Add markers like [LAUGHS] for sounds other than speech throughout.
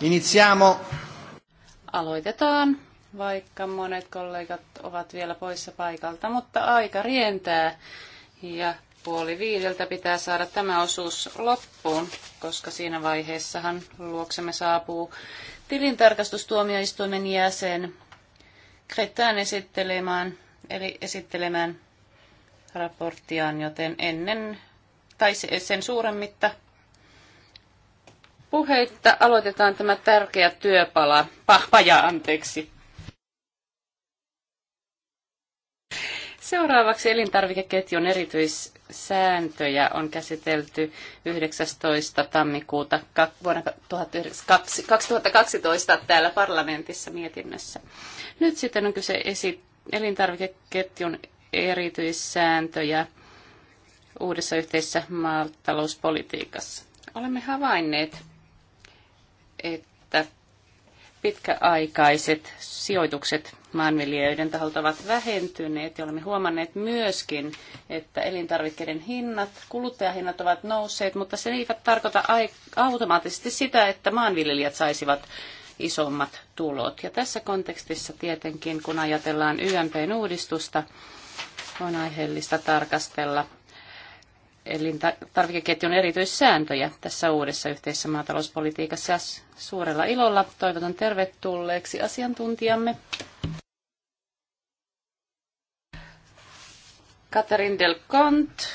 Iniziamo. Aloitetaan, vaikka monet kollegat ovat vielä poissa paikalta, mutta aika rientää. Ja puoli viideltä pitää saada tämä osuus loppuun, koska siinä vaiheessahan luoksemme saapuu tilintarkastustuomioistuimen jäsen Kretään esittelemään, eli esittelemään raporttiaan, joten ennen tai sen suuremmitta puheitta aloitetaan tämä tärkeä työpala, Pahpaja, anteeksi. Seuraavaksi elintarvikeketjun erityissääntöjä on käsitelty 19. tammikuuta vuonna 2012 täällä parlamentissa mietinnössä. Nyt sitten on kyse esi- elintarvikeketjun erityissääntöjä uudessa yhteisessä maatalouspolitiikassa. Olemme havainneet, että pitkäaikaiset sijoitukset maanviljelijöiden taholta ovat vähentyneet ja olemme huomanneet myöskin, että elintarvikkeiden hinnat, kuluttajahinnat ovat nousseet, mutta se eivät tarkoita automaattisesti sitä, että maanviljelijät saisivat isommat tulot. Ja tässä kontekstissa tietenkin, kun ajatellaan YMPn uudistusta, on aiheellista tarkastella elintarvikeketjun erityissääntöjä tässä uudessa yhteisessä maatalouspolitiikassa. Ja suurella ilolla toivotan tervetulleeksi asiantuntijamme Katarin Del Cont,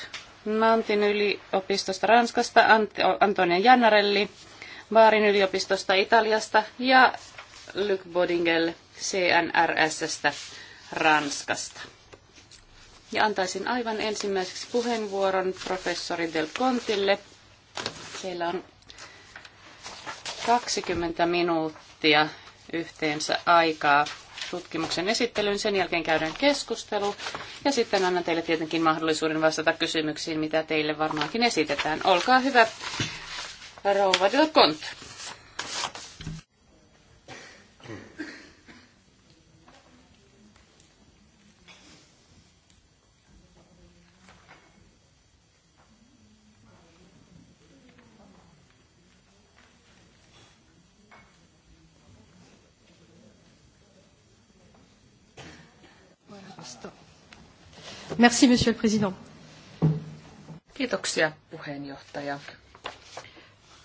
Nantin yliopistosta Ranskasta, Ant- Antonia Jannarelli, Baarin yliopistosta Italiasta ja Luc Bodingel CNRSstä Ranskasta. Ja antaisin aivan ensimmäiseksi puheenvuoron professori Del Contille. Teillä on 20 minuuttia yhteensä aikaa tutkimuksen esittelyyn. Sen jälkeen käydään keskustelu ja sitten annan teille tietenkin mahdollisuuden vastata kysymyksiin, mitä teille varmaankin esitetään. Olkaa hyvä, rouva Del Conte. Merci, monsieur le président. Kiitoksia, puheenjohtaja.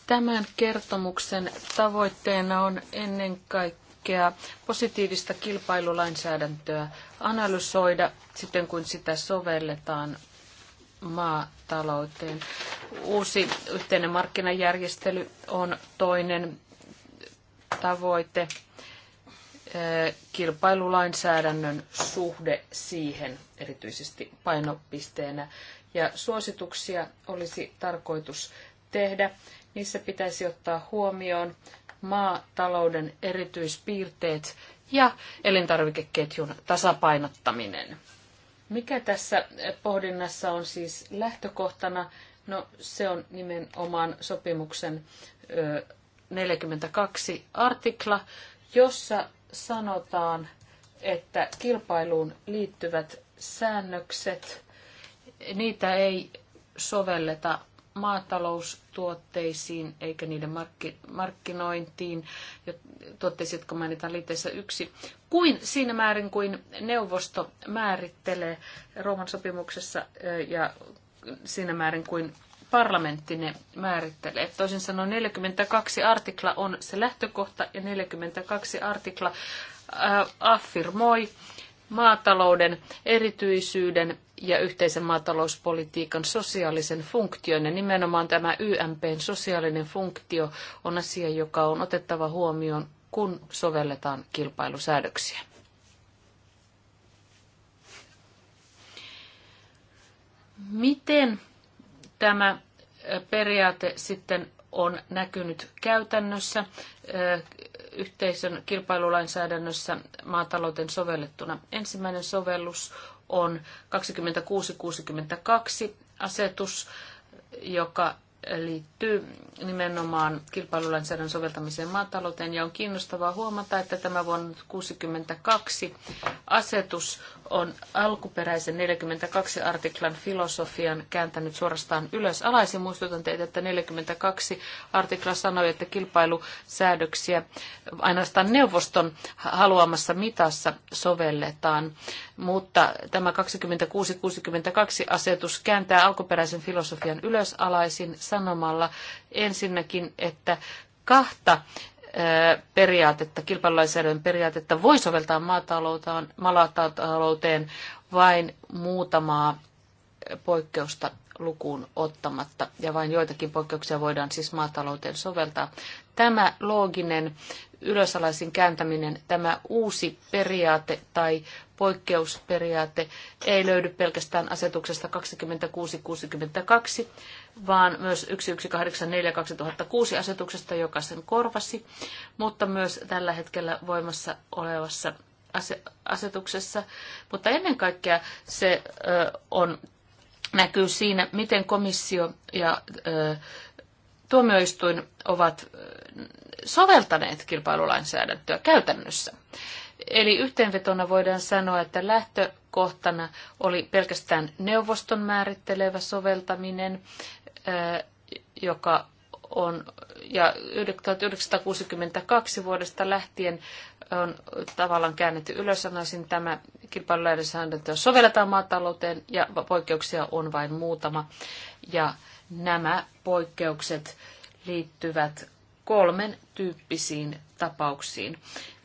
Tämän kertomuksen tavoitteena on ennen kaikkea positiivista kilpailulainsäädäntöä analysoida sitten, kun sitä sovelletaan maatalouteen. Uusi yhteinen markkinajärjestely on toinen tavoite kilpailulainsäädännön suhde siihen erityisesti painopisteenä. Ja suosituksia olisi tarkoitus tehdä. Niissä pitäisi ottaa huomioon maatalouden erityispiirteet ja elintarvikeketjun tasapainottaminen. Mikä tässä pohdinnassa on siis lähtökohtana? No se on nimenomaan sopimuksen 42 artikla, jossa sanotaan, että kilpailuun liittyvät säännökset, niitä ei sovelleta maataloustuotteisiin eikä niiden markki, markkinointiin, tuotteisiin, jotka mainitaan liitteessä yksi, kuin siinä määrin kuin neuvosto määrittelee Rooman sopimuksessa ja siinä määrin kuin parlamentti ne määrittelee. Toisin sanoen 42 artikla on se lähtökohta ja 42 artikla affirmoi maatalouden erityisyyden ja yhteisen maatalouspolitiikan sosiaalisen funktion. Ja nimenomaan tämä YMPn sosiaalinen funktio on asia, joka on otettava huomioon, kun sovelletaan kilpailusäädöksiä. Miten tämä äh, periaate sitten on näkynyt käytännössä äh, yhteisön kilpailulainsäädännössä maatalouteen sovellettuna. Ensimmäinen sovellus on 2662 asetus, joka liittyy nimenomaan kilpailulainsäädännön soveltamiseen maatalouteen. Ja on kiinnostavaa huomata, että tämä vuonna 1962 asetus on alkuperäisen 42 artiklan filosofian kääntänyt suorastaan ylös alaisin. Muistutan teitä, että 42 artikla sanoi, että kilpailusäädöksiä ainoastaan neuvoston haluamassa mitassa sovelletaan. Mutta tämä 2662 asetus kääntää alkuperäisen filosofian ylös alaisin sanomalla ensinnäkin, että kahta periaatetta, kilpailulainsäädännön periaatetta voi soveltaa maatalouteen vain muutamaa poikkeusta lukuun ottamatta. Ja vain joitakin poikkeuksia voidaan siis maatalouteen soveltaa. Tämä looginen ylösalaisin kääntäminen, tämä uusi periaate tai poikkeusperiaate ei löydy pelkästään asetuksesta 2662, vaan myös 1184-2006 asetuksesta, joka sen korvasi, mutta myös tällä hetkellä voimassa olevassa asetuksessa. Mutta ennen kaikkea se on, näkyy siinä, miten komissio ja tuomioistuin ovat soveltaneet kilpailulainsäädäntöä käytännössä. Eli yhteenvetona voidaan sanoa, että lähtökohtana oli pelkästään neuvoston määrittelevä soveltaminen joka on, ja 1962 vuodesta lähtien on tavallaan käännetty ylösanaisin tämä kilpailulainsäädäntö sovelletaan maatalouteen ja poikkeuksia on vain muutama. Ja nämä poikkeukset liittyvät kolmen tyyppisiin tapauksiin.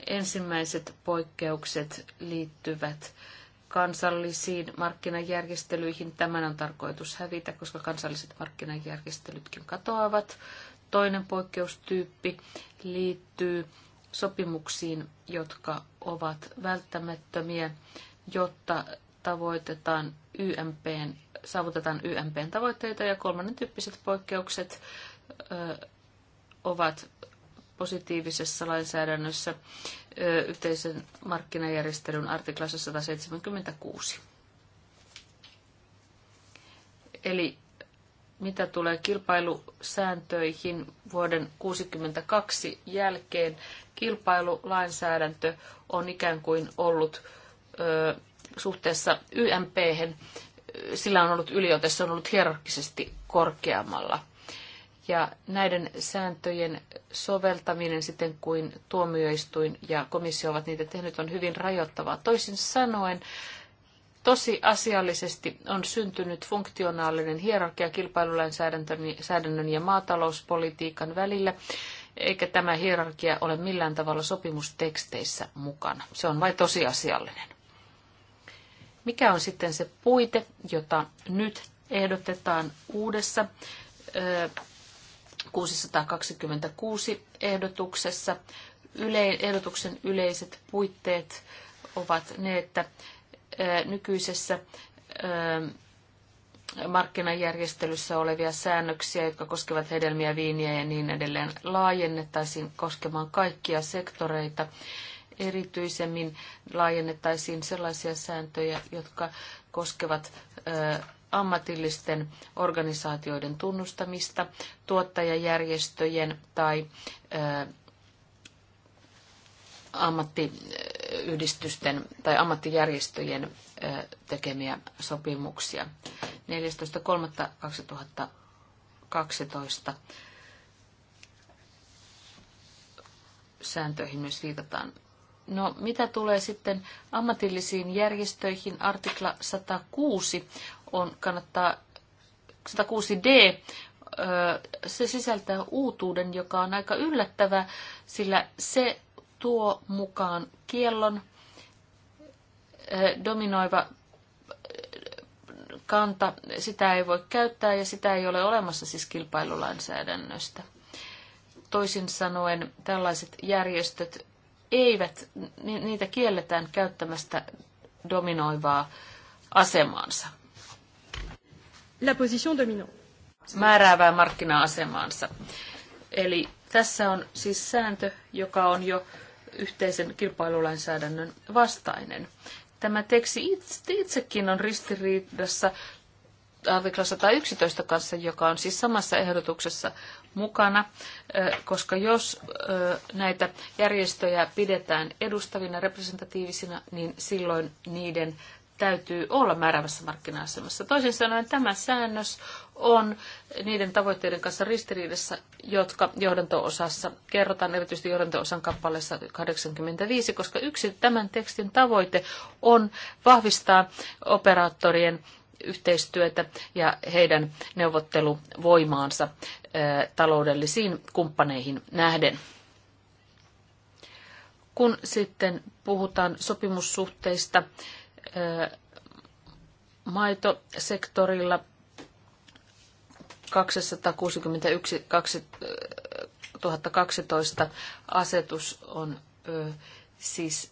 Ensimmäiset poikkeukset liittyvät äh, kansallisiin markkinajärjestelyihin. Tämän on tarkoitus hävitä, koska kansalliset markkinajärjestelytkin katoavat. Toinen poikkeustyyppi liittyy sopimuksiin, jotka ovat välttämättömiä, jotta tavoitetaan YMPn, saavutetaan YMPn tavoitteita ja kolmannen tyyppiset poikkeukset ö, ovat positiivisessa lainsäädännössä yhteisen markkinajärjestelyn artiklassa 176. Eli mitä tulee kilpailusääntöihin vuoden 1962 jälkeen, kilpailulainsäädäntö on ikään kuin ollut ö, suhteessa YMP, sillä on ollut yliote, se on ollut hierarkkisesti korkeammalla – ja näiden sääntöjen soveltaminen sitten kuin tuomioistuin ja komissio ovat niitä tehnyt on hyvin rajoittavaa. Toisin sanoen, tosi asiallisesti on syntynyt funktionaalinen hierarkia kilpailulainsäädännön ja maatalouspolitiikan välillä, eikä tämä hierarkia ole millään tavalla sopimusteksteissä mukana. Se on vain tosiasiallinen. Mikä on sitten se puite, jota nyt ehdotetaan uudessa 626 ehdotuksessa. Yle, ehdotuksen yleiset puitteet ovat ne, että nykyisessä markkinajärjestelyssä olevia säännöksiä, jotka koskevat hedelmiä, viiniä ja niin edelleen, laajennettaisiin koskemaan kaikkia sektoreita. Erityisemmin laajennettaisiin sellaisia sääntöjä, jotka koskevat ammatillisten organisaatioiden tunnustamista, tuottajajärjestöjen tai ammattiyhdistysten tai ammattijärjestöjen tekemiä sopimuksia. 14.3.2012 sääntöihin myös viitataan. No, mitä tulee sitten ammatillisiin järjestöihin, artikla 106 on, kannattaa 106D, se sisältää uutuuden, joka on aika yllättävä, sillä se tuo mukaan kiellon dominoiva kanta, sitä ei voi käyttää ja sitä ei ole olemassa siis kilpailulainsäädännöstä. Toisin sanoen tällaiset järjestöt eivät, niitä kielletään käyttämästä dominoivaa asemaansa la position dominante. Määräävää markkina-asemaansa. Eli tässä on siis sääntö, joka on jo yhteisen kilpailulainsäädännön vastainen. Tämä teksti itsekin on ristiriidassa artikla 111 kanssa, joka on siis samassa ehdotuksessa mukana, koska jos näitä järjestöjä pidetään edustavina, representatiivisina, niin silloin niiden täytyy olla määräävässä markkina-asemassa. Toisin sanoen tämä säännös on niiden tavoitteiden kanssa ristiriidassa, jotka johdanto-osassa kerrotaan, erityisesti johdanto-osan kappaleessa 85, koska yksi tämän tekstin tavoite on vahvistaa operaattorien yhteistyötä ja heidän neuvotteluvoimaansa taloudellisiin kumppaneihin nähden. Kun sitten puhutaan sopimussuhteista, maitosektorilla 261 2012 asetus on siis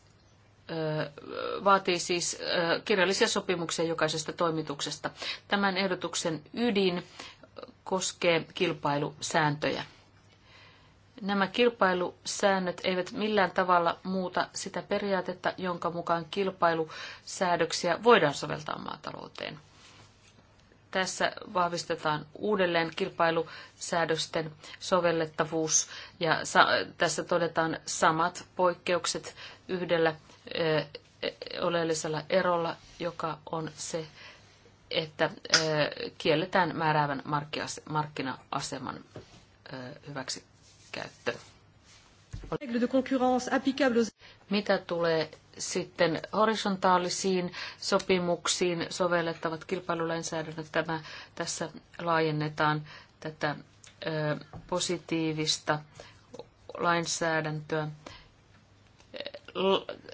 vaatii siis kirjallisia sopimuksia jokaisesta toimituksesta. Tämän ehdotuksen ydin koskee kilpailusääntöjä. Nämä kilpailusäännöt eivät millään tavalla muuta sitä periaatetta, jonka mukaan kilpailusäädöksiä voidaan soveltaa maatalouteen. Tässä vahvistetaan uudelleen kilpailusäädösten sovellettavuus ja tässä todetaan samat poikkeukset yhdellä ö, e, oleellisella erolla, joka on se, että ö, kielletään määräävän markkina-aseman hyväksi käyttö. Mitä tulee sitten horisontaalisiin sopimuksiin sovellettavat kilpailulainsäädännöt, tämä tässä laajennetaan tätä ö, positiivista lainsäädäntöä.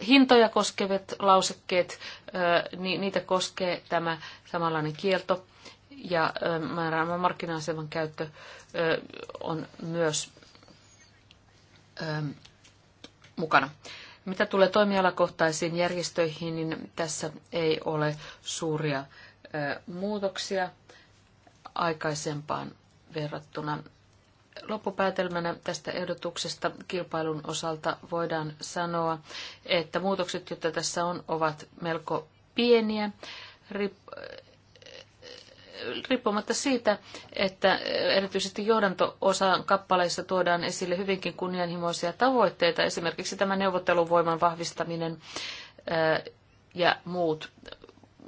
Hintoja koskevat lausekkeet, ö, ni, niitä koskee tämä samanlainen kielto ja määräämä markkina-aseman käyttö ö, on myös mukana. Mitä tulee toimialakohtaisiin järjestöihin, niin tässä ei ole suuria muutoksia aikaisempaan verrattuna. Loppupäätelmänä tästä ehdotuksesta kilpailun osalta voidaan sanoa, että muutokset, joita tässä on, ovat melko pieniä riippumatta siitä, että erityisesti johdanto-osan kappaleissa tuodaan esille hyvinkin kunnianhimoisia tavoitteita, esimerkiksi tämä neuvotteluvoiman vahvistaminen ja muut.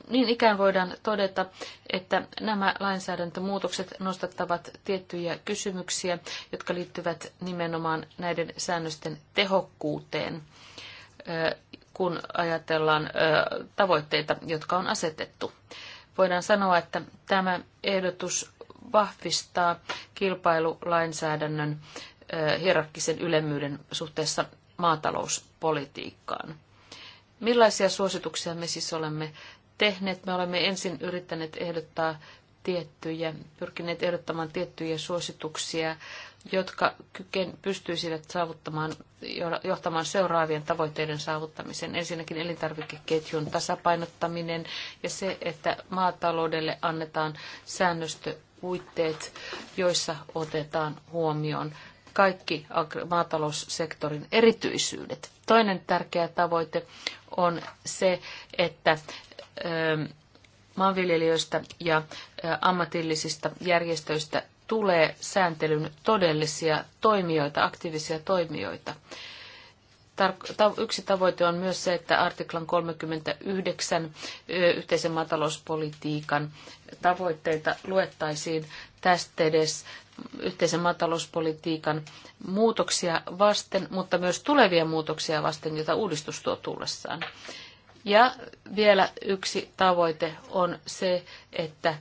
Niin ikään voidaan todeta, että nämä lainsäädäntömuutokset nostattavat tiettyjä kysymyksiä, jotka liittyvät nimenomaan näiden säännösten tehokkuuteen, kun ajatellaan tavoitteita, jotka on asetettu voidaan sanoa, että tämä ehdotus vahvistaa kilpailulainsäädännön hierarkkisen ylemmyyden suhteessa maatalouspolitiikkaan. Millaisia suosituksia me siis olemme tehneet? Me olemme ensin yrittäneet ehdottaa tiettyjä, pyrkineet ehdottamaan tiettyjä suosituksia jotka kyken, pystyisivät saavuttamaan, johtamaan seuraavien tavoitteiden saavuttamisen. Ensinnäkin elintarvikeketjun tasapainottaminen ja se, että maataloudelle annetaan säännöstöpuitteet, joissa otetaan huomioon kaikki maataloussektorin erityisyydet. Toinen tärkeä tavoite on se, että maanviljelijöistä ja ammatillisista järjestöistä tulee sääntelyn todellisia toimijoita, aktiivisia toimijoita. Yksi tavoite on myös se, että artiklan 39 yhteisen maatalouspolitiikan tavoitteita luettaisiin tästä edes yhteisen maatalouspolitiikan muutoksia vasten, mutta myös tulevia muutoksia vasten, joita uudistus tuo tullessaan. Ja vielä yksi tavoite on se, että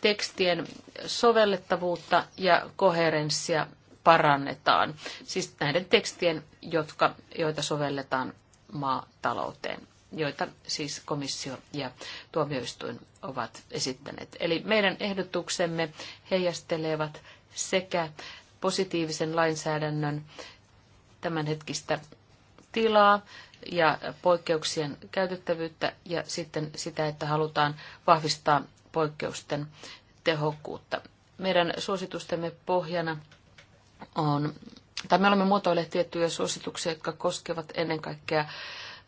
tekstien sovellettavuutta ja koherenssia parannetaan, siis näiden tekstien, jotka, joita sovelletaan maatalouteen, joita siis komissio ja tuomioistuin ovat esittäneet. Eli meidän ehdotuksemme heijastelevat sekä positiivisen lainsäädännön tämänhetkistä tilaa ja poikkeuksien käytettävyyttä ja sitten sitä, että halutaan vahvistaa poikkeusten tehokkuutta. Meidän suositustemme pohjana on, tai me olemme muotoilleet tiettyjä suosituksia, jotka koskevat ennen kaikkea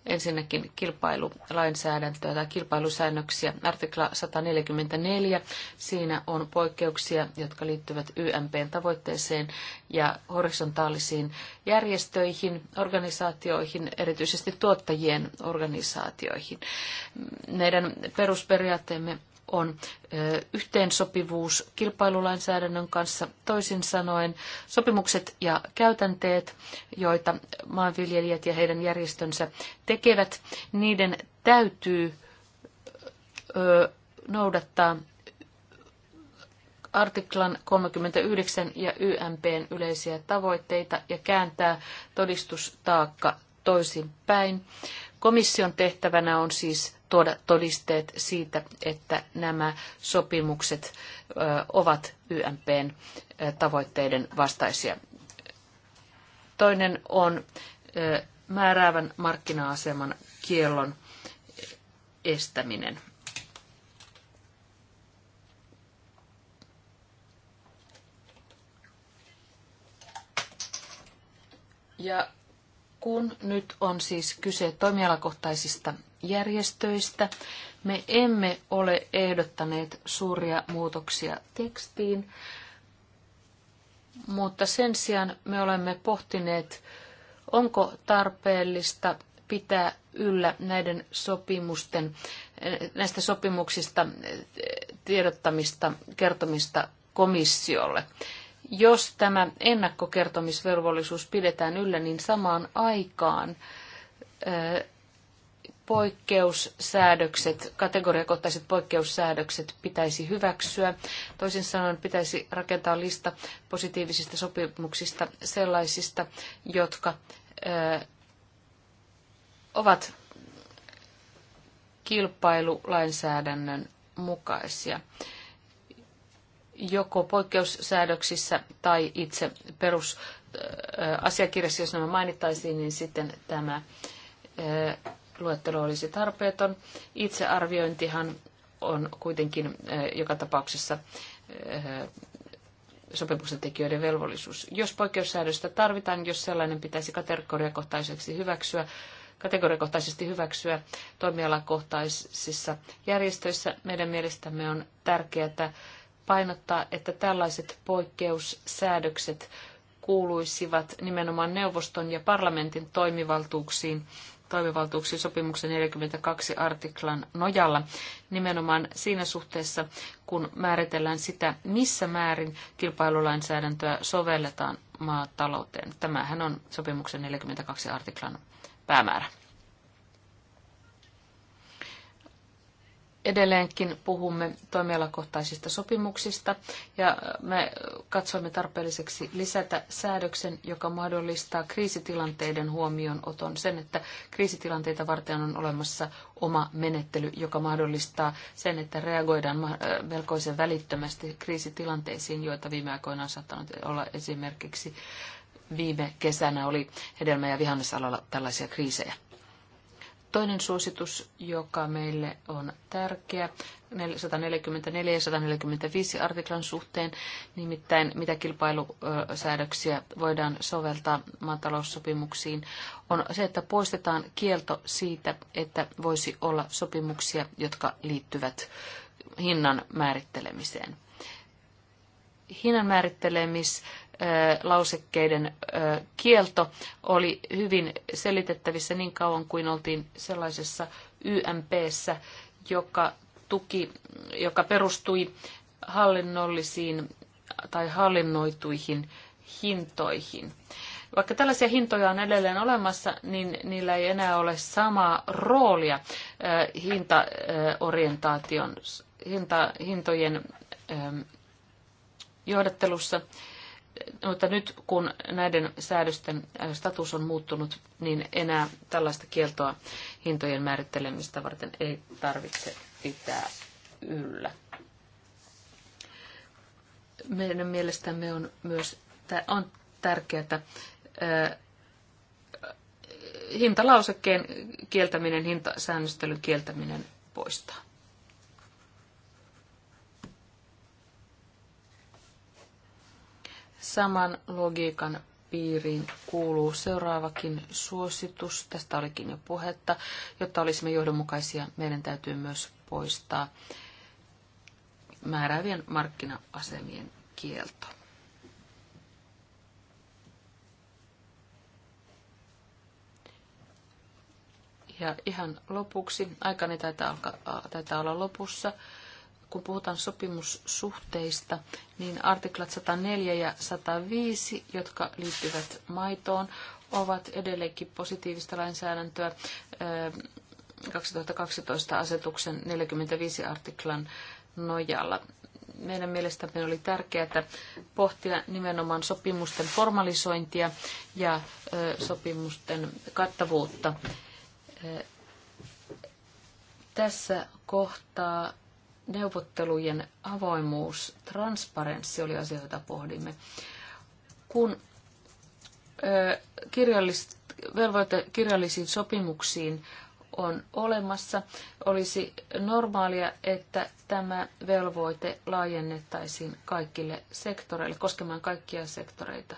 ensinnäkin kilpailulainsäädäntöä tai kilpailusäännöksiä. Artikla 144, siinä on poikkeuksia, jotka liittyvät YMPn tavoitteeseen ja horisontaalisiin järjestöihin, organisaatioihin, erityisesti tuottajien organisaatioihin. Meidän perusperiaatteemme on yhteensopivuus kilpailulainsäädännön kanssa. Toisin sanoen sopimukset ja käytänteet, joita maanviljelijät ja heidän järjestönsä tekevät, niiden täytyy noudattaa artiklan 39 ja YMPn yleisiä tavoitteita ja kääntää todistustaakka toisinpäin. päin Komission tehtävänä on siis tuoda todisteet siitä, että nämä sopimukset ovat YMPn tavoitteiden vastaisia. Toinen on määräävän markkina-aseman kiellon estäminen. Ja alkuun. Nyt on siis kyse toimialakohtaisista järjestöistä. Me emme ole ehdottaneet suuria muutoksia tekstiin, mutta sen sijaan me olemme pohtineet, onko tarpeellista pitää yllä näiden sopimusten, näistä sopimuksista tiedottamista, kertomista komissiolle. Jos tämä ennakkokertomisvelvollisuus pidetään yllä, niin samaan aikaan poikkeussäädökset, kategoriakohtaiset poikkeussäädökset pitäisi hyväksyä. Toisin sanoen pitäisi rakentaa lista positiivisista sopimuksista sellaisista, jotka ovat kilpailulainsäädännön mukaisia joko poikkeussäädöksissä tai itse perusasiakirjassa, jos nämä mainittaisiin, niin sitten tämä luettelo olisi tarpeeton. Itsearviointihan on kuitenkin joka tapauksessa sopimuksen tekijöiden velvollisuus. Jos poikkeussäädöstä tarvitaan, jos sellainen pitäisi kategoriakohtaiseksi hyväksyä, kategoriakohtaisesti hyväksyä toimialakohtaisissa järjestöissä, meidän mielestämme on tärkeää, että painottaa, että tällaiset poikkeussäädökset kuuluisivat nimenomaan neuvoston ja parlamentin toimivaltuuksiin, toimivaltuuksiin sopimuksen 42 artiklan nojalla, nimenomaan siinä suhteessa, kun määritellään sitä, missä määrin kilpailulainsäädäntöä sovelletaan maatalouteen. Tämähän on sopimuksen 42 artiklan päämäärä. Edelleenkin puhumme toimialakohtaisista sopimuksista ja me katsoimme tarpeelliseksi lisätä säädöksen, joka mahdollistaa kriisitilanteiden huomioonoton sen, että kriisitilanteita varten on olemassa oma menettely, joka mahdollistaa sen, että reagoidaan äh, melkoisen välittömästi kriisitilanteisiin, joita viime aikoina on saattanut olla esimerkiksi viime kesänä oli hedelmä- ja vihannesalalla tällaisia kriisejä. Toinen suositus, joka meille on tärkeä 144 ja 145 artiklan suhteen, nimittäin mitä kilpailusäädöksiä voidaan soveltaa maataloussopimuksiin, on se, että poistetaan kielto siitä, että voisi olla sopimuksia, jotka liittyvät hinnan määrittelemiseen. Hinnan määrittelemis lausekkeiden kielto oli hyvin selitettävissä niin kauan kuin oltiin sellaisessa YMPssä, joka, tuki, joka perustui hallinnollisiin tai hallinnoituihin hintoihin. Vaikka tällaisia hintoja on edelleen olemassa, niin niillä ei enää ole samaa roolia hintaorientaation, hinta, hintojen johdattelussa mutta nyt kun näiden säädösten äh, status on muuttunut, niin enää tällaista kieltoa hintojen määrittelemistä varten ei tarvitse pitää yllä. Meidän mielestämme on myös on tärkeää äh, hintalausekkeen kieltäminen, hintasäännöstelyn kieltäminen poistaa. Saman logiikan piiriin kuuluu seuraavakin suositus. Tästä olikin jo puhetta. Jotta olisimme johdonmukaisia, meidän täytyy myös poistaa määräävien markkina-asemien kielto. Ja ihan lopuksi, aikani taitaa, alkaa, taitaa olla lopussa, kun puhutaan sopimussuhteista, niin artiklat 104 ja 105, jotka liittyvät maitoon, ovat edelleenkin positiivista lainsäädäntöä 2012 asetuksen 45 artiklan nojalla. Meidän mielestämme oli tärkeää pohtia nimenomaan sopimusten formalisointia ja sopimusten kattavuutta. Tässä kohtaa neuvottelujen avoimuus, transparenssi oli asia, jota pohdimme. Kun velvoite kirjallisiin sopimuksiin on olemassa, olisi normaalia, että tämä velvoite laajennettaisiin kaikille sektoreille, koskemaan kaikkia sektoreita.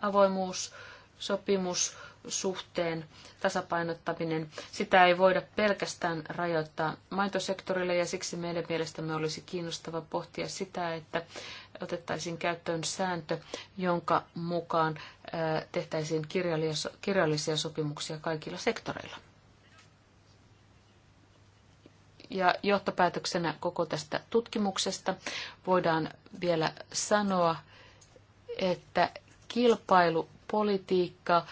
Avoimuus, sopimus suhteen tasapainottaminen, sitä ei voida pelkästään rajoittaa maitosektorille ja siksi meidän mielestämme olisi kiinnostava pohtia sitä, että otettaisiin käyttöön sääntö, jonka mukaan tehtäisiin kirjallisia sopimuksia kaikilla sektoreilla. Ja johtopäätöksenä koko tästä tutkimuksesta voidaan vielä sanoa, että kilpailu politiikka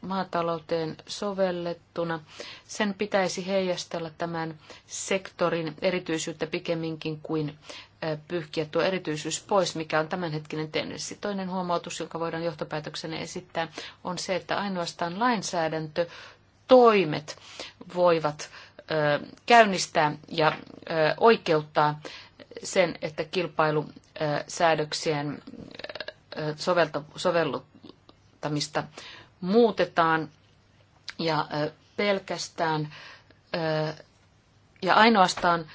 maatalouteen sovellettuna. Sen pitäisi heijastella tämän sektorin erityisyyttä pikemminkin kuin pyyhkiä tuo erityisyys pois, mikä on tämänhetkinen tendenssi. Toinen huomautus, jonka voidaan johtopäätöksenä esittää, on se, että ainoastaan lainsäädäntö toimet voivat käynnistää ja oikeuttaa sen, että kilpailusäädöksien sovellu, noudattamista muutetaan ja pelkästään ja ainoastaan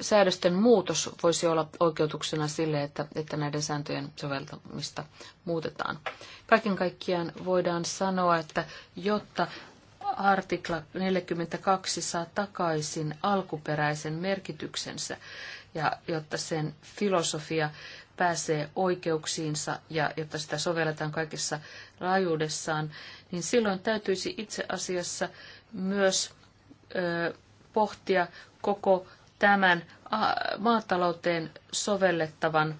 säädösten muutos voisi olla oikeutuksena sille, että, että näiden sääntöjen soveltamista muutetaan. Kaiken kaikkiaan voidaan sanoa, että jotta artikla 42 saa takaisin alkuperäisen merkityksensä ja jotta sen filosofia pääsee oikeuksiinsa ja jotta sitä sovelletaan kaikessa laajuudessaan, niin silloin täytyisi itse asiassa myös ö, pohtia koko tämän maatalouteen sovellettavan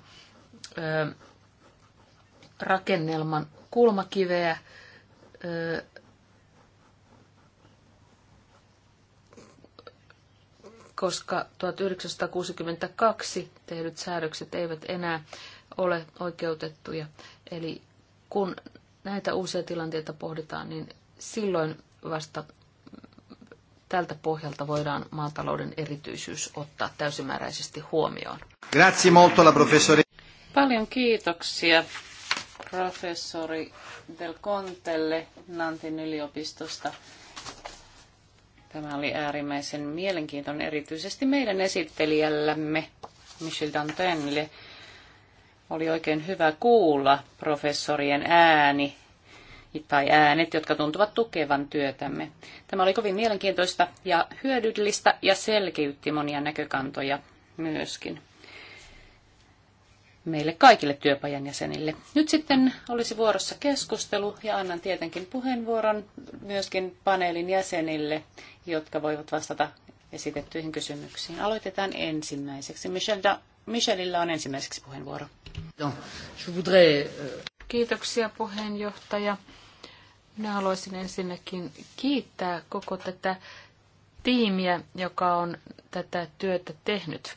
ö, rakennelman kulmakiveä, ö, koska 1962 tehdyt säädökset eivät enää ole oikeutettuja. Eli kun näitä uusia tilanteita pohditaan, niin silloin vasta tältä pohjalta voidaan maatalouden erityisyys ottaa täysimääräisesti huomioon. Grazie molto la professori. Paljon kiitoksia professori Del Contelle Nantin yliopistosta Tämä oli äärimmäisen mielenkiintoinen erityisesti meidän esittelijällämme Michel Dantenille. Oli oikein hyvä kuulla professorien ääni tai äänet, jotka tuntuvat tukevan työtämme. Tämä oli kovin mielenkiintoista ja hyödyllistä ja selkeytti monia näkökantoja myöskin meille kaikille työpajan jäsenille. Nyt sitten olisi vuorossa keskustelu ja annan tietenkin puheenvuoron myöskin paneelin jäsenille, jotka voivat vastata esitettyihin kysymyksiin. Aloitetaan ensimmäiseksi. Michel da- Michelillä on ensimmäiseksi puheenvuoro. Kiitoksia puheenjohtaja. Minä haluaisin ensinnäkin kiittää koko tätä tiimiä, joka on tätä työtä tehnyt.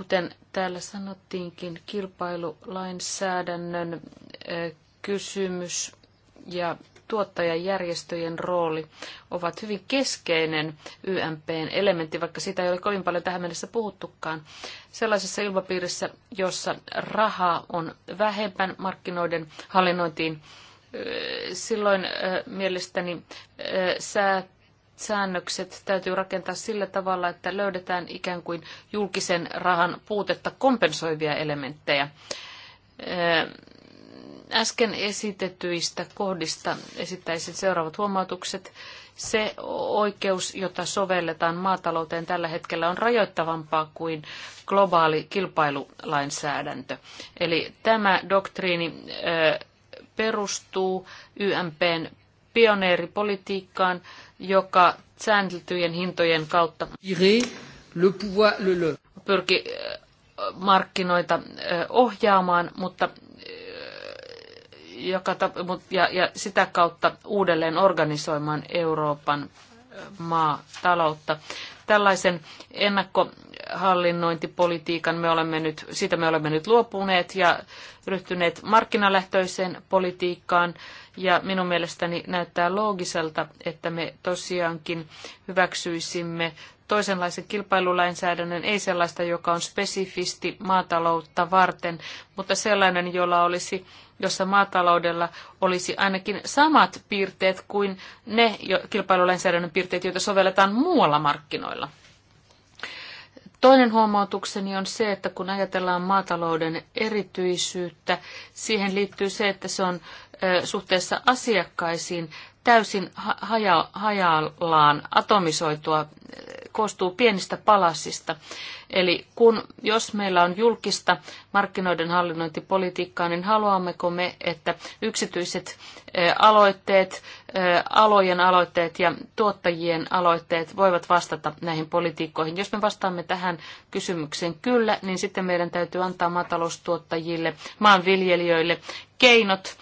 Kuten täällä sanottiinkin, kilpailulainsäädännön kysymys ja tuottajajärjestöjen rooli ovat hyvin keskeinen YMPn elementti, vaikka sitä ei ole kovin paljon tähän mennessä puhuttukaan. Sellaisessa ilmapiirissä, jossa rahaa on vähemmän markkinoiden hallinnointiin, silloin mielestäni säätö säännökset täytyy rakentaa sillä tavalla, että löydetään ikään kuin julkisen rahan puutetta kompensoivia elementtejä. Äsken esitetyistä kohdista esittäisin seuraavat huomautukset. Se oikeus, jota sovelletaan maatalouteen tällä hetkellä, on rajoittavampaa kuin globaali kilpailulainsäädäntö. Eli tämä doktriini perustuu YMPn pioneeripolitiikkaan, joka säänteltyjen hintojen kautta pyrki markkinoita ohjaamaan, mutta joka ja, ja sitä kautta uudelleen organisoimaan Euroopan maataloutta. Tällaisen ennakkohallinnointipolitiikan me olemme nyt, siitä me olemme nyt luopuneet ja ryhtyneet markkinalähtöiseen politiikkaan ja minun mielestäni näyttää loogiselta, että me tosiaankin hyväksyisimme toisenlaisen kilpailulainsäädännön, ei sellaista, joka on spesifisti maataloutta varten, mutta sellainen, jolla olisi, jossa maataloudella olisi ainakin samat piirteet kuin ne kilpailulainsäädännön piirteet, joita sovelletaan muualla markkinoilla. Toinen huomautukseni on se, että kun ajatellaan maatalouden erityisyyttä, siihen liittyy se, että se on suhteessa asiakkaisiin täysin haja, hajallaan atomisoitua, eh, koostuu pienistä palasista. Eli kun, jos meillä on julkista markkinoiden hallinnointipolitiikkaa, niin haluammeko me, että yksityiset eh, aloitteet, eh, alojen aloitteet ja tuottajien aloitteet voivat vastata näihin politiikkoihin. Jos me vastaamme tähän kysymykseen kyllä, niin sitten meidän täytyy antaa maataloustuottajille, maanviljelijöille keinot,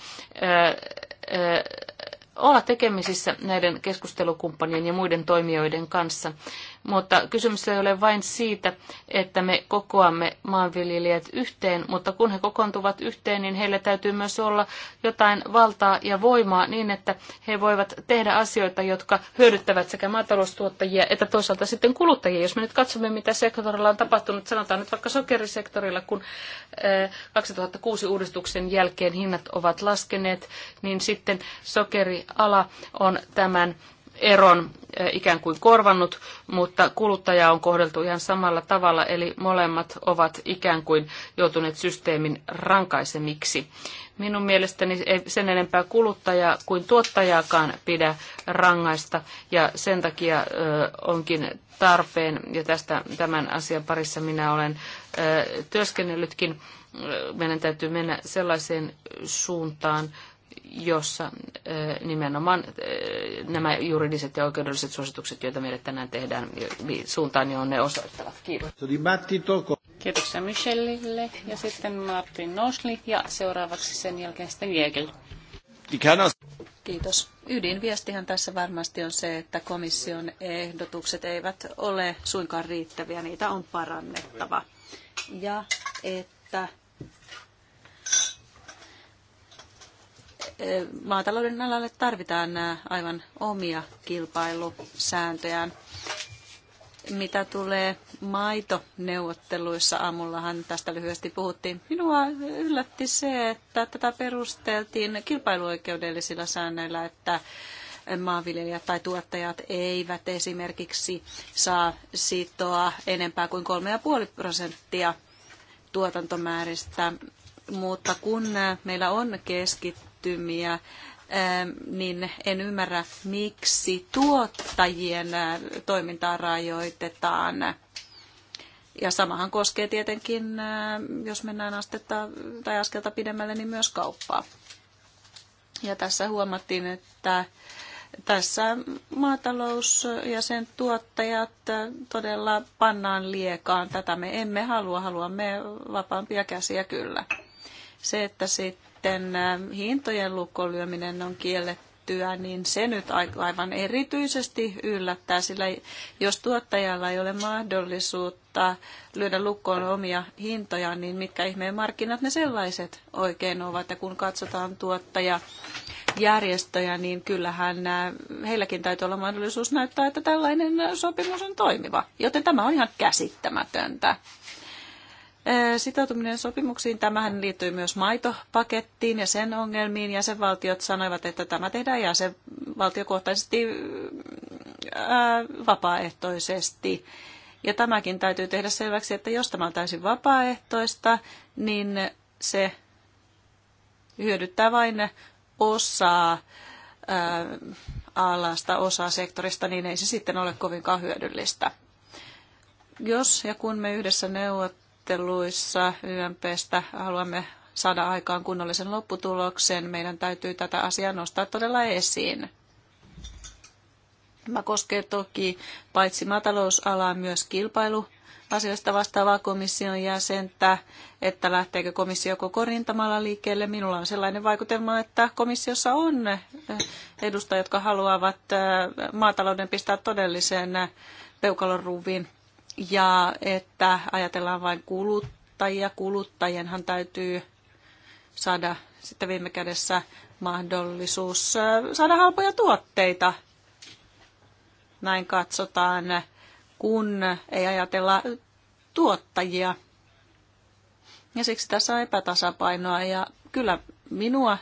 olla tekemisissä näiden keskustelukumppanien ja muiden toimijoiden kanssa. Mutta kysymys ei ole vain siitä, että me kokoamme maanviljelijät yhteen, mutta kun he kokoontuvat yhteen, niin heillä täytyy myös olla jotain valtaa ja voimaa niin, että he voivat tehdä asioita, jotka hyödyttävät sekä maataloustuottajia että toisaalta sitten kuluttajia. Jos me nyt katsomme, mitä sektorilla on tapahtunut, sanotaan nyt vaikka sokerisektorilla, kun 2006 eh, uudistuksen jälkeen hinnat ovat laskeneet, niin sitten sokeriala on tämän eron eh, ikään kuin korvannut, mutta kuluttaja on kohdeltu ihan samalla tavalla, eli molemmat ovat ikään kuin joutuneet systeemin rankaisemiksi. Minun mielestäni ei sen enempää kuluttajaa kuin tuottajaakaan pidä rangaista, ja sen takia eh, onkin tarpeen, ja tästä tämän asian parissa minä olen eh, työskennellytkin, meidän täytyy mennä sellaiseen suuntaan, jossa nimenomaan nämä juridiset ja oikeudelliset suositukset, joita meille tänään tehdään, suuntaan, jo niin ne osoittavat. Kiitos. Kiitoksia Michelille ja sitten Martin Nosli ja seuraavaksi sen jälkeen sitten Jägel. Kiitos. Ydinviestihän tässä varmasti on se, että komission ehdotukset eivät ole suinkaan riittäviä, niitä on parannettava. Ja että Eh, maatalouden alalle tarvitaan nämä aivan omia kilpailusääntöjään. Mitä tulee maitoneuvotteluissa, aamullahan tästä lyhyesti puhuttiin. Minua yllätti se, että tätä perusteltiin kilpailuoikeudellisilla säännöillä, että maanviljelijät tai tuottajat eivät esimerkiksi saa sitoa enempää kuin 3,5 prosenttia tuotantomääristä mutta kun meillä on keskittynyt liittymiä, ähm, niin en ymmärrä, miksi tuottajien äh, toimintaa rajoitetaan. Ja samahan koskee tietenkin, äh, jos mennään astetta tai askelta pidemmälle, niin myös kauppaa. Ja tässä huomattiin, että tässä maatalous ja sen tuottajat äh, todella pannaan liekaan. Tätä me emme halua, haluamme vapaampia käsiä kyllä. Se, että sitten sitten hintojen lukkolyöminen on kiellettyä, niin se nyt aivan erityisesti yllättää, sillä jos tuottajalla ei ole mahdollisuutta lyödä lukkoon omia hintoja, niin mitkä ihmeen markkinat ne sellaiset oikein ovat. Ja kun katsotaan tuottaja järjestöjä, niin kyllähän heilläkin täytyy olla mahdollisuus näyttää, että tällainen sopimus on toimiva. Joten tämä on ihan käsittämätöntä. Sitoutuminen sopimuksiin, tämähän liittyy myös maitopakettiin ja sen ongelmiin. Jäsenvaltiot sanoivat, että tämä tehdään jäsenvaltiokohtaisesti ää, vapaaehtoisesti. Ja tämäkin täytyy tehdä selväksi, että jos tämä on täysin vapaaehtoista, niin se hyödyttää vain osaa alasta, osaa sektorista, niin ei se sitten ole kovinkaan hyödyllistä. Jos ja kun me yhdessä neuvot, neuvotteluissa YMPstä haluamme saada aikaan kunnollisen lopputuloksen, meidän täytyy tätä asiaa nostaa todella esiin. Tämä koskee toki paitsi maatalousalaa myös kilpailu asioista vastaavaa komission jäsentä, että lähteekö komissio koko rintamalla liikkeelle. Minulla on sellainen vaikutelma, että komissiossa on eh, edustajat, jotka haluavat eh, maatalouden pistää todelliseen eh, peukalon ruuviin ja että ajatellaan vain kuluttajia. Kuluttajienhan täytyy saada sitten viime kädessä mahdollisuus saada halpoja tuotteita. Näin katsotaan, kun ei ajatella tuottajia. Ja siksi tässä on epätasapainoa ja kyllä minua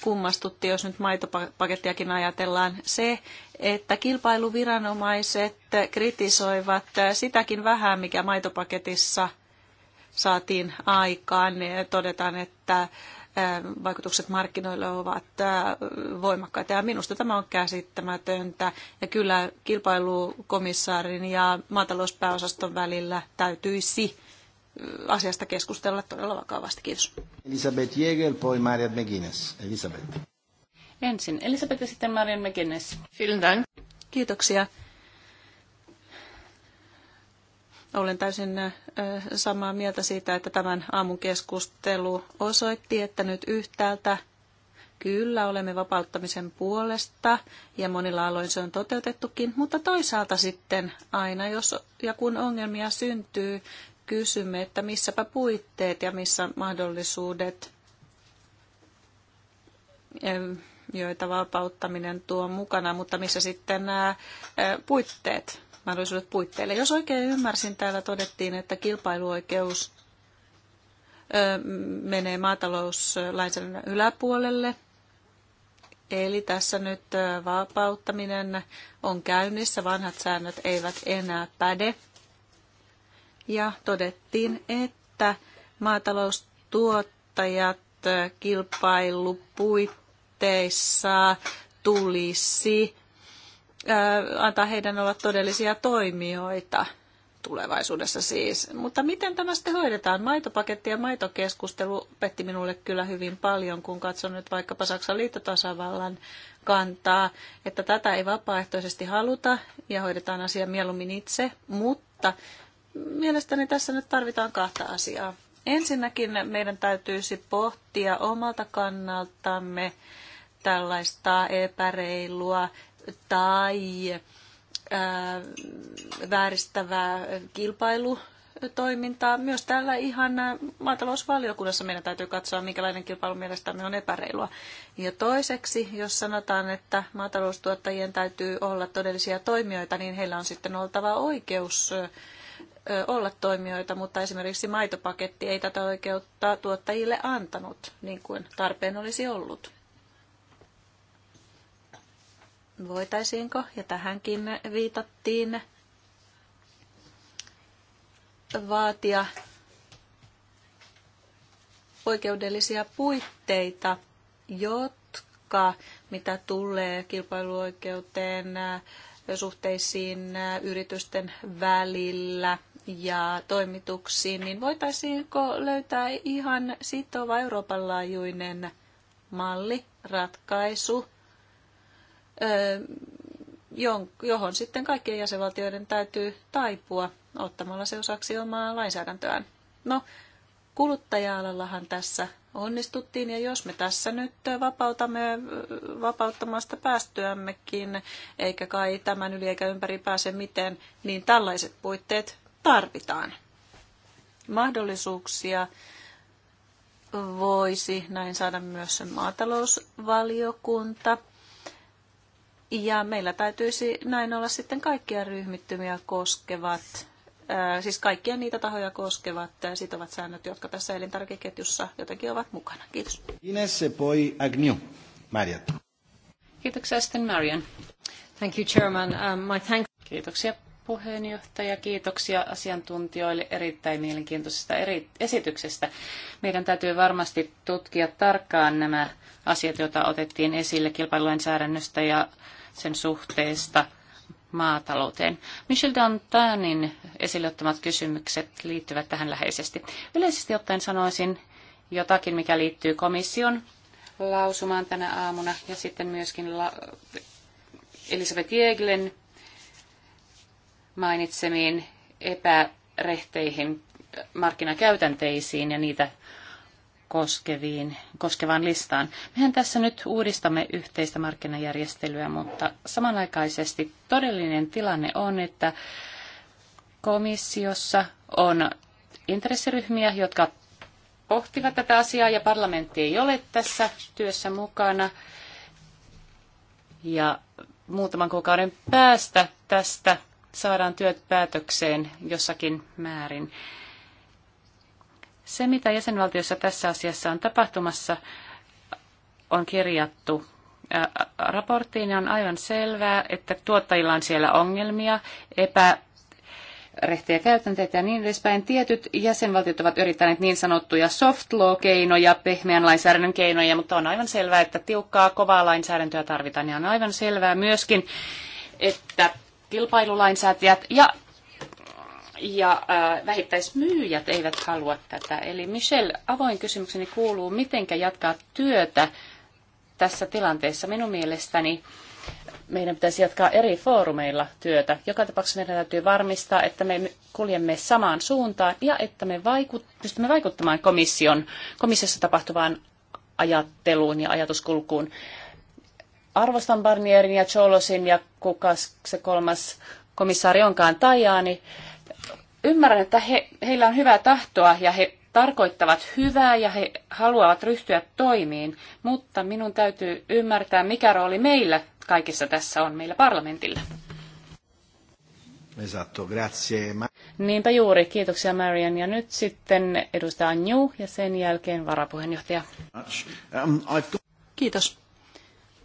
kummastutti, jos nyt maitopakettiakin ajatellaan, se, että kilpailuviranomaiset kritisoivat sitäkin vähän, mikä maitopaketissa saatiin aikaan. Todetaan, että vaikutukset markkinoille ovat voimakkaita ja minusta tämä on käsittämätöntä ja kyllä kilpailukomissaarin ja maatalouspääosaston välillä täytyisi asiasta keskustella todella vakavasti. Kiitos. Elisabeth Jäger, poi Marian McGuinness. Elisabeth. Ensin Elisabeth ja sitten Marian McGuinness. Vielen Dank. Kiitoksia. Olen täysin samaa mieltä siitä, että tämän aamun keskustelu osoitti, että nyt yhtäältä kyllä olemme vapauttamisen puolesta ja monilla aloin se on toteutettukin, mutta toisaalta sitten aina, jos ja kun ongelmia syntyy, kysymme, että missäpä puitteet ja missä mahdollisuudet, e, joita vapauttaminen tuo mukana, mutta missä sitten nämä puitteet, mahdollisuudet puitteille. Jos oikein ymmärsin, täällä todettiin, että kilpailuoikeus menee maatalouslainsäädännön yläpuolelle. Eli tässä nyt vapauttaminen on käynnissä, vanhat säännöt eivät enää päde ja todettiin, että maataloustuottajat kilpailupuitteissa tulisi äh, antaa heidän olla todellisia toimijoita tulevaisuudessa siis. Mutta miten tämä sitten hoidetaan? Maitopaketti ja maitokeskustelu petti minulle kyllä hyvin paljon, kun katson nyt vaikkapa Saksan liittotasavallan kantaa, että tätä ei vapaaehtoisesti haluta ja hoidetaan asia mieluummin itse, mutta mielestäni tässä nyt tarvitaan kahta asiaa. Ensinnäkin meidän täytyisi pohtia omalta kannaltamme tällaista epäreilua tai ää, vääristävää kilpailu toimintaa. Myös täällä ihan maatalousvaliokunnassa meidän täytyy katsoa, minkälainen kilpailu mielestämme on epäreilua. Ja toiseksi, jos sanotaan, että maataloustuottajien täytyy olla todellisia toimijoita, niin heillä on sitten oltava oikeus olla toimijoita, mutta esimerkiksi maitopaketti ei tätä oikeutta tuottajille antanut, niin kuin tarpeen olisi ollut. Voitaisiinko, ja tähänkin viitattiin, vaatia oikeudellisia puitteita, jotka, mitä tulee kilpailuoikeuteen, suhteisiin yritysten välillä, ja toimituksiin, niin voitaisiinko löytää ihan sitova Euroopan laajuinen malli, ratkaisu, johon sitten kaikkien jäsenvaltioiden täytyy taipua ottamalla se osaksi omaa lainsäädäntöään. No, kuluttaja-alallahan tässä onnistuttiin ja jos me tässä nyt vapautamme vapauttamasta päästyämmekin, eikä kai tämän yli eikä ympäri pääse miten, niin tällaiset puitteet tarvitaan. Mahdollisuuksia voisi näin saada myös maatalousvaliokunta. Ja meillä täytyisi näin olla sitten kaikkia ryhmittymiä koskevat, siis kaikkia niitä tahoja koskevat sitovat säännöt, jotka tässä elintarvikeketjussa jotenkin ovat mukana. Kiitos. Ines poi Agnew, Marian. Kiitoksia sitten Marian. Thank you, Chairman. Um, my thanks. Kiitoksia puheenjohtaja. Kiitoksia asiantuntijoille erittäin mielenkiintoisesta eri esityksestä. Meidän täytyy varmasti tutkia tarkkaan nämä asiat, joita otettiin esille kilpailulainsäädännöstä ja sen suhteesta maatalouteen. Michel Dantanin esille ottamat kysymykset liittyvät tähän läheisesti. Yleisesti ottaen sanoisin jotakin, mikä liittyy komission lausumaan tänä aamuna ja sitten myöskin la- Elisabeth Jäglen mainitsemiin epärehteihin äh, markkinakäytänteisiin ja niitä koskeviin, koskevaan listaan. Mehän tässä nyt uudistamme yhteistä markkinajärjestelyä, mutta samanaikaisesti todellinen tilanne on, että komissiossa on intressiryhmiä, jotka pohtivat tätä asiaa ja parlamentti ei ole tässä työssä mukana. Ja muutaman kuukauden päästä tästä saadaan työt päätökseen jossakin määrin. Se, mitä jäsenvaltiossa tässä asiassa on tapahtumassa, on kirjattu raporttiin on aivan selvää, että tuottajilla on siellä ongelmia, epä, käytänteitä ja niin edespäin. Tietyt jäsenvaltiot ovat yrittäneet niin sanottuja soft law-keinoja, pehmeän lainsäädännön keinoja, mutta on aivan selvää, että tiukkaa, kovaa lainsäädäntöä tarvitaan. Ja on aivan selvää myöskin, että kilpailulainsäätäjät ja, ja äh, vähittäismyyjät eivät halua tätä. Eli Michel, avoin kysymykseni kuuluu, mitenkä jatkaa työtä tässä tilanteessa. Minun mielestäni meidän pitäisi jatkaa eri foorumeilla työtä. Joka tapauksessa meidän täytyy varmistaa, että me kuljemme samaan suuntaan ja että me vaikut, pystymme vaikuttamaan komission, komissiossa tapahtuvaan ajatteluun ja ajatuskulkuun arvostan Barnierin ja Cholosin ja kuka se kolmas komissaari onkaan, Tajani. Ymmärrän, että he, heillä on hyvää tahtoa ja he tarkoittavat hyvää ja he haluavat ryhtyä toimiin, mutta minun täytyy ymmärtää, mikä rooli meillä kaikissa tässä on, meillä parlamentilla. Esatto, grazie. Niinpä juuri, kiitoksia Marian. Ja nyt sitten edustaja New ja sen jälkeen varapuheenjohtaja. Um, Kiitos.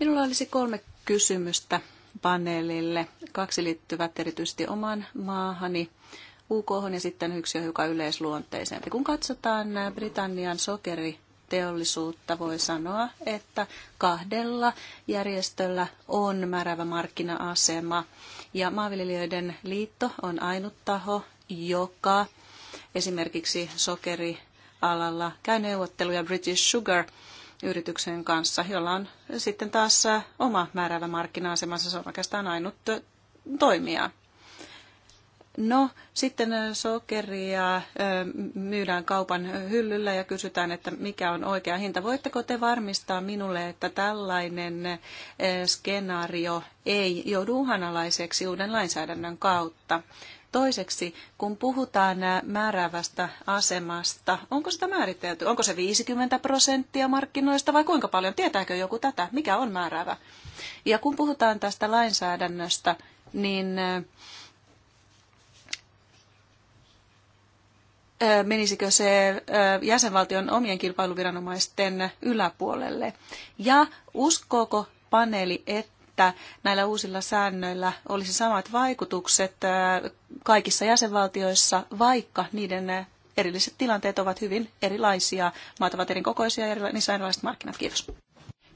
Minulla olisi kolme kysymystä paneelille. Kaksi liittyvät erityisesti omaan maahani, UK ja sitten yksi on hiukan yleisluonteisempi. Kun katsotaan Britannian sokeri teollisuutta voi sanoa, että kahdella järjestöllä on määräävä markkina-asema. Ja maanviljelijöiden liitto on ainut taho, joka esimerkiksi sokerialalla käy neuvotteluja British Sugar yrityksen kanssa, jolla on sitten taas oma määräävä markkina-asemansa. Se on oikeastaan ainut toimija. No, sitten sokeria myydään kaupan hyllyllä ja kysytään, että mikä on oikea hinta. Voitteko te varmistaa minulle, että tällainen skenaario ei joudu uhanalaiseksi uuden lainsäädännön kautta? Toiseksi, kun puhutaan määräävästä asemasta, onko sitä määritelty? Onko se 50 prosenttia markkinoista vai kuinka paljon? Tietääkö joku tätä? Mikä on määräävä? Ja kun puhutaan tästä lainsäädännöstä, niin menisikö se jäsenvaltion omien kilpailuviranomaisten yläpuolelle? Ja uskooko paneeli, että että näillä uusilla säännöillä olisi samat vaikutukset kaikissa jäsenvaltioissa, vaikka niiden erilliset tilanteet ovat hyvin erilaisia. Maat ovat eri kokoisia ja niissä erilaiset markkinat. Kiitos.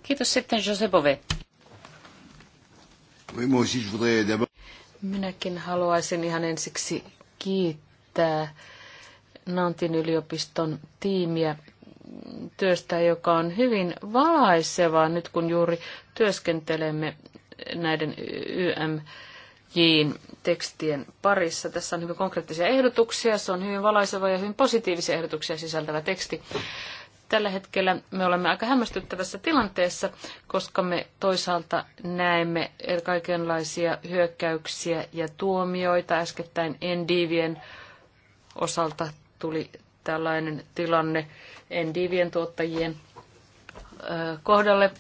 Kiitos sitten Jose Bove. Minäkin haluaisin ihan ensiksi kiittää Nantin yliopiston tiimiä työstä, joka on hyvin valaisevaa nyt kun juuri työskentelemme näiden YMJin tekstien parissa. Tässä on hyvin konkreettisia ehdotuksia, se on hyvin valaiseva ja hyvin positiivisia ehdotuksia sisältävä teksti. Tällä hetkellä me olemme aika hämmästyttävässä tilanteessa, koska me toisaalta näemme kaikenlaisia hyökkäyksiä ja tuomioita. Äskettäin Endivien osalta tuli tällainen tilanne endivien tuottajien kohdalle.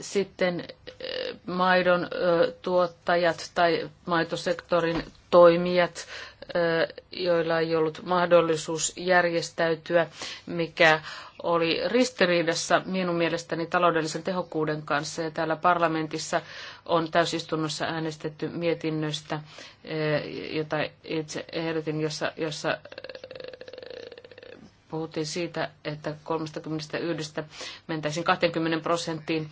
Sitten maidon tuottajat tai maitosektorin toimijat, joilla ei ollut mahdollisuus järjestäytyä, mikä oli ristiriidassa minun mielestäni taloudellisen tehokkuuden kanssa. Ja täällä parlamentissa on täysistunnossa äänestetty mietinnöstä, jota itse ehdotin, jossa, jossa puhuttiin siitä, että 31 mentäisiin 20 prosenttiin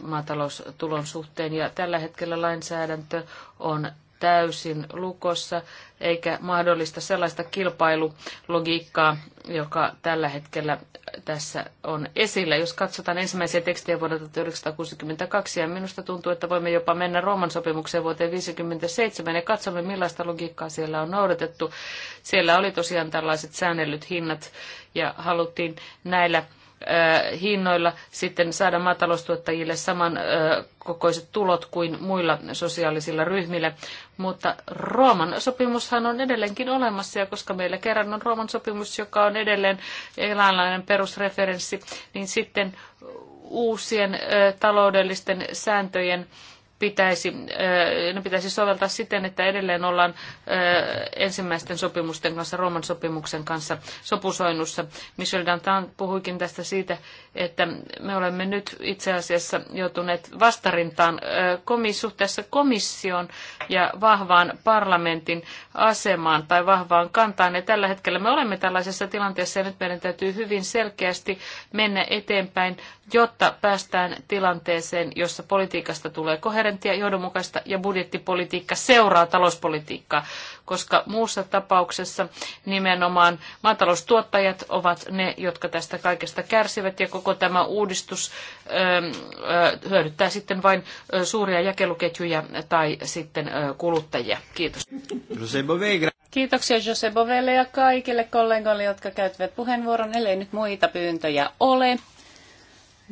maataloustulon suhteen ja tällä hetkellä lainsäädäntö on täysin lukossa eikä mahdollista sellaista kilpailulogiikkaa, joka tällä hetkellä tässä on esillä. Jos katsotaan ensimmäisiä tekstejä vuodelta 1962, ja minusta tuntuu, että voimme jopa mennä Rooman sopimukseen vuoteen 1957 ja katsomme, millaista logiikkaa siellä on noudatettu. Siellä oli tosiaan tällaiset säännellyt hinnat, ja haluttiin näillä hinnoilla sitten saada maataloustuottajille saman kokoiset tulot kuin muilla sosiaalisilla ryhmillä. Mutta Rooman sopimushan on edelleenkin olemassa, ja koska meillä kerran on Rooman sopimus, joka on edelleen eläinlainen perusreferenssi, niin sitten uusien taloudellisten sääntöjen pitäisi, ne pitäisi soveltaa siten, että edelleen ollaan ensimmäisten sopimusten kanssa, Rooman sopimuksen kanssa sopusoinnussa. Michel Dantan puhuikin tästä siitä, että me olemme nyt itse asiassa joutuneet vastarintaan suhteessa komission ja vahvaan parlamentin asemaan tai vahvaan kantaan. Ja tällä hetkellä me olemme tällaisessa tilanteessa ja nyt meidän täytyy hyvin selkeästi mennä eteenpäin jotta päästään tilanteeseen, jossa politiikasta tulee koherenttia, johdonmukaista ja budjettipolitiikka seuraa talouspolitiikkaa, koska muussa tapauksessa nimenomaan maataloustuottajat ovat ne, jotka tästä kaikesta kärsivät ja koko tämä uudistus ähm, äh, hyödyttää sitten vain äh, suuria jakeluketjuja tai sitten äh, kuluttajia. Kiitos. Kiitoksia Jose Bovelle ja kaikille kollegoille, jotka käyttävät puheenvuoron, ellei nyt muita pyyntöjä ole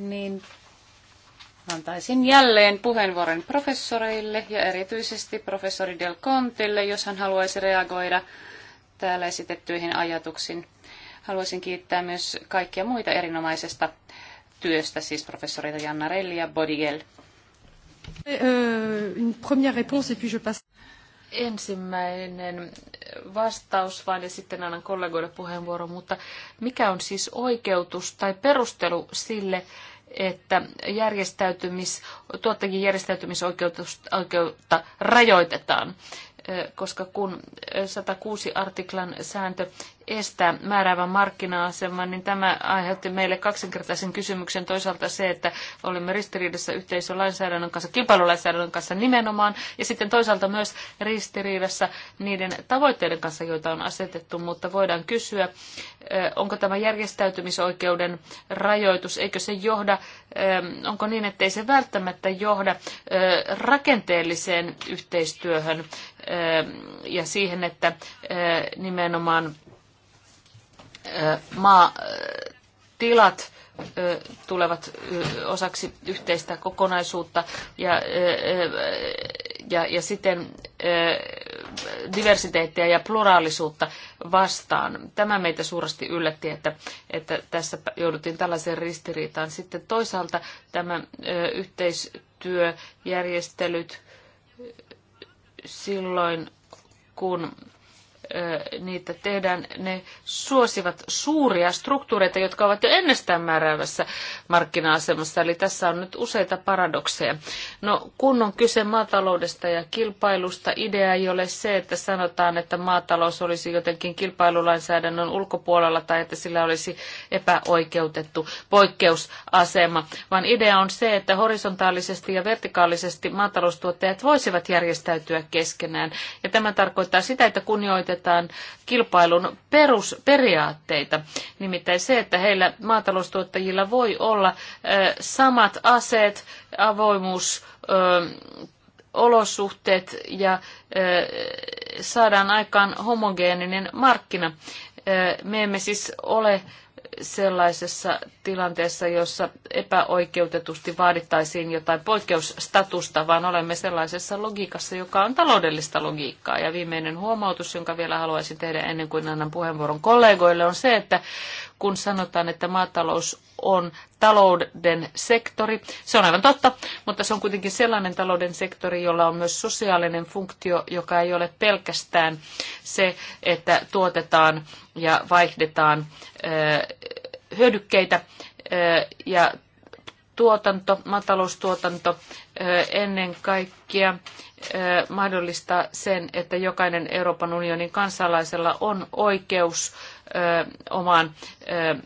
niin antaisin jälleen puheenvuoron professoreille ja erityisesti professori Del Contille, jos hän haluaisi reagoida täällä esitettyihin ajatuksiin. Haluaisin kiittää myös kaikkia muita erinomaisesta työstä, siis professoreita Janna Relli ja Bodigel. Euh, Ensimmäinen vastaus vain ja sitten annan kollegoille puheenvuoron, mutta mikä on siis oikeutus tai perustelu sille, että järjestäytymis, tuottajien järjestäytymisoikeutta rajoitetaan, eh, koska kun 106 eh, artiklan sääntö estää määräävän markkina-aseman, niin tämä aiheutti meille kaksinkertaisen kysymyksen. Toisaalta se, että olimme ristiriidassa yhteisölainsäädännön kanssa, kilpailulainsäädännön kanssa nimenomaan, ja sitten toisaalta myös ristiriidassa niiden tavoitteiden kanssa, joita on asetettu, mutta voidaan kysyä, onko tämä järjestäytymisoikeuden rajoitus, eikö se johda, onko niin, ettei se välttämättä johda rakenteelliseen yhteistyöhön ja siihen, että nimenomaan maatilat tulevat osaksi yhteistä kokonaisuutta ja, ja, ja siten diversiteettiä ja pluraalisuutta vastaan. Tämä meitä suuresti yllätti, että, että tässä jouduttiin tällaiseen ristiriitaan. Sitten toisaalta tämä yhteistyöjärjestelyt silloin, kun niitä tehdään, ne suosivat suuria struktuureita, jotka ovat jo ennestään määräävässä markkina-asemassa. Eli tässä on nyt useita paradokseja. No, kun on kyse maataloudesta ja kilpailusta, idea ei ole se, että sanotaan, että maatalous olisi jotenkin kilpailulainsäädännön ulkopuolella tai että sillä olisi epäoikeutettu poikkeusasema, vaan idea on se, että horisontaalisesti ja vertikaalisesti maataloustuottajat voisivat järjestäytyä keskenään. Ja tämä tarkoittaa sitä, että kunnioitetaan muutetaan kilpailun perusperiaatteita. Nimittäin se, että heillä maataloustuottajilla voi olla samat aseet, avoimuus, olosuhteet ja saadaan aikaan homogeeninen markkina. Me emme siis ole sellaisessa tilanteessa, jossa epäoikeutetusti vaadittaisiin jotain poikkeusstatusta, vaan olemme sellaisessa logiikassa, joka on taloudellista logiikkaa. Ja viimeinen huomautus, jonka vielä haluaisin tehdä ennen kuin annan puheenvuoron kollegoille, on se, että kun sanotaan, että maatalous on talouden sektori. Se on aivan totta, mutta se on kuitenkin sellainen talouden sektori, jolla on myös sosiaalinen funktio, joka ei ole pelkästään se, että tuotetaan ja vaihdetaan eh, hyödykkeitä eh, ja tuotanto, maataloustuotanto eh, ennen kaikkea mahdollistaa sen, että jokainen Euroopan unionin kansalaisella on oikeus ö, omaan ö,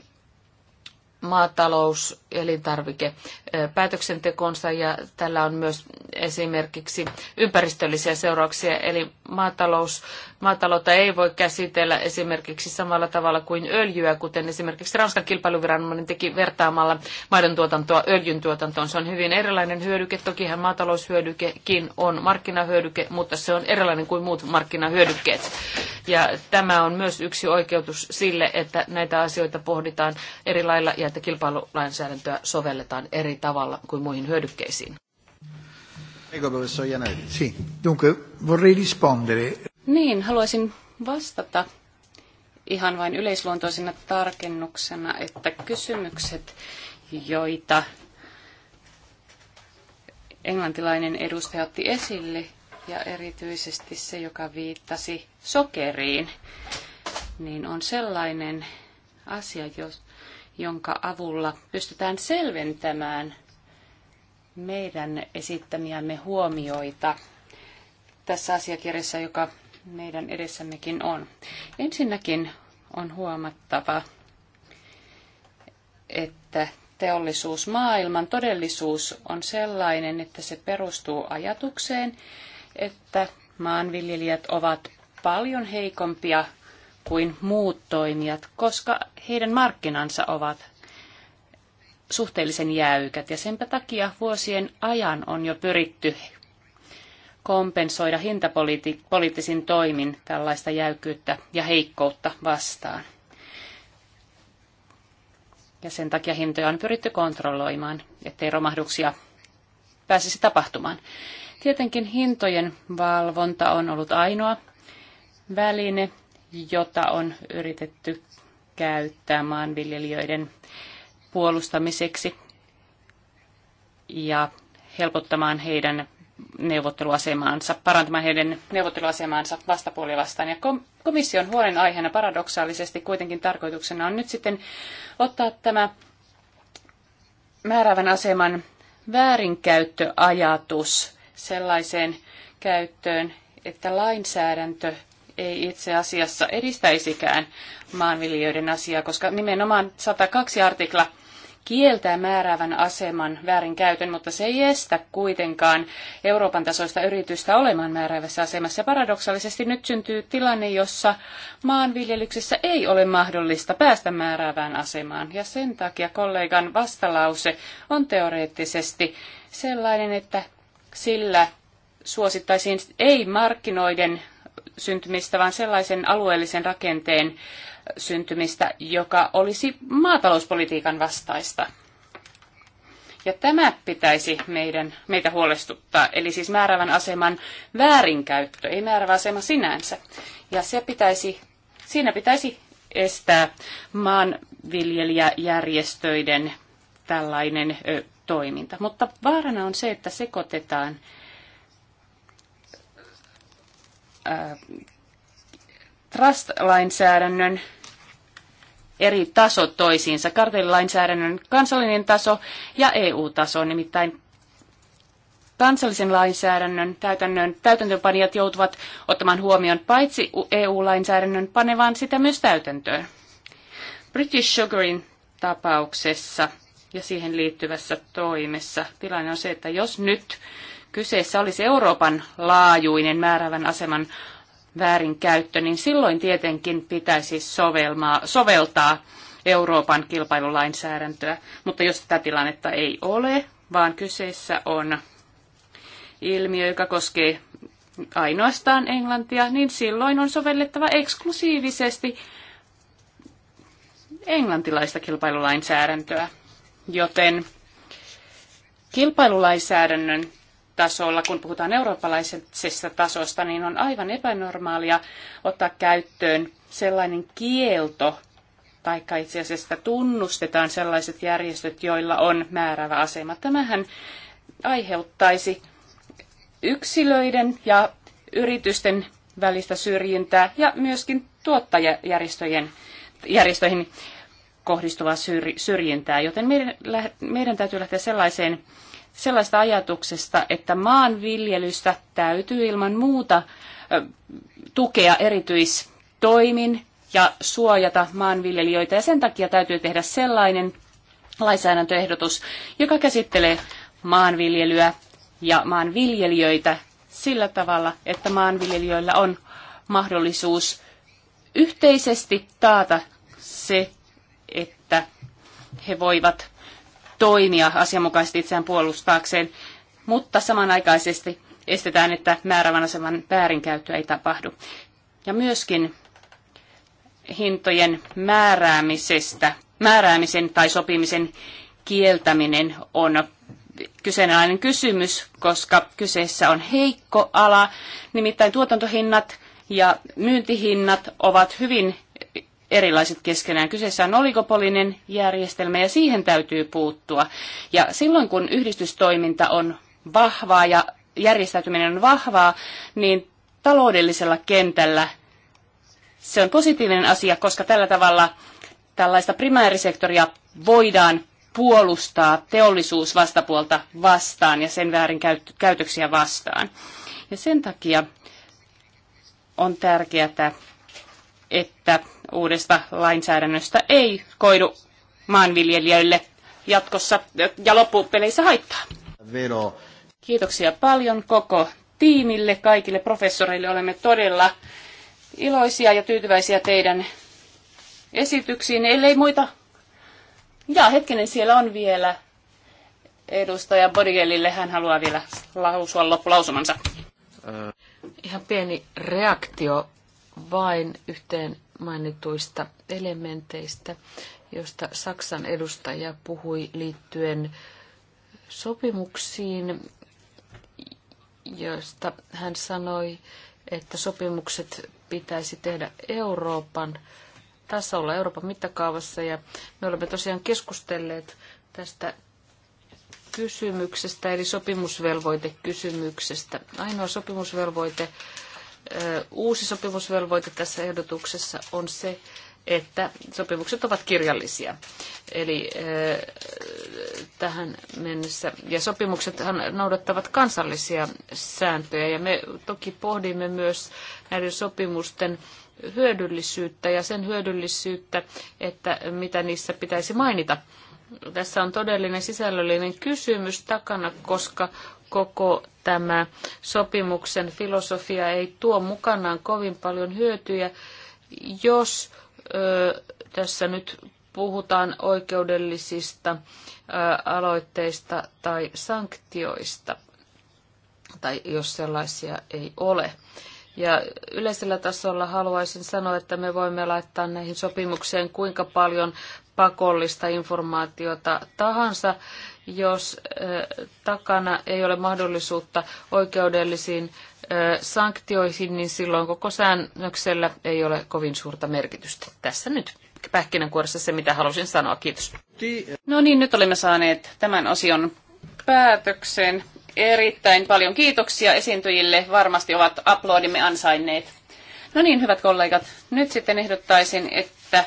maatalous- ja elintarvikepäätöksentekonsa ja tällä on myös esimerkiksi ympäristöllisiä seurauksia, eli maatalous maataloutta ei voi käsitellä esimerkiksi samalla tavalla kuin öljyä, kuten esimerkiksi Ranskan kilpailuviranomainen teki vertaamalla maidon tuotantoa öljyn tuotantoon. Se on hyvin erilainen hyödyke. Tokihan maataloushyödykekin on markkinahyödyke, mutta se on erilainen kuin muut markkinahyödykkeet. Ja tämä on myös yksi oikeutus sille, että näitä asioita pohditaan eri lailla ja että kilpailulainsäädäntöä sovelletaan eri tavalla kuin muihin hyödykkeisiin. Prego, professor Janelli. Sì, dunque vorrei rispondere. Niin, haluaisin vastata ihan vain yleisluontoisena tarkennuksena, että kysymykset, joita englantilainen edustaja otti esille, ja erityisesti se, joka viittasi sokeriin, niin on sellainen asia, jos, jonka avulla pystytään selventämään meidän esittämiämme huomioita tässä asiakirjassa, joka meidän edessämmekin on. Ensinnäkin on huomattava, että maailman todellisuus on sellainen, että se perustuu ajatukseen, että maanviljelijät ovat paljon heikompia kuin muut toimijat, koska heidän markkinansa ovat suhteellisen jäykät ja senpä takia vuosien ajan on jo pyritty kompensoida hintapoliittisin toimin tällaista jäykkyyttä ja heikkoutta vastaan. Ja sen takia hintoja on pyritty kontrolloimaan, ettei romahduksia pääsisi tapahtumaan. Tietenkin hintojen valvonta on ollut ainoa väline, jota on yritetty käyttää maanviljelijöiden puolustamiseksi ja helpottamaan heidän neuvotteluasemaansa, parantamaan heidän neuvotteluasemaansa vastapuolia vastaan. Ja komission aiheena paradoksaalisesti kuitenkin tarkoituksena on nyt sitten ottaa tämä määräävän aseman väärinkäyttöajatus sellaiseen käyttöön, että lainsäädäntö ei itse asiassa edistäisikään maanviljelijöiden asiaa, koska nimenomaan 102 artikla – kieltää määräävän aseman väärinkäytön, mutta se ei estä kuitenkaan Euroopan tasoista yritystä olemaan määräävässä asemassa. Paradoksaalisesti nyt syntyy tilanne, jossa maanviljelyksessä ei ole mahdollista päästä määräävään asemaan, ja sen takia kollegan vastalause on teoreettisesti sellainen, että sillä suosittaisiin ei markkinoiden syntymistä, vaan sellaisen alueellisen rakenteen syntymistä, joka olisi maatalouspolitiikan vastaista. Ja tämä pitäisi meidän, meitä huolestuttaa, eli siis määrävän aseman väärinkäyttö, ei määrävä asema sinänsä. Ja se pitäisi, siinä pitäisi estää maanviljelijäjärjestöiden tällainen ö, toiminta. Mutta vaarana on se, että sekoitetaan trust-lainsäädännön eri tasot toisiinsa, kartellilainsäädännön kansallinen taso ja EU-taso, nimittäin kansallisen lainsäädännön täytännön, täytäntöpanijat joutuvat ottamaan huomioon paitsi EU-lainsäädännön panevaan sitä myös täytäntöön. British Sugarin tapauksessa ja siihen liittyvässä toimessa tilanne on se, että jos nyt kyseessä olisi Euroopan laajuinen määrävän aseman väärinkäyttö, niin silloin tietenkin pitäisi sovelmaa, soveltaa Euroopan kilpailulainsäädäntöä. Mutta jos tätä tilannetta ei ole, vaan kyseessä on ilmiö, joka koskee ainoastaan englantia, niin silloin on sovellettava eksklusiivisesti englantilaista kilpailulainsäädäntöä. Joten kilpailulainsäädännön tasolla, kun puhutaan eurooppalaisesta tasosta, niin on aivan epänormaalia ottaa käyttöön sellainen kielto, tai itse asiassa tunnustetaan sellaiset järjestöt, joilla on määrävä asema. Tämähän aiheuttaisi yksilöiden ja yritysten välistä syrjintää ja myöskin tuottajajärjestöjen järjestöihin kohdistuvaa syrjintää, joten meidän, meidän täytyy lähteä sellaiseen sellaista ajatuksesta, että maanviljelystä täytyy ilman muuta tukea erityistoimin ja suojata maanviljelijöitä. Ja sen takia täytyy tehdä sellainen lainsäädäntöehdotus, joka käsittelee maanviljelyä ja maanviljelijöitä sillä tavalla, että maanviljelijöillä on mahdollisuus yhteisesti taata se, että he voivat toimia asianmukaisesti itseään puolustaakseen, mutta samanaikaisesti estetään, että määrävän aseman väärinkäyttöä ei tapahdu. Ja myöskin hintojen määräämisestä, määräämisen tai sopimisen kieltäminen on kyseenalainen kysymys, koska kyseessä on heikko ala, nimittäin tuotantohinnat ja myyntihinnat ovat hyvin erilaiset keskenään. Kyseessä on oligopolinen järjestelmä ja siihen täytyy puuttua. Ja silloin kun yhdistystoiminta on vahvaa ja järjestäytyminen on vahvaa, niin taloudellisella kentällä se on positiivinen asia, koska tällä tavalla tällaista primäärisektoria voidaan puolustaa teollisuusvastapuolta vastaan ja sen käytöksiä vastaan. Ja sen takia on tärkeää, että uudesta lainsäädännöstä ei koidu maanviljelijöille jatkossa ja loppupeleissä haittaa. Vero. Kiitoksia paljon koko tiimille, kaikille professoreille. Olemme todella iloisia ja tyytyväisiä teidän esityksiin, ellei muita. Ja hetkinen, siellä on vielä edustaja Bodigelille. Hän haluaa vielä lausua loppulausumansa. Äh. Ihan pieni reaktio vain yhteen mainituista elementeistä, josta Saksan edustaja puhui liittyen sopimuksiin, joista hän sanoi, että sopimukset pitäisi tehdä Euroopan tasolla, Euroopan mittakaavassa. Ja me olemme tosiaan keskustelleet tästä kysymyksestä, eli sopimusvelvoitekysymyksestä. Ainoa sopimusvelvoite uusi sopimusvelvoite tässä ehdotuksessa on se, että sopimukset ovat kirjallisia. Eli tähän mennessä. Ja sopimuksethan noudattavat kansallisia sääntöjä. Ja me toki pohdimme myös näiden sopimusten hyödyllisyyttä ja sen hyödyllisyyttä, että mitä niissä pitäisi mainita. Tässä on todellinen sisällöllinen kysymys takana, koska koko tämä sopimuksen filosofia ei tuo mukanaan kovin paljon hyötyjä, jos ö, tässä nyt puhutaan oikeudellisista ö, aloitteista tai sanktioista, tai jos sellaisia ei ole. Ja yleisellä tasolla haluaisin sanoa, että me voimme laittaa näihin sopimukseen kuinka paljon pakollista informaatiota tahansa, jos takana ei ole mahdollisuutta oikeudellisiin sanktioihin, niin silloin koko säännöksellä ei ole kovin suurta merkitystä. Tässä nyt pähkinänkuoressa se, mitä halusin sanoa. Kiitos. No niin, nyt olemme saaneet tämän osion päätöksen. Erittäin paljon kiitoksia esiintyjille. Varmasti ovat aplodimme ansainneet. No niin, hyvät kollegat, nyt sitten ehdottaisin, että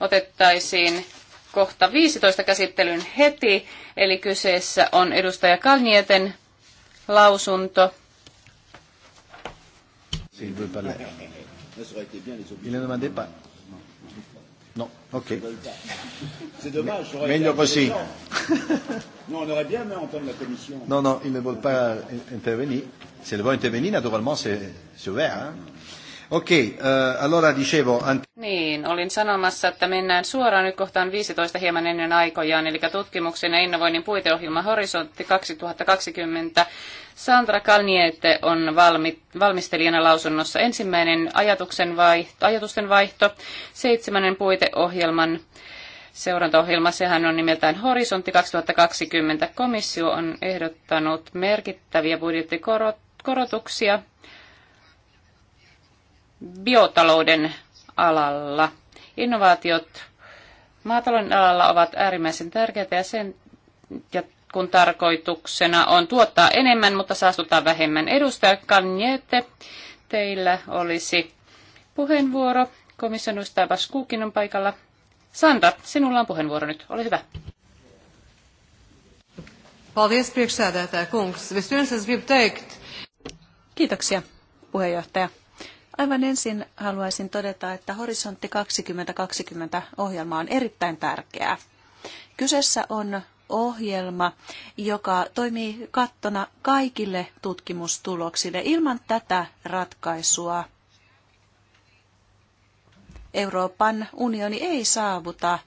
otettaisiin kohta 15 käsittelyn heti, eli kyseessä on edustaja Kalnieten lausunto. Il ne demandait pas. Non, ok. C'est dommage. Non, on aurait bien aimé entendre la commission. Non, non, ils ne veulent pas intervenir. S'ils veulent intervenir, naturellement, c'est ouvert. Hein. Okei, okay, uh, allora dicevo... Ant- niin, olin sanomassa, että mennään suoraan nyt kohtaan 15 hieman ennen aikojaan, eli tutkimuksen ja innovoinnin puiteohjelma Horisontti 2020. Sandra Kalniete on valmi- valmistelijana lausunnossa ensimmäinen ajatuksen vaihto, ajatusten vaihto, seitsemännen puiteohjelman seurantaohjelma, sehän on nimeltään Horisontti 2020. Komissio on ehdottanut merkittäviä budjettikorotuksia biotalouden alalla. Innovaatiot maatalouden alalla ovat äärimmäisen tärkeitä ja, sen, ja kun tarkoituksena on tuottaa enemmän, mutta saastuttaa vähemmän. Edustaja Kanjete, teillä olisi puheenvuoro. Komission edustaja Baskuukin on paikalla. Sandra, sinulla on puheenvuoro nyt. Ole hyvä. Kiitoksia, puheenjohtaja. Aivan ensin haluaisin todeta, että Horisontti 2020 ohjelma on erittäin tärkeää. Kyseessä on ohjelma, joka toimii kattona kaikille tutkimustuloksille. Ilman tätä ratkaisua Euroopan unioni ei saavuta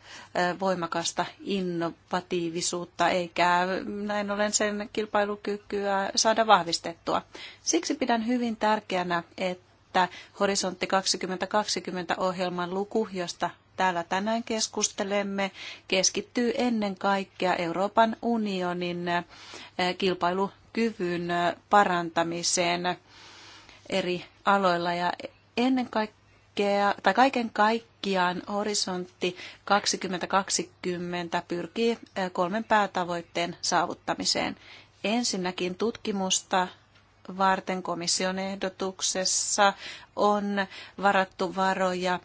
voimakasta innovatiivisuutta eikä näin ollen sen kilpailukykyä saada vahvistettua. Siksi pidän hyvin tärkeänä, että että Horisontti 2020-ohjelman luku, josta täällä tänään keskustelemme, keskittyy ennen kaikkea Euroopan unionin eh, kilpailukyvyn eh, parantamiseen eri aloilla ja ennen kaikkea, tai kaiken kaikkiaan horisontti 2020 pyrkii eh, kolmen päätavoitteen saavuttamiseen. Ensinnäkin tutkimusta varten komission ehdotuksessa on varattu varoja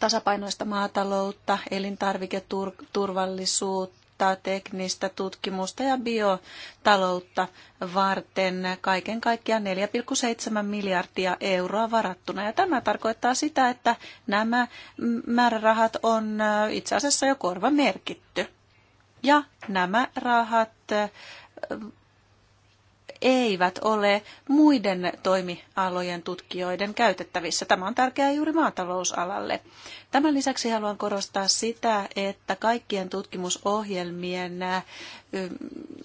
tasapainoista maataloutta, elintarviketurvallisuutta, teknistä tutkimusta ja biotaloutta varten kaiken kaikkiaan 4,7 miljardia euroa varattuna. Ja tämä tarkoittaa sitä, että nämä määrärahat on itse asiassa jo korva merkitty. Ja nämä rahat eivät ole muiden toimialojen tutkijoiden käytettävissä. Tämä on tärkeää juuri maatalousalalle. Tämän lisäksi haluan korostaa sitä, että kaikkien tutkimusohjelmien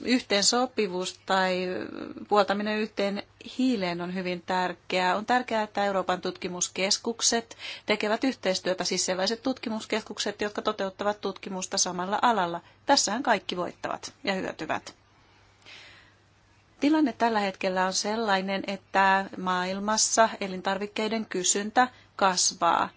yhteensopivuus tai puoltaminen yhteen hiileen on hyvin tärkeää. On tärkeää, että Euroopan tutkimuskeskukset tekevät yhteistyötä, siis sellaiset tutkimuskeskukset, jotka toteuttavat tutkimusta samalla alalla. Tässähän kaikki voittavat ja hyötyvät. Tilanne tällä hetkellä on sellainen, että maailmassa elintarvikkeiden kysyntä kasvaa.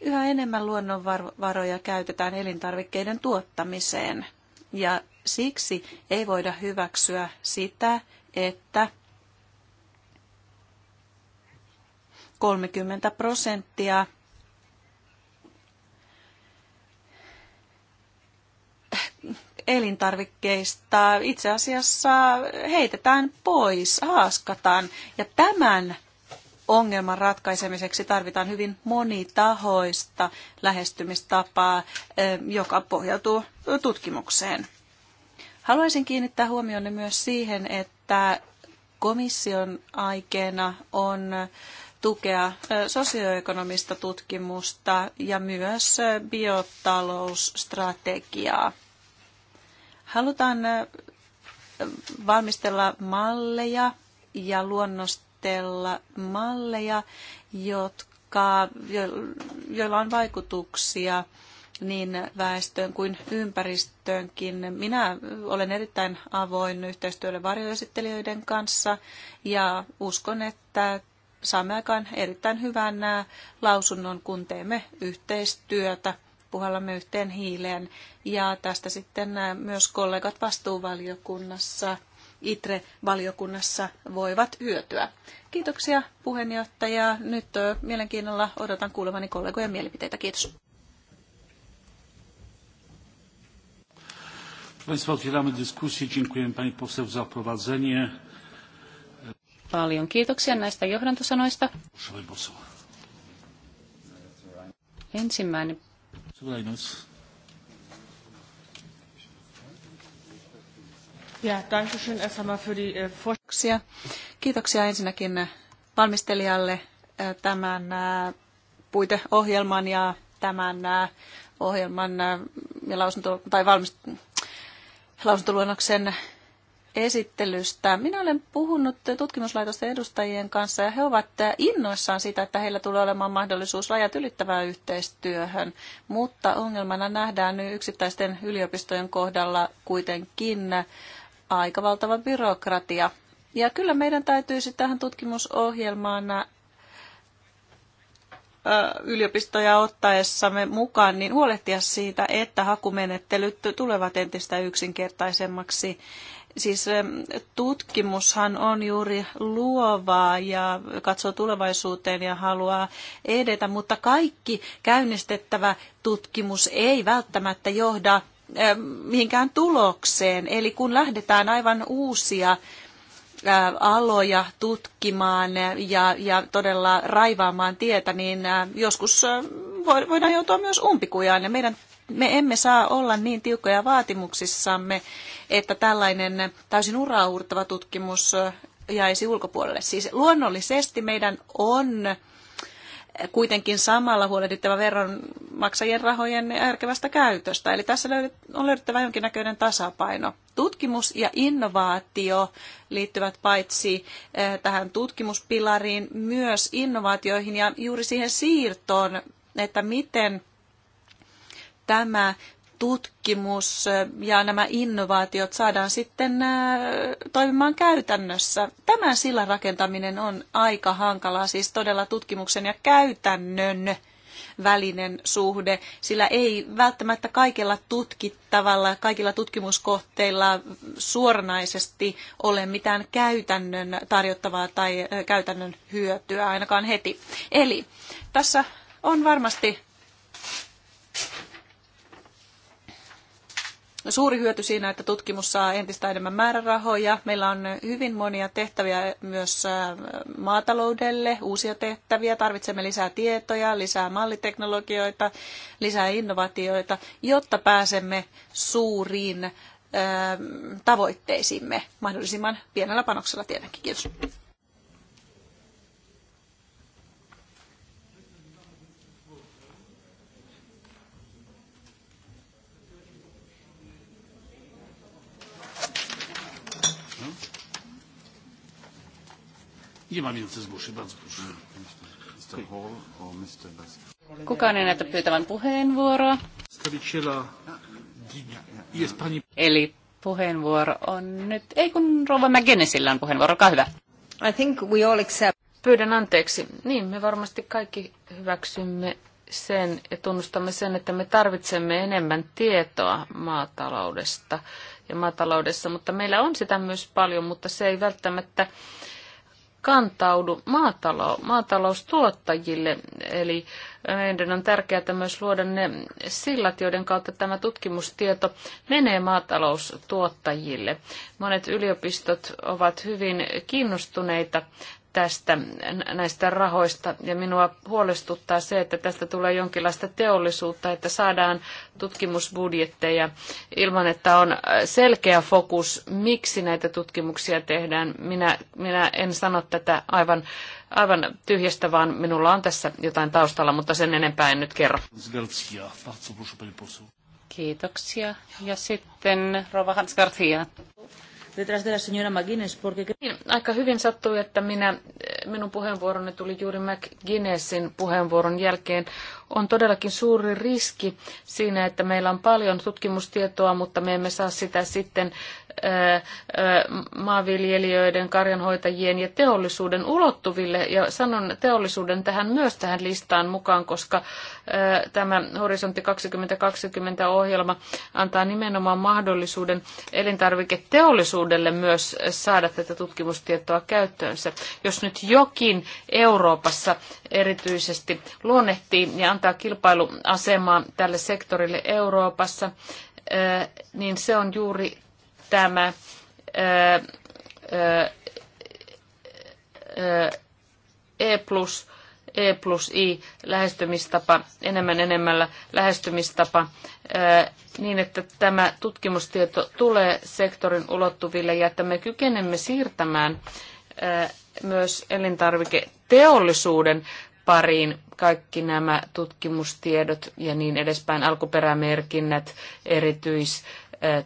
Yhä enemmän luonnonvaroja käytetään elintarvikkeiden tuottamiseen ja siksi ei voida hyväksyä sitä, että 30 prosenttia elintarvikkeista itse asiassa heitetään pois, haaskataan. Ja tämän ongelman ratkaisemiseksi tarvitaan hyvin monitahoista lähestymistapaa, joka pohjautuu tutkimukseen. Haluaisin kiinnittää huomionne myös siihen, että komission aikeena on tukea sosioekonomista tutkimusta ja myös biotalousstrategiaa. Halutaan valmistella malleja ja luonnostella malleja, jotka, joilla on vaikutuksia niin väestöön kuin ympäristöönkin. Minä olen erittäin avoin yhteistyölle varjoesittelijöiden kanssa ja uskon, että saamme aikaan erittäin hyvän lausunnon, kun teemme yhteistyötä puhallamme yhteen hiileen. Ja tästä sitten myös kollegat vastuuvaliokunnassa, ITRE-valiokunnassa voivat hyötyä. Kiitoksia puheenjohtaja. Nyt mielenkiinnolla odotan kuulevani kollegojen mielipiteitä. Kiitos. Państwa, otwieramy dyskusję. Dziękujemy Pani Poseł za prowadzenie. Paljon kiitoksia näistä johdantosanoista. Ensimmäinen Reynolds. Ja, danke schön erst einmal für die äh, Kiitoksia. Kiitoksia ensinnäkin äh, valmistelijalle äh, tämän puiteohjelman ja tämän ohjelman ja lausunto, tai valmist, lausuntoluonnoksen esittelystä. Minä olen puhunut tutkimuslaitosten edustajien kanssa ja he ovat innoissaan sitä, että heillä tulee olemaan mahdollisuus rajat ylittävään yhteistyöhön, mutta ongelmana nähdään nyt yksittäisten yliopistojen kohdalla kuitenkin aika valtava byrokratia. Ja kyllä meidän täytyisi tähän tutkimusohjelmaan yliopistoja ottaessamme mukaan, niin huolehtia siitä, että hakumenettelyt tulevat entistä yksinkertaisemmaksi Siis tutkimushan on juuri luovaa ja katsoo tulevaisuuteen ja haluaa edetä, mutta kaikki käynnistettävä tutkimus ei välttämättä johda mihinkään tulokseen. Eli kun lähdetään aivan uusia aloja tutkimaan ja, ja todella raivaamaan tietä, niin joskus voidaan joutua myös umpikujaan. Ja meidän me emme saa olla niin tiukkoja vaatimuksissamme, että tällainen täysin uraauurtava tutkimus jäisi ulkopuolelle. Siis luonnollisesti meidän on kuitenkin samalla huolehdittava veronmaksajien rahojen järkevästä käytöstä. Eli tässä on löydettävä jonkinnäköinen tasapaino. Tutkimus ja innovaatio liittyvät paitsi eh, tähän tutkimuspilariin myös innovaatioihin ja juuri siihen siirtoon, että miten tämä tutkimus ja nämä innovaatiot saadaan sitten äh, toimimaan käytännössä. Tämän sillan rakentaminen on aika hankalaa, siis todella tutkimuksen ja käytännön välinen suhde, sillä ei välttämättä kaikilla tutkittavalla, kaikilla tutkimuskohteilla suoranaisesti ole mitään käytännön tarjottavaa tai äh, käytännön hyötyä ainakaan heti. Eli tässä on varmasti suuri hyöty siinä, että tutkimus saa entistä enemmän määrärahoja. Meillä on hyvin monia tehtäviä myös äh, maataloudelle, uusia tehtäviä. Tarvitsemme lisää tietoja, lisää malliteknologioita, lisää innovaatioita, jotta pääsemme suuriin äh, tavoitteisiimme mahdollisimman pienellä panoksella tietenkin. Kiitos. Nie ma więcej zgłoszeń, bardzo proszę. Kukaan ei näytä pyytävän puheenvuoroa. Eli puheenvuoro on nyt, ei kun Rova McGinnisillä on puheenvuoro, olkaa hyvä. I think we all accept. Pyydän anteeksi. Niin, me varmasti kaikki hyväksymme sen ja tunnustamme sen, että me tarvitsemme enemmän tietoa maataloudesta ja maataloudessa, mutta meillä on sitä myös paljon, mutta se ei välttämättä kantaudu maatalo, maataloustuottajille. Eli meidän on tärkeää myös luoda ne sillat, joiden kautta tämä tutkimustieto menee maataloustuottajille. Monet yliopistot ovat hyvin kiinnostuneita tästä, näistä rahoista. Ja minua huolestuttaa se, että tästä tulee jonkinlaista teollisuutta, että saadaan tutkimusbudjetteja ilman, että on äh, selkeä fokus, miksi näitä tutkimuksia tehdään. Minä, minä en sano tätä aivan, aivan tyhjästä, vaan minulla on tässä jotain taustalla, mutta sen enempää en nyt kerro. Kiitoksia. Ja sitten Rova Hans Garcia detrás de la señora McGuinness, porque... Niin, aika hyvin sattui, että minä, minun puheenvuoroni tuli juuri McGuinnessin puheenvuoron jälkeen. On todellakin suuri riski siinä, että meillä on paljon tutkimustietoa, mutta me emme saa sitä sitten maanviljelijöiden, karjanhoitajien ja teollisuuden ulottuville. Ja sanon teollisuuden tähän myös tähän listaan mukaan, koska tämä Horisontti 2020 ohjelma antaa nimenomaan mahdollisuuden elintarviketeollisuudelle myös saada tätä tutkimustietoa käyttöönsä. Jos nyt jokin Euroopassa erityisesti luonnehtii ja antaa kilpailuasemaa tälle sektorille Euroopassa, niin se on juuri tämä E plus, E plus I lähestymistapa, enemmän enemmällä lähestymistapa, niin että tämä tutkimustieto tulee sektorin ulottuville ja että me kykenemme siirtämään myös elintarviketeollisuuden pariin kaikki nämä tutkimustiedot ja niin edespäin, alkuperämerkinnät, erityis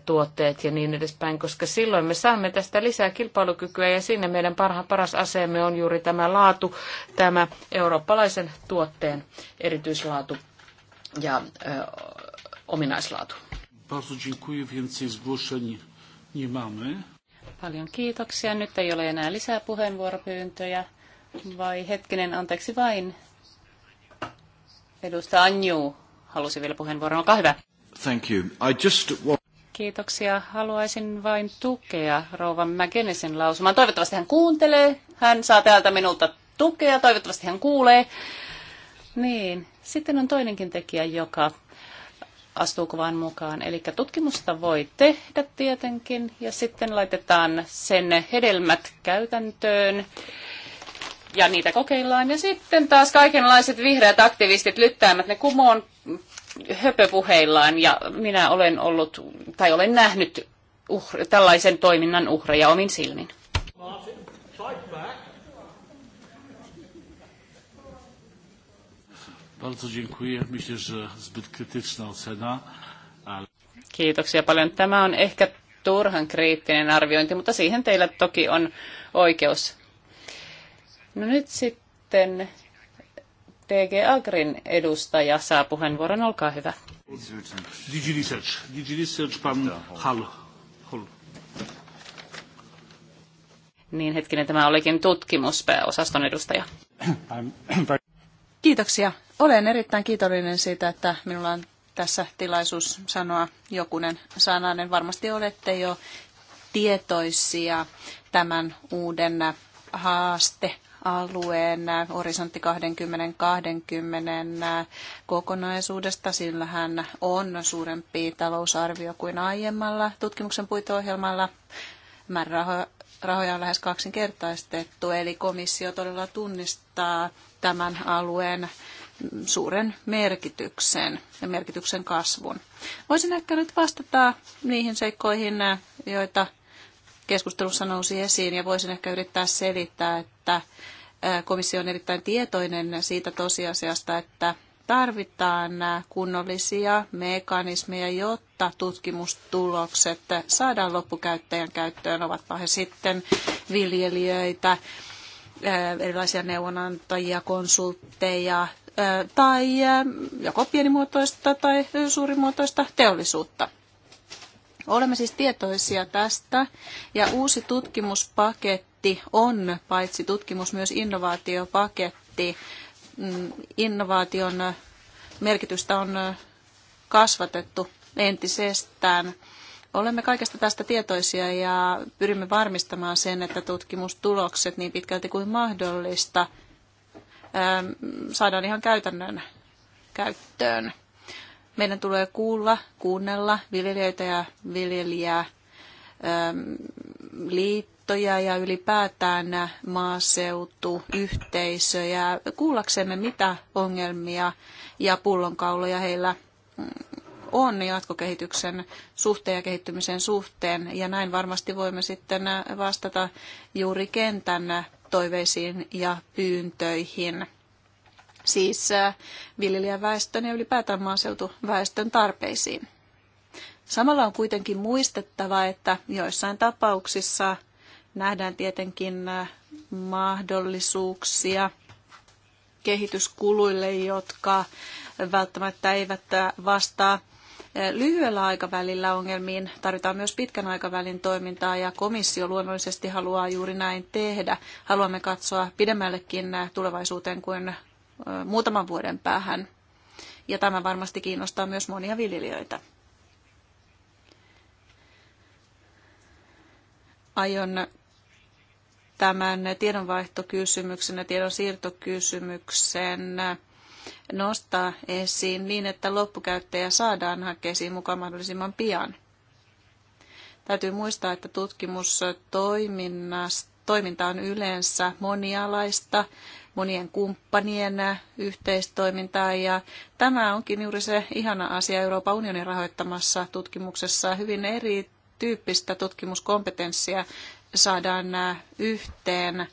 tuotteet ja niin edespäin, koska silloin me saamme tästä lisää kilpailukykyä ja sinne meidän parha, paras aseemme on juuri tämä laatu, tämä eurooppalaisen tuotteen erityislaatu ja ö, ominaislaatu. Paljon kiitoksia. Nyt ei ole enää lisää puheenvuoropyyntöjä. Vai hetkinen, anteeksi vain. Edustaja Anju halusi vielä puheenvuoron. Olkaa hyvä. Thank you. I just want... Kiitoksia. Haluaisin vain tukea rouva McGinnisen lausumaan. Toivottavasti hän kuuntelee. Hän saa täältä minulta tukea. Toivottavasti hän kuulee. Niin. Sitten on toinenkin tekijä, joka astuu kuvaan mukaan. Eli tutkimusta voi tehdä tietenkin ja sitten laitetaan sen hedelmät käytäntöön ja niitä kokeillaan. Ja sitten taas kaikenlaiset vihreät aktivistit lyttäämät ne kumoon höpöpuheillaan ja minä olen ollut tai olen nähnyt uhre, tällaisen toiminnan uhreja omin silmin. Kiitoksia paljon. Tämä on ehkä turhan kriittinen arviointi, mutta siihen teillä toki on oikeus. No nyt sitten DG Agrin edustaja saa puheenvuoron. Olkaa hyvä. Digi Research. Digi Research, pan Hall. Hall. Niin hetkinen, tämä olikin tutkimuspääosaston edustaja. Kiitoksia. Olen erittäin kiitollinen siitä, että minulla on tässä tilaisuus sanoa jokunen sananen. Varmasti olette jo tietoisia tämän uuden haaste alueen horisontti 2020 kokonaisuudesta. Sillähän on suurempi talousarvio kuin aiemmalla tutkimuksen puiteohjelmalla. Määrärahoja on lähes kaksinkertaistettu, eli komissio todella tunnistaa tämän alueen suuren merkityksen ja merkityksen kasvun. Voisin ehkä nyt vastata niihin seikkoihin, joita keskustelussa nousi esiin ja voisin ehkä yrittää selittää, että komissio on erittäin tietoinen siitä tosiasiasta, että tarvitaan kunnollisia mekanismeja, jotta tutkimustulokset saadaan loppukäyttäjän käyttöön, ovatpa he sitten viljelijöitä, eh, erilaisia neuvonantajia, konsultteja eh, tai eh, joko pienimuotoista tai suurimuotoista teollisuutta. Olemme siis tietoisia tästä ja uusi tutkimuspaketti paketti on paitsi tutkimus myös innovaatiopaketti. Mm, innovaation merkitystä on kasvatettu entisestään. Olemme kaikesta tästä tietoisia ja pyrimme varmistamaan sen, että tutkimustulokset niin pitkälti kuin mahdollista saadaan ihan käytännön käyttöön. Meidän tulee kuulla, kuunnella viljelijöitä ja viljelijää liit liittoja ja ylipäätään maaseutuyhteisöjä kuullaksemme, mitä ongelmia ja pullonkauloja heillä mm, on jatkokehityksen suhteen ja kehittymisen suhteen. Ja näin varmasti voimme sitten vastata juuri kentän toiveisiin ja pyyntöihin. Siis äh, viljelijäväestön ja ylipäätään maaseutuväestön tarpeisiin. Samalla on kuitenkin muistettava, että joissain tapauksissa nähdään tietenkin äh, mahdollisuuksia kehityskuluille, jotka välttämättä eivät äh, vastaa äh, lyhyellä aikavälillä ongelmiin. Tarvitaan myös pitkän aikavälin toimintaa ja komissio luonnollisesti haluaa juuri näin tehdä. Haluamme katsoa pidemmällekin tulevaisuuteen kuin muutaman vuoden päähän. Ja tämä varmasti kiinnostaa myös monia viljelijöitä. Aion tämän tiedonvaihtokysymyksen ja tiedonsiirtokysymyksen nostaa esiin niin, että loppukäyttäjä saadaan hakeisiin mukaan mahdollisimman pian. Täytyy muistaa, että tutkimustoiminta on yleensä monialaista, monien kumppanien yhteistoimintaa ja tämä onkin juuri se ihana asia Euroopan unionin rahoittamassa tutkimuksessa. Hyvin erityyppistä tutkimuskompetenssia saadaan yhteen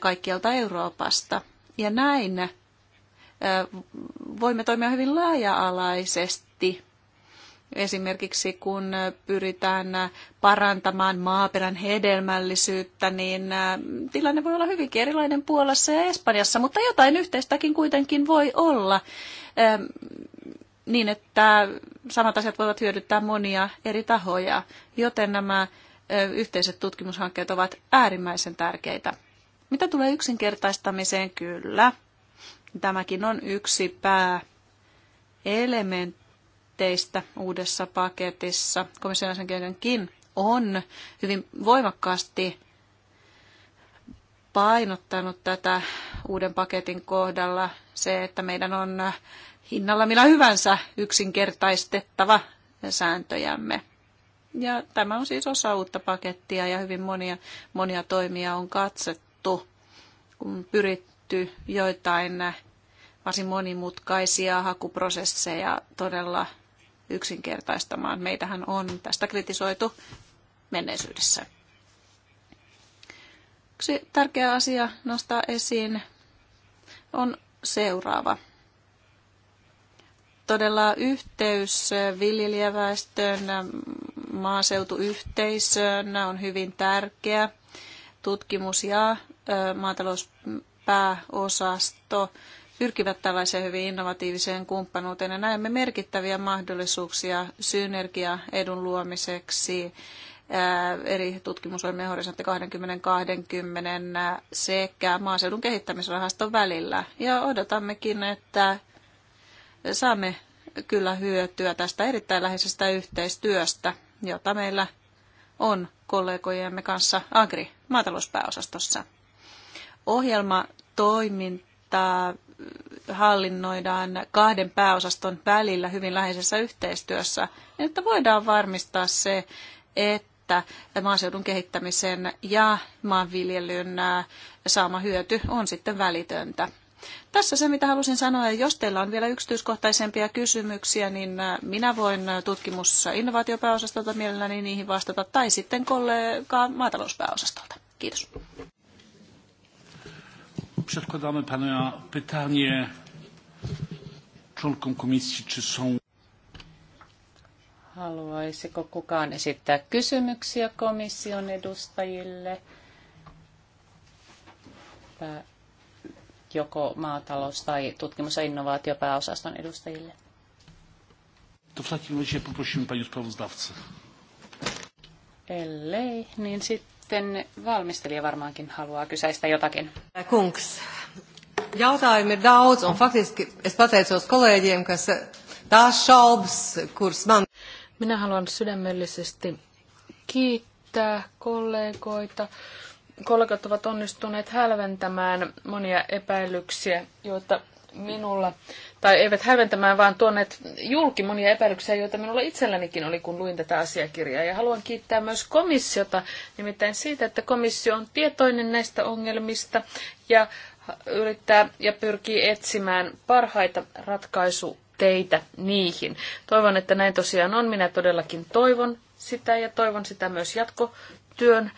kaikkialta Euroopasta. Ja näin voimme toimia hyvin laaja-alaisesti. Esimerkiksi kun pyritään parantamaan maaperän hedelmällisyyttä, niin tilanne voi olla hyvinkin erilainen Puolassa ja Espanjassa, mutta jotain yhteistäkin kuitenkin voi olla niin, että samat asiat voivat hyödyttää monia eri tahoja, joten nämä yhteiset tutkimushankkeet ovat äärimmäisen tärkeitä. Mitä tulee yksinkertaistamiseen, kyllä. Tämäkin on yksi pääelementteistä uudessa paketissa. Komission asiakirjankin on hyvin voimakkaasti painottanut tätä uuden paketin kohdalla se, että meidän on hinnalla millä hyvänsä yksinkertaistettava sääntöjämme. Ja tämä on siis osa uutta pakettia ja hyvin monia, monia toimia on katsettu, kun pyritty joitain varsin monimutkaisia hakuprosesseja todella yksinkertaistamaan. Meitähän on tästä kritisoitu menneisyydessä. Yksi tärkeä asia nostaa esiin on seuraava. Todella yhteys viljelijäväestön, nämä on hyvin tärkeä. Tutkimus ja maatalouspääosasto pyrkivät tällaiseen hyvin innovatiiviseen kumppanuuteen ja näemme merkittäviä mahdollisuuksia synergiaedun luomiseksi eri tutkimusohjelmien horisontti 2020 sekä maaseudun kehittämisrahaston välillä. Ja odotammekin, että saamme kyllä hyötyä tästä erittäin läheisestä yhteistyöstä jota meillä on kollegojemme kanssa Agri maatalouspääosastossa. Ohjelma toimintaa hallinnoidaan kahden pääosaston välillä hyvin läheisessä yhteistyössä, että voidaan varmistaa se, että maaseudun kehittämisen ja maanviljelyn saama hyöty on sitten välitöntä. Tässä se, mitä halusin sanoa. Ja jos teillä on vielä yksityiskohtaisempia kysymyksiä, niin äh, minä voin äh, tutkimus- ja innovaatiopääosastolta mielelläni niihin vastata, tai sitten kollegaa maatalouspääosastolta. Kiitos. Przedkładamy pana pytanie członkom komisji, czy są... Haluaisiko kukaan esittää kysymyksiä komission edustajille? Pää- joko maatalous- tai tutkimus- ja innovaatiopääosaston edustajille. To w takim razie poprosimy panią sprawozdawcę. Ellei, niin sitten valmistelija varmaankin haluaa kysäistä jotakin. Kungs, jautājumi ir daudz, un faktiski es pateicos kolēģiem, kas tās šaubas, kuras man... Minä haluan sydämellisesti kiittää kollegoita kollegat ovat onnistuneet hälventämään monia epäilyksiä, joita minulla, tai eivät hälventämään, vaan tuoneet julki monia epäilyksiä, joita minulla itsellänikin oli, kun luin tätä asiakirjaa. Ja haluan kiittää myös komissiota, nimittäin siitä, että komissio on tietoinen näistä ongelmista ja yrittää ja pyrkii etsimään parhaita ratkaisuteitä niihin. Toivon, että näin tosiaan on. Minä todellakin toivon sitä ja toivon sitä myös jatkotyön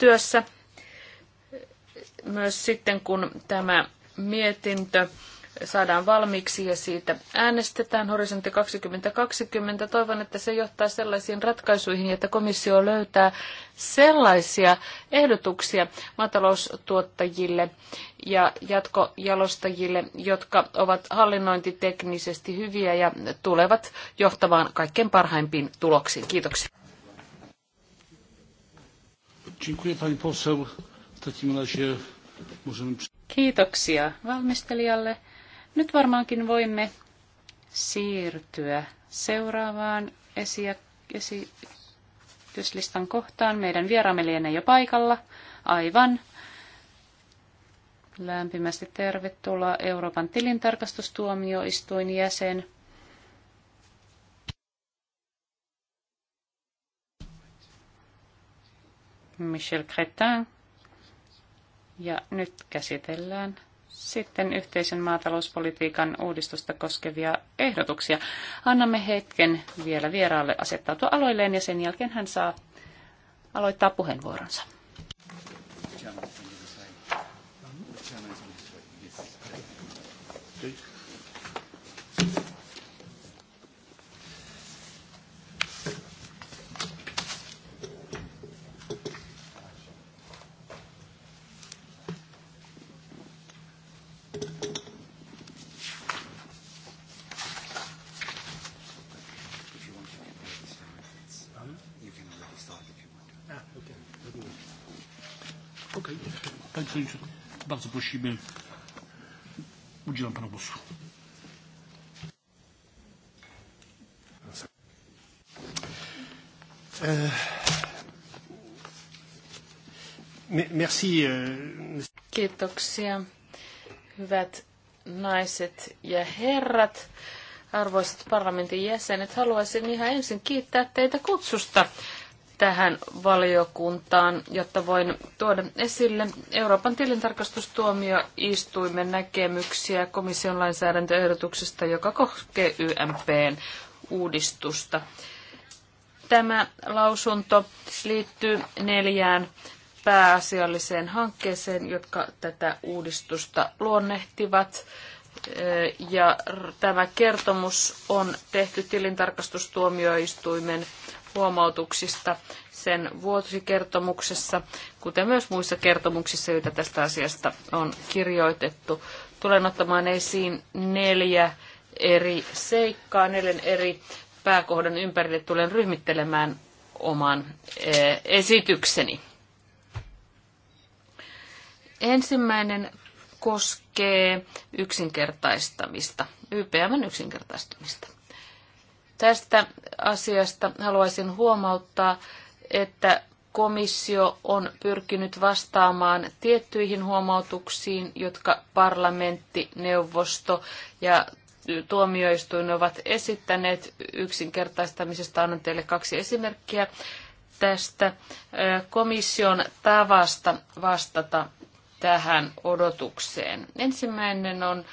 työssä. Myös sitten, kun tämä mietintö saadaan valmiiksi ja siitä äänestetään horisontti 2020. Toivon, että se johtaa sellaisiin ratkaisuihin, että komissio löytää sellaisia ehdotuksia maataloustuottajille ja jatkojalostajille, jotka ovat hallinnointiteknisesti hyviä ja tulevat johtamaan kaikkein parhaimpiin tuloksiin. Kiitoksia. Kiitoksia valmistelijalle. Nyt varmaankin voimme siirtyä seuraavaan esi- esityslistan kohtaan. Meidän vieraamme lienee jo paikalla. Aivan. Lämpimästi tervetuloa Euroopan tilintarkastustuomioistuin jäsen Michel Cretin. Ja nyt käsitellään sitten yhteisen maatalouspolitiikan uudistusta koskevia ehdotuksia. Annamme hetken vielä vieraalle asettautua aloilleen ja sen jälkeen hän saa aloittaa puheenvuoronsa. musimy. Udzielam panu głosu. E, e, Kiitoksia, hyvät naiset ja herrat, arvoisat parlamentin jäsenet. Haluaisin ihan ensin kiittää teitä kutsusta tähän valiokuntaan, jotta voin tuoda esille Euroopan tilintarkastustuomioistuimen näkemyksiä komission lainsäädäntöehdotuksesta, joka koskee YMPn uudistusta. Tämä lausunto liittyy neljään pääasialliseen hankkeeseen, jotka tätä uudistusta luonnehtivat. Ja tämä kertomus on tehty tilintarkastustuomioistuimen huomautuksista sen vuosikertomuksessa, kuten myös muissa kertomuksissa, joita tästä asiasta on kirjoitettu. Tulen ottamaan esiin neljä eri seikkaa, neljän eri pääkohdan ympärille tulen ryhmittelemään oman eh, esitykseni. Ensimmäinen koskee yksinkertaistamista, YPMn yksinkertaistamista. Tästä asiasta haluaisin huomauttaa, että komissio on pyrkinyt vastaamaan tiettyihin huomautuksiin, jotka parlamentti, neuvosto ja tuomioistuin ovat esittäneet yksinkertaistamisesta. Annan teille kaksi esimerkkiä tästä komission tavasta vastata tähän odotukseen. Ensimmäinen on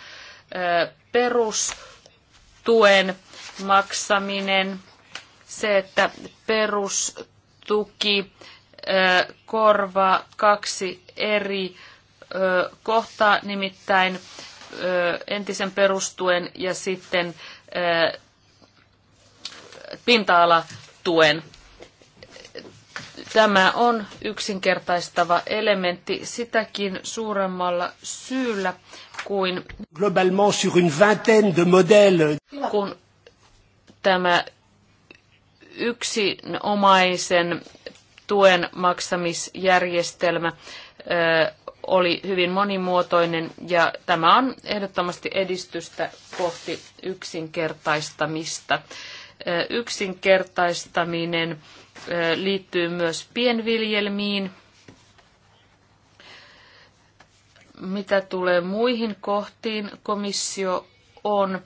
perustuen maksaminen, se, että perustuki korvaa kaksi eri kohtaa, nimittäin entisen perustuen ja sitten pinta-alatuen. Tämä on yksinkertaistava elementti sitäkin suuremmalla syyllä kuin Kun tämä yksinomaisen tuen maksamisjärjestelmä oli hyvin monimuotoinen ja tämä on ehdottomasti edistystä kohti yksinkertaistamista. Yksinkertaistaminen liittyy myös pienviljelmiin. Mitä tulee muihin kohtiin, komissio on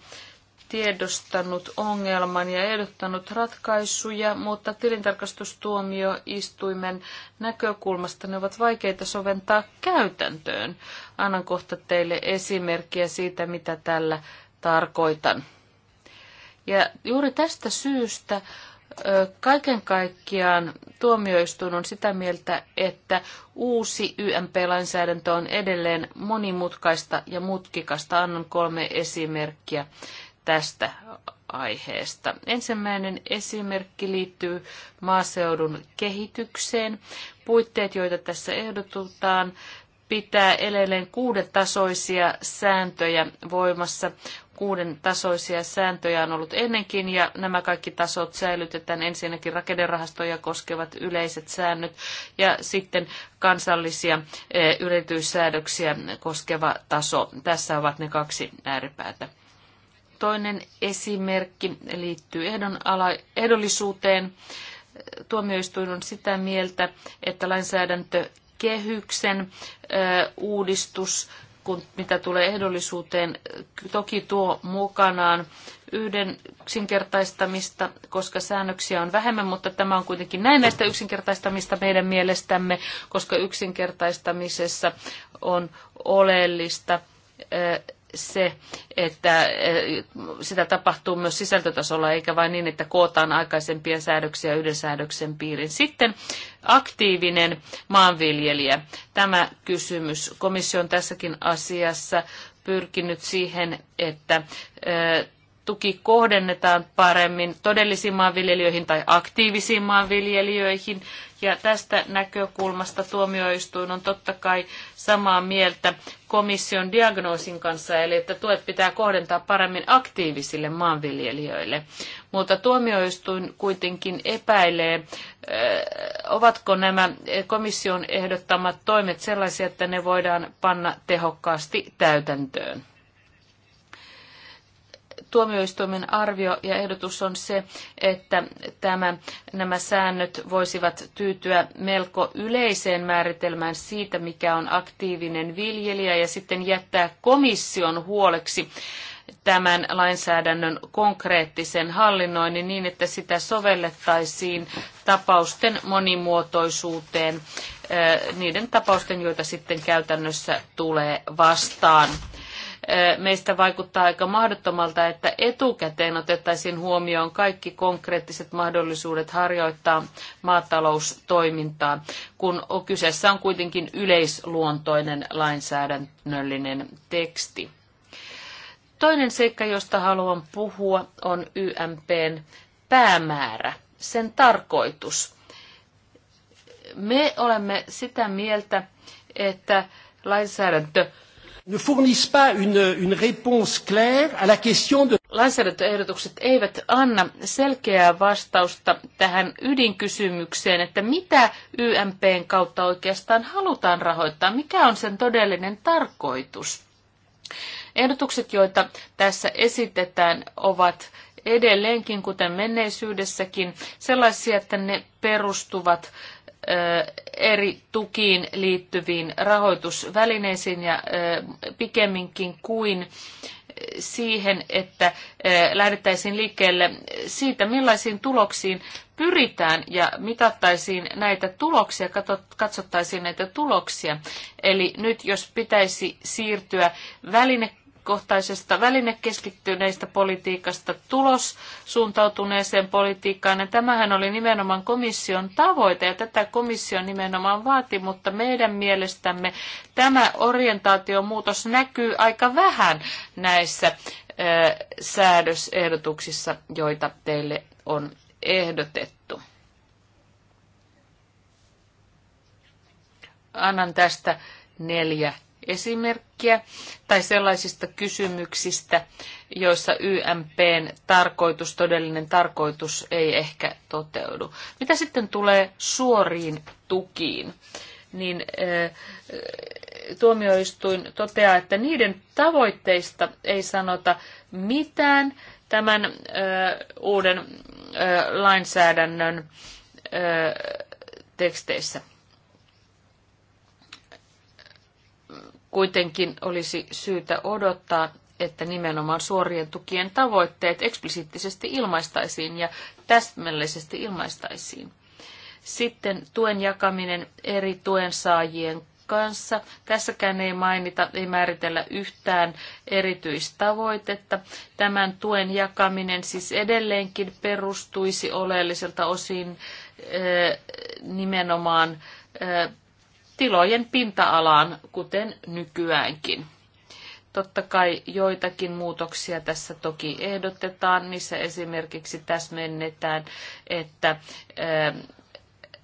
tiedostanut ongelman ja ehdottanut ratkaisuja, mutta tilintarkastustuomioistuimen näkökulmasta ne ovat vaikeita soventaa käytäntöön. Annan kohta teille esimerkkiä siitä, mitä tällä tarkoitan. Ja juuri tästä syystä kaiken kaikkiaan tuomioistuin on sitä mieltä, että uusi YMP-lainsäädäntö on edelleen monimutkaista ja mutkikasta. Annan kolme esimerkkiä tästä aiheesta. Ensimmäinen esimerkki liittyy maaseudun kehitykseen. Puitteet, joita tässä ehdotetaan, pitää edelleen kuuden tasoisia sääntöjä voimassa. Kuuden tasoisia sääntöjä on ollut ennenkin ja nämä kaikki tasot säilytetään ensinnäkin rakennerahastoja koskevat yleiset säännöt ja sitten kansallisia eh, yrityssäädöksiä koskeva taso. Tässä ovat ne kaksi ääripäätä. Toinen esimerkki liittyy ehdollisuuteen. Tuomioistuin on sitä mieltä, että lainsäädäntökehyksen uudistus, kun, mitä tulee ehdollisuuteen, toki tuo mukanaan yhden yksinkertaistamista, koska säännöksiä on vähemmän, mutta tämä on kuitenkin näin näistä yksinkertaistamista meidän mielestämme, koska yksinkertaistamisessa on oleellista se, että eh, sitä tapahtuu myös sisältötasolla, eikä vain niin, että kootaan aikaisempia säädöksiä yhden säädöksen piirin. Sitten aktiivinen maanviljelijä. Tämä kysymys. Komissio on tässäkin asiassa pyrkinyt siihen, että eh, tuki kohdennetaan paremmin todellisiin maanviljelijöihin tai aktiivisiin maanviljelijöihin. Ja tästä näkökulmasta tuomioistuin on totta kai samaa mieltä komission diagnoosin kanssa, eli että tuet pitää kohdentaa paremmin aktiivisille maanviljelijöille. Mutta tuomioistuin kuitenkin epäilee, äh, ovatko nämä komission ehdottamat toimet sellaisia, että ne voidaan panna tehokkaasti täytäntöön. Tuomioistuimen arvio ja ehdotus on se, että tämä, nämä säännöt voisivat tyytyä melko yleiseen määritelmään siitä, mikä on aktiivinen viljelijä ja sitten jättää komission huoleksi tämän lainsäädännön konkreettisen hallinnoinnin niin, että sitä sovellettaisiin tapausten monimuotoisuuteen, niiden tapausten, joita sitten käytännössä tulee vastaan meistä vaikuttaa aika mahdottomalta, että etukäteen otettaisiin huomioon kaikki konkreettiset mahdollisuudet harjoittaa maataloustoimintaa, kun kyseessä on kuitenkin yleisluontoinen lainsäädännöllinen teksti. Toinen seikka, josta haluan puhua, on YMPn päämäärä, sen tarkoitus. Me olemme sitä mieltä, että lainsäädäntö ne fournissent pas une, une réponse claire à la question de... Lainsäädäntöehdotukset eivät anna selkeää vastausta tähän ydinkysymykseen, että mitä YMPn kautta oikeastaan halutaan rahoittaa, mikä on sen todellinen tarkoitus. Ehdotukset, joita tässä esitetään, ovat edelleenkin, kuten menneisyydessäkin, sellaisia, että ne perustuvat eri tukiin liittyviin rahoitusvälineisiin ja pikemminkin kuin siihen, että lähdettäisiin liikkeelle siitä, millaisiin tuloksiin pyritään ja mitattaisiin näitä tuloksia, katsottaisiin näitä tuloksia. Eli nyt jos pitäisi siirtyä väline kohtaisesta välinekeskittyneistä politiikasta tulos suuntautuneeseen politiikkaan. Ja tämähän oli nimenomaan komission tavoite ja tätä komissio nimenomaan vaati, mutta meidän mielestämme tämä orientaatiomuutos näkyy aika vähän näissä säädösehdotuksissa, joita teille on ehdotettu. Annan tästä neljä esimerkkiä tai sellaisista kysymyksistä, joissa YMPn tarkoitus, todellinen tarkoitus ei ehkä toteudu. Mitä sitten tulee suoriin tukiin? Niin eh, tuomioistuin toteaa, että niiden tavoitteista ei sanota mitään tämän ö, eh, uuden ö, eh, lainsäädännön ö, teksteissä. Kuitenkin olisi syytä odottaa, että nimenomaan suorien tukien tavoitteet eksplisiittisesti ilmaistaisiin ja täsmällisesti ilmaistaisiin. Sitten tuen jakaminen eri tuen saajien kanssa. Tässäkään ei mainita, ei määritellä yhtään erityistavoitetta. Tämän tuen jakaminen siis edelleenkin perustuisi oleelliselta osin eh, nimenomaan eh, tilojen pinta-alaan, kuten nykyäänkin. Totta kai joitakin muutoksia tässä toki ehdotetaan, niissä esimerkiksi täsmennetään, että ähm,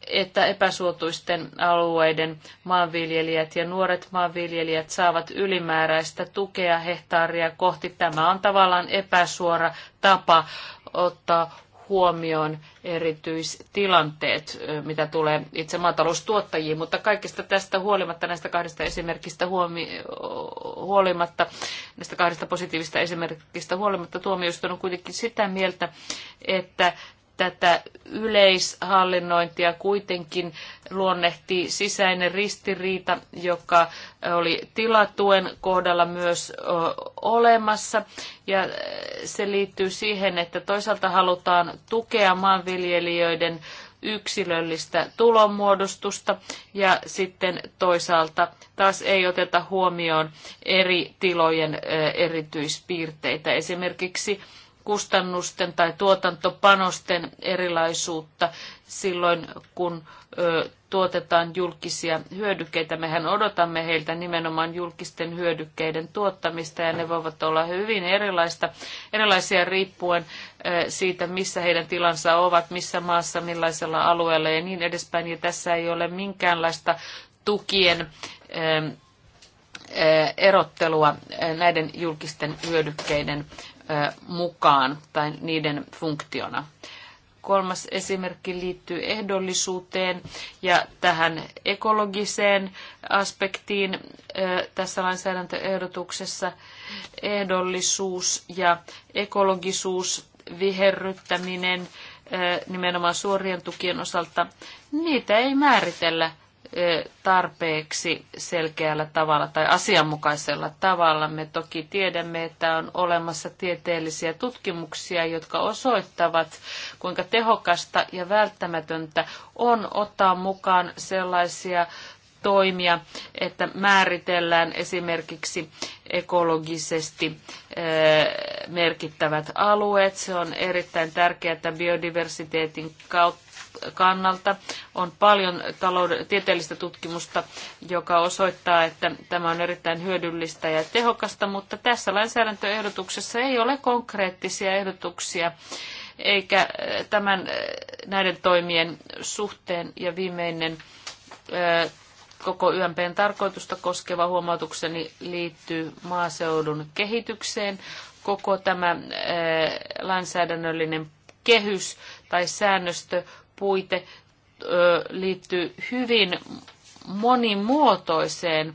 että epäsuotuisten alueiden maanviljelijät ja nuoret maanviljelijät saavat ylimääräistä tukea hehtaaria kohti. Tämä on tavallaan epäsuora tapa ottaa huomioon erityistilanteet, mitä tulee itse maataloustuottajiin, mutta kaikesta tästä huolimatta, näistä kahdesta esimerkistä huomi, huolimatta, näistä kahdesta positiivista esimerkistä huolimatta, tuomioistuin on kuitenkin sitä mieltä, että tätä yleishallinnointia kuitenkin luonnehti sisäinen ristiriita, joka oli tilatuen kohdalla myös olemassa. Ja se liittyy siihen, että toisaalta halutaan tukea maanviljelijöiden yksilöllistä tulonmuodostusta ja sitten toisaalta taas ei oteta huomioon eri tilojen erityispiirteitä. Esimerkiksi kustannusten tai tuotantopanosten erilaisuutta silloin, kun tuotetaan julkisia hyödykkeitä. Mehän odotamme heiltä nimenomaan julkisten hyödykkeiden tuottamista ja ne voivat olla hyvin erilaista, erilaisia riippuen siitä, missä heidän tilansa ovat, missä maassa, millaisella alueella ja niin edespäin. Ja tässä ei ole minkäänlaista tukien erottelua näiden julkisten hyödykkeiden mukaan tai niiden funktiona. Kolmas esimerkki liittyy ehdollisuuteen ja tähän ekologiseen aspektiin tässä lainsäädäntöehdotuksessa. Ehdollisuus ja ekologisuus, viherryttäminen nimenomaan suorien tukien osalta, niitä ei määritellä E, tarpeeksi selkeällä tavalla tai asianmukaisella tavalla. Me toki tiedämme, että on olemassa tieteellisiä tutkimuksia, jotka osoittavat, kuinka tehokasta ja välttämätöntä on ottaa mukaan sellaisia toimia, että määritellään esimerkiksi ekologisesti e, merkittävät alueet. Se on erittäin tärkeää biodiversiteetin kautta kannalta. On paljon talouden, tieteellistä tutkimusta, joka osoittaa, että tämä on erittäin hyödyllistä ja tehokasta, mutta tässä lainsäädäntöehdotuksessa ei ole konkreettisia ehdotuksia eikä eh, tämän, eh, näiden toimien suhteen ja viimeinen eh, koko YMPn tarkoitusta koskeva huomautukseni liittyy maaseudun kehitykseen. Koko tämä lainsäädännöllinen kehys tai säännöstö puite liittyy hyvin monimuotoiseen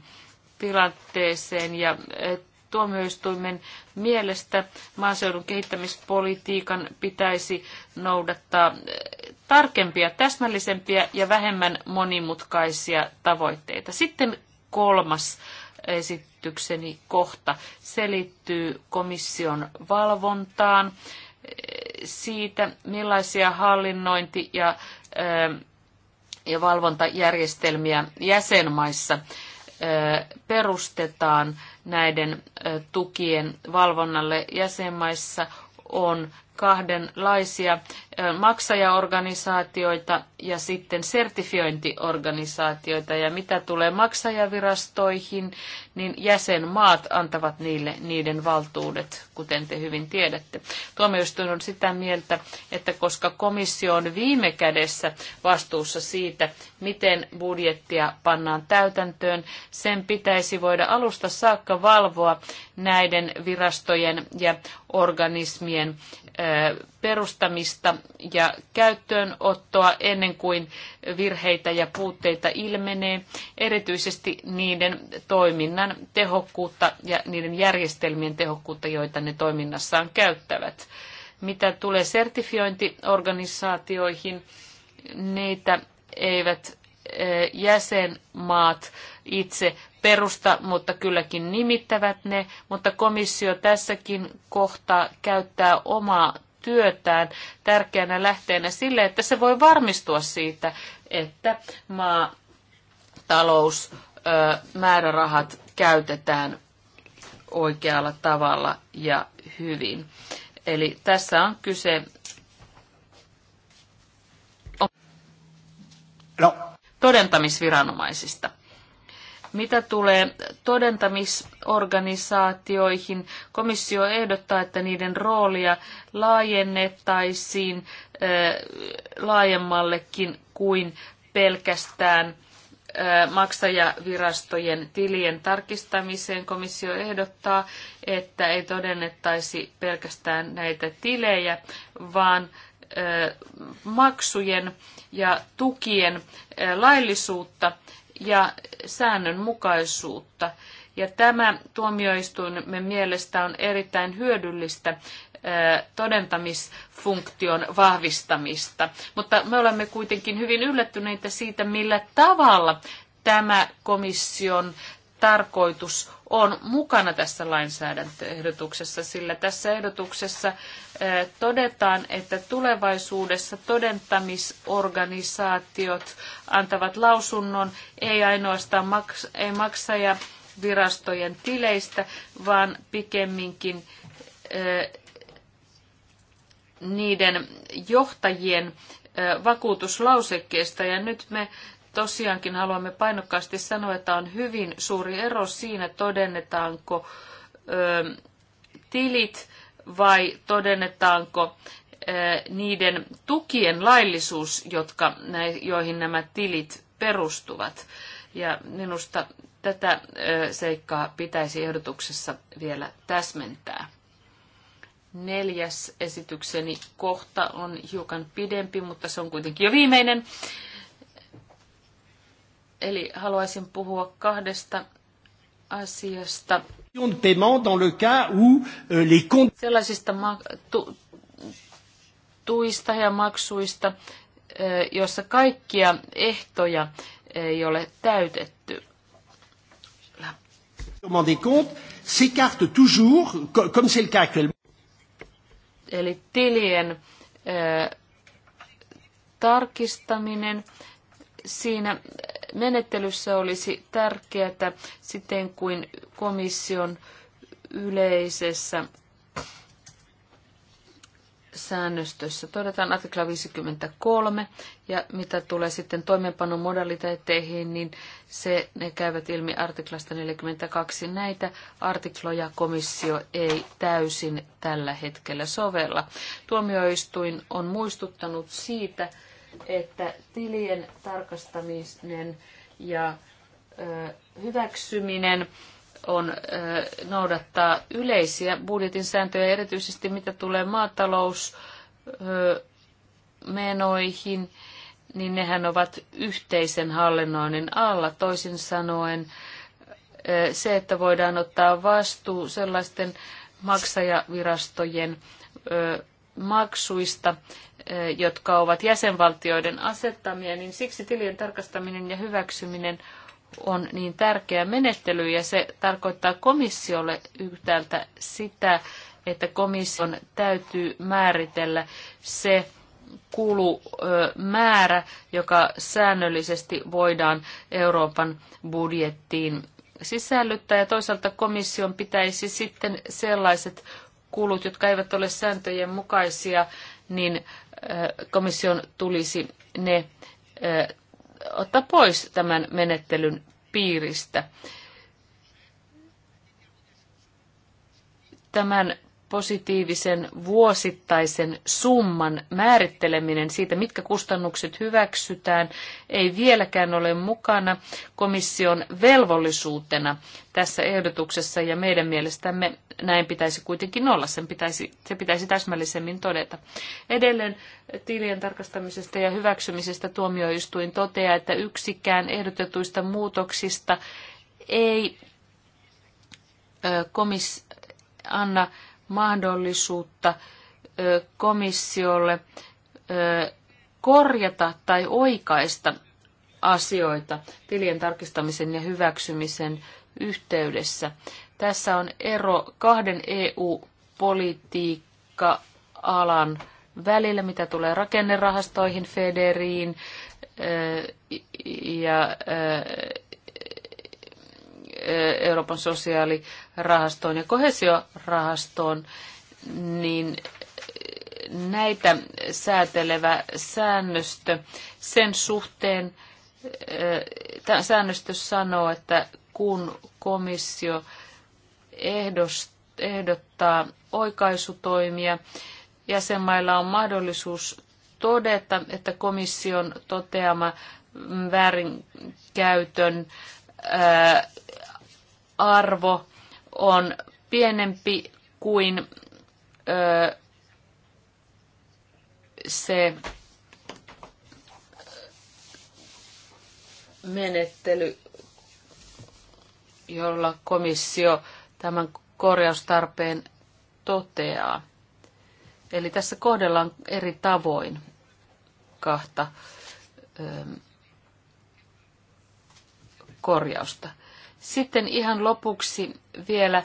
tilanteeseen ja e, tuomioistuimen mielestä maaseudun kehittämispolitiikan pitäisi noudattaa e, tarkempia, täsmällisempiä ja vähemmän monimutkaisia tavoitteita. Sitten kolmas esitykseni kohta. Se liittyy komission valvontaan siitä, millaisia hallinnointi- ja, ja valvontajärjestelmiä jäsenmaissa perustetaan näiden tukien valvonnalle jäsenmaissa on kahdenlaisia maksajaorganisaatioita ja sitten sertifiointiorganisaatioita. Ja mitä tulee maksajavirastoihin, niin jäsenmaat antavat niille niiden valtuudet, kuten te hyvin tiedätte. Tuomioistuin on sitä mieltä, että koska komissio on viime kädessä vastuussa siitä, miten budjettia pannaan täytäntöön, sen pitäisi voida alusta saakka valvoa näiden virastojen ja organismien perustamista ja käyttöönottoa ennen kuin virheitä ja puutteita ilmenee, erityisesti niiden toiminnan tehokkuutta ja niiden järjestelmien tehokkuutta, joita ne toiminnassaan käyttävät. Mitä tulee sertifiointiorganisaatioihin, niitä eivät e, jäsenmaat itse perusta, mutta kylläkin nimittävät ne, mutta komissio tässäkin kohtaa käyttää omaa työtään tärkeänä lähteenä sille, että se voi varmistua siitä, että maatalousmäärärahat käytetään oikealla tavalla ja hyvin. Eli tässä on kyse no. todentamisviranomaisista. Mitä tulee todentamisorganisaatioihin, komissio ehdottaa, että niiden roolia laajennettaisiin laajemmallekin kuin pelkästään maksajavirastojen tilien tarkistamiseen. Komissio ehdottaa, että ei todennettaisi pelkästään näitä tilejä, vaan maksujen ja tukien laillisuutta ja säännönmukaisuutta. Ja tämä tuomioistuimen mielestä on erittäin hyödyllistä todentamisfunktion vahvistamista. Mutta me olemme kuitenkin hyvin yllättyneitä siitä, millä tavalla tämä komission tarkoitus on mukana tässä lainsäädäntöehdotuksessa, sillä tässä ehdotuksessa eh, todetaan, että tulevaisuudessa todentamisorganisaatiot antavat lausunnon ei ainoastaan maks- ei maksajavirastojen tileistä, vaan pikemminkin eh, niiden johtajien eh, vakuutuslausekkeesta. Ja nyt me tosiaankin haluamme painokkaasti sanoa, että on hyvin suuri ero siinä, todennetaanko ö, tilit vai todennetaanko ö, niiden tukien laillisuus, jotka, joihin nämä tilit perustuvat. Ja minusta tätä ö, seikkaa pitäisi ehdotuksessa vielä täsmentää. Neljäs esitykseni kohta on hiukan pidempi, mutta se on kuitenkin jo viimeinen. Ö, Eli haluaisin puhua kahdesta asiasta. De paiement dans le cas où euh, les comptes... Sellaisista tu- tuista ja maksuista, äh, jossa kaikkia ehtoja ei ole täytetty. toujours, Eli tilien äh, tarkistaminen, siinä menettelyssä olisi tärkeää siten kuin komission yleisessä säännöstössä. Todetaan artikla 53 ja mitä tulee sitten toimeenpanon modaliteetteihin, niin se, ne käyvät ilmi artiklasta 42. Näitä artikloja komissio ei täysin tällä hetkellä sovella. Tuomioistuin on muistuttanut siitä, että tilien tarkastaminen ja hyväksyminen on noudattaa yleisiä budjetin sääntöjä, erityisesti mitä tulee maatalousmenoihin, niin nehän ovat yhteisen hallinnoinnin alla. Toisin sanoen se, että voidaan ottaa vastuu sellaisten maksajavirastojen maksuista, eh, jotka ovat jäsenvaltioiden asettamia, niin siksi tilien tarkastaminen ja hyväksyminen on niin tärkeä menettely ja se tarkoittaa komissiolle yhtäältä sitä, että komission täytyy määritellä se kulumäärä, joka säännöllisesti voidaan Euroopan budjettiin sisällyttää ja toisaalta komission pitäisi sitten sellaiset kulut, jotka eivät ole sääntöjen mukaisia, niin komission tulisi ne ottaa pois tämän menettelyn piiristä. Tämän positiivisen vuosittaisen summan määritteleminen siitä, mitkä kustannukset hyväksytään, ei vieläkään ole mukana komission velvollisuutena tässä ehdotuksessa ja meidän mielestämme näin pitäisi kuitenkin olla. Sen pitäisi, se pitäisi täsmällisemmin todeta. Edelleen tilien tarkastamisesta ja hyväksymisestä tuomioistuin toteaa, että yksikään ehdotetuista muutoksista ei komis, anna mahdollisuutta komissiolle korjata tai oikaista asioita tilien tarkistamisen ja hyväksymisen yhteydessä. Tässä on ero kahden EU-politiikka-alan välillä, mitä tulee rakennerahastoihin, Federiin ja Euroopan sosiaalirahastoon ja kohesiorahastoon, niin näitä säätelevä säännöstö sen suhteen, säännöstö sanoo, että kun komissio ehdottaa oikaisutoimia, jäsenmailla on mahdollisuus todeta, että komission toteama väärinkäytön arvo on pienempi kuin ö, se menettely, jolla komissio tämän korjaustarpeen toteaa. Eli tässä kohdellaan eri tavoin kahta ö, korjausta. Sitten ihan lopuksi vielä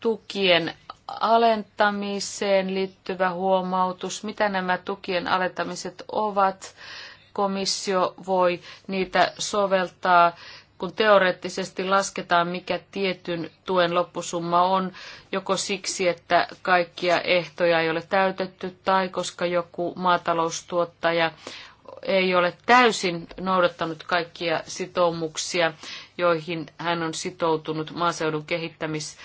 tukien alentamiseen liittyvä huomautus. Mitä nämä tukien alentamiset ovat? Komissio voi niitä soveltaa kun teoreettisesti lasketaan, mikä tietyn tuen loppusumma on, joko siksi, että kaikkia ehtoja ei ole täytetty tai koska joku maataloustuottaja ei ole täysin noudattanut kaikkia sitoumuksia, joihin hän on sitoutunut maaseudun kehittämisrahojen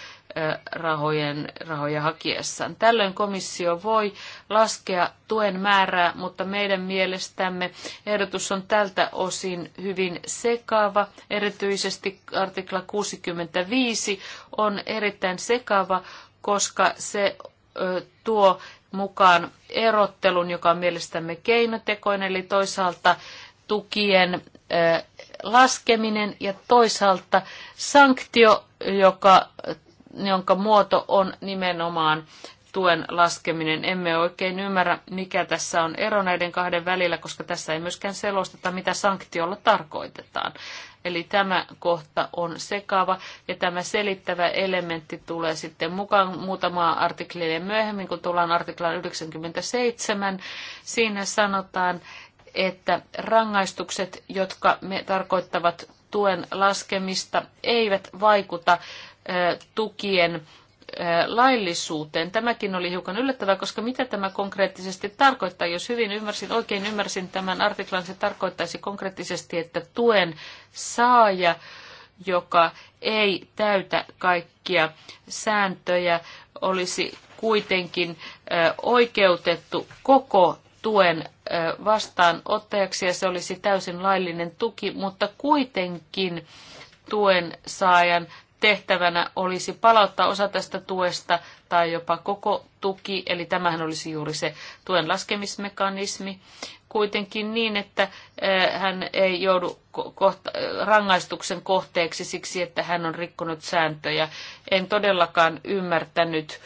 rahojen, rahoja hakiessaan. Tällöin komissio voi laskea tuen määrää, mutta meidän mielestämme ehdotus on tältä osin hyvin sekaava. Erityisesti artikla 65 on erittäin sekaava, koska se tuo mukaan erottelun, joka on mielestämme keinotekoinen, eli toisaalta tukien laskeminen ja toisaalta sanktio, joka, jonka muoto on nimenomaan tuen laskeminen. Emme oikein ymmärrä, mikä tässä on ero näiden kahden välillä, koska tässä ei myöskään selosteta, mitä sanktiolla tarkoitetaan. Eli tämä kohta on sekava ja tämä selittävä elementti tulee sitten mukaan muutamaa artikkelia myöhemmin, kun tullaan artiklaan 97. Siinä sanotaan, että rangaistukset, jotka me tarkoittavat tuen laskemista, eivät vaikuta tukien laillisuuteen. Tämäkin oli hiukan yllättävää, koska mitä tämä konkreettisesti tarkoittaa? Jos hyvin ymmärsin, oikein ymmärsin tämän artiklan, se tarkoittaisi konkreettisesti, että tuen saaja, joka ei täytä kaikkia sääntöjä, olisi kuitenkin oikeutettu koko tuen vastaanottajaksi ja se olisi täysin laillinen tuki, mutta kuitenkin tuen saajan tehtävänä olisi palauttaa osa tästä tuesta tai jopa koko tuki, eli tämähän olisi juuri se tuen laskemismekanismi, kuitenkin niin, että eh, hän ei joudu eh, rangaistuksen kohteeksi siksi, että hän on rikkonut sääntöjä. En todellakaan ymmärtänyt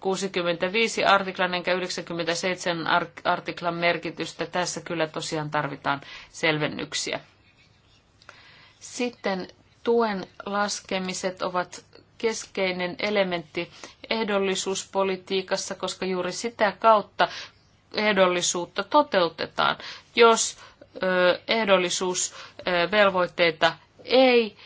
65 eh, artiklan enkä 97 artiklan merkitystä. Tässä kyllä tosiaan tarvitaan selvennyksiä. Sitten tuen laskemiset ovat keskeinen elementti ehdollisuuspolitiikassa, koska juuri sitä kautta ehdollisuutta toteutetaan. Jos ehdollisuusvelvoitteita ei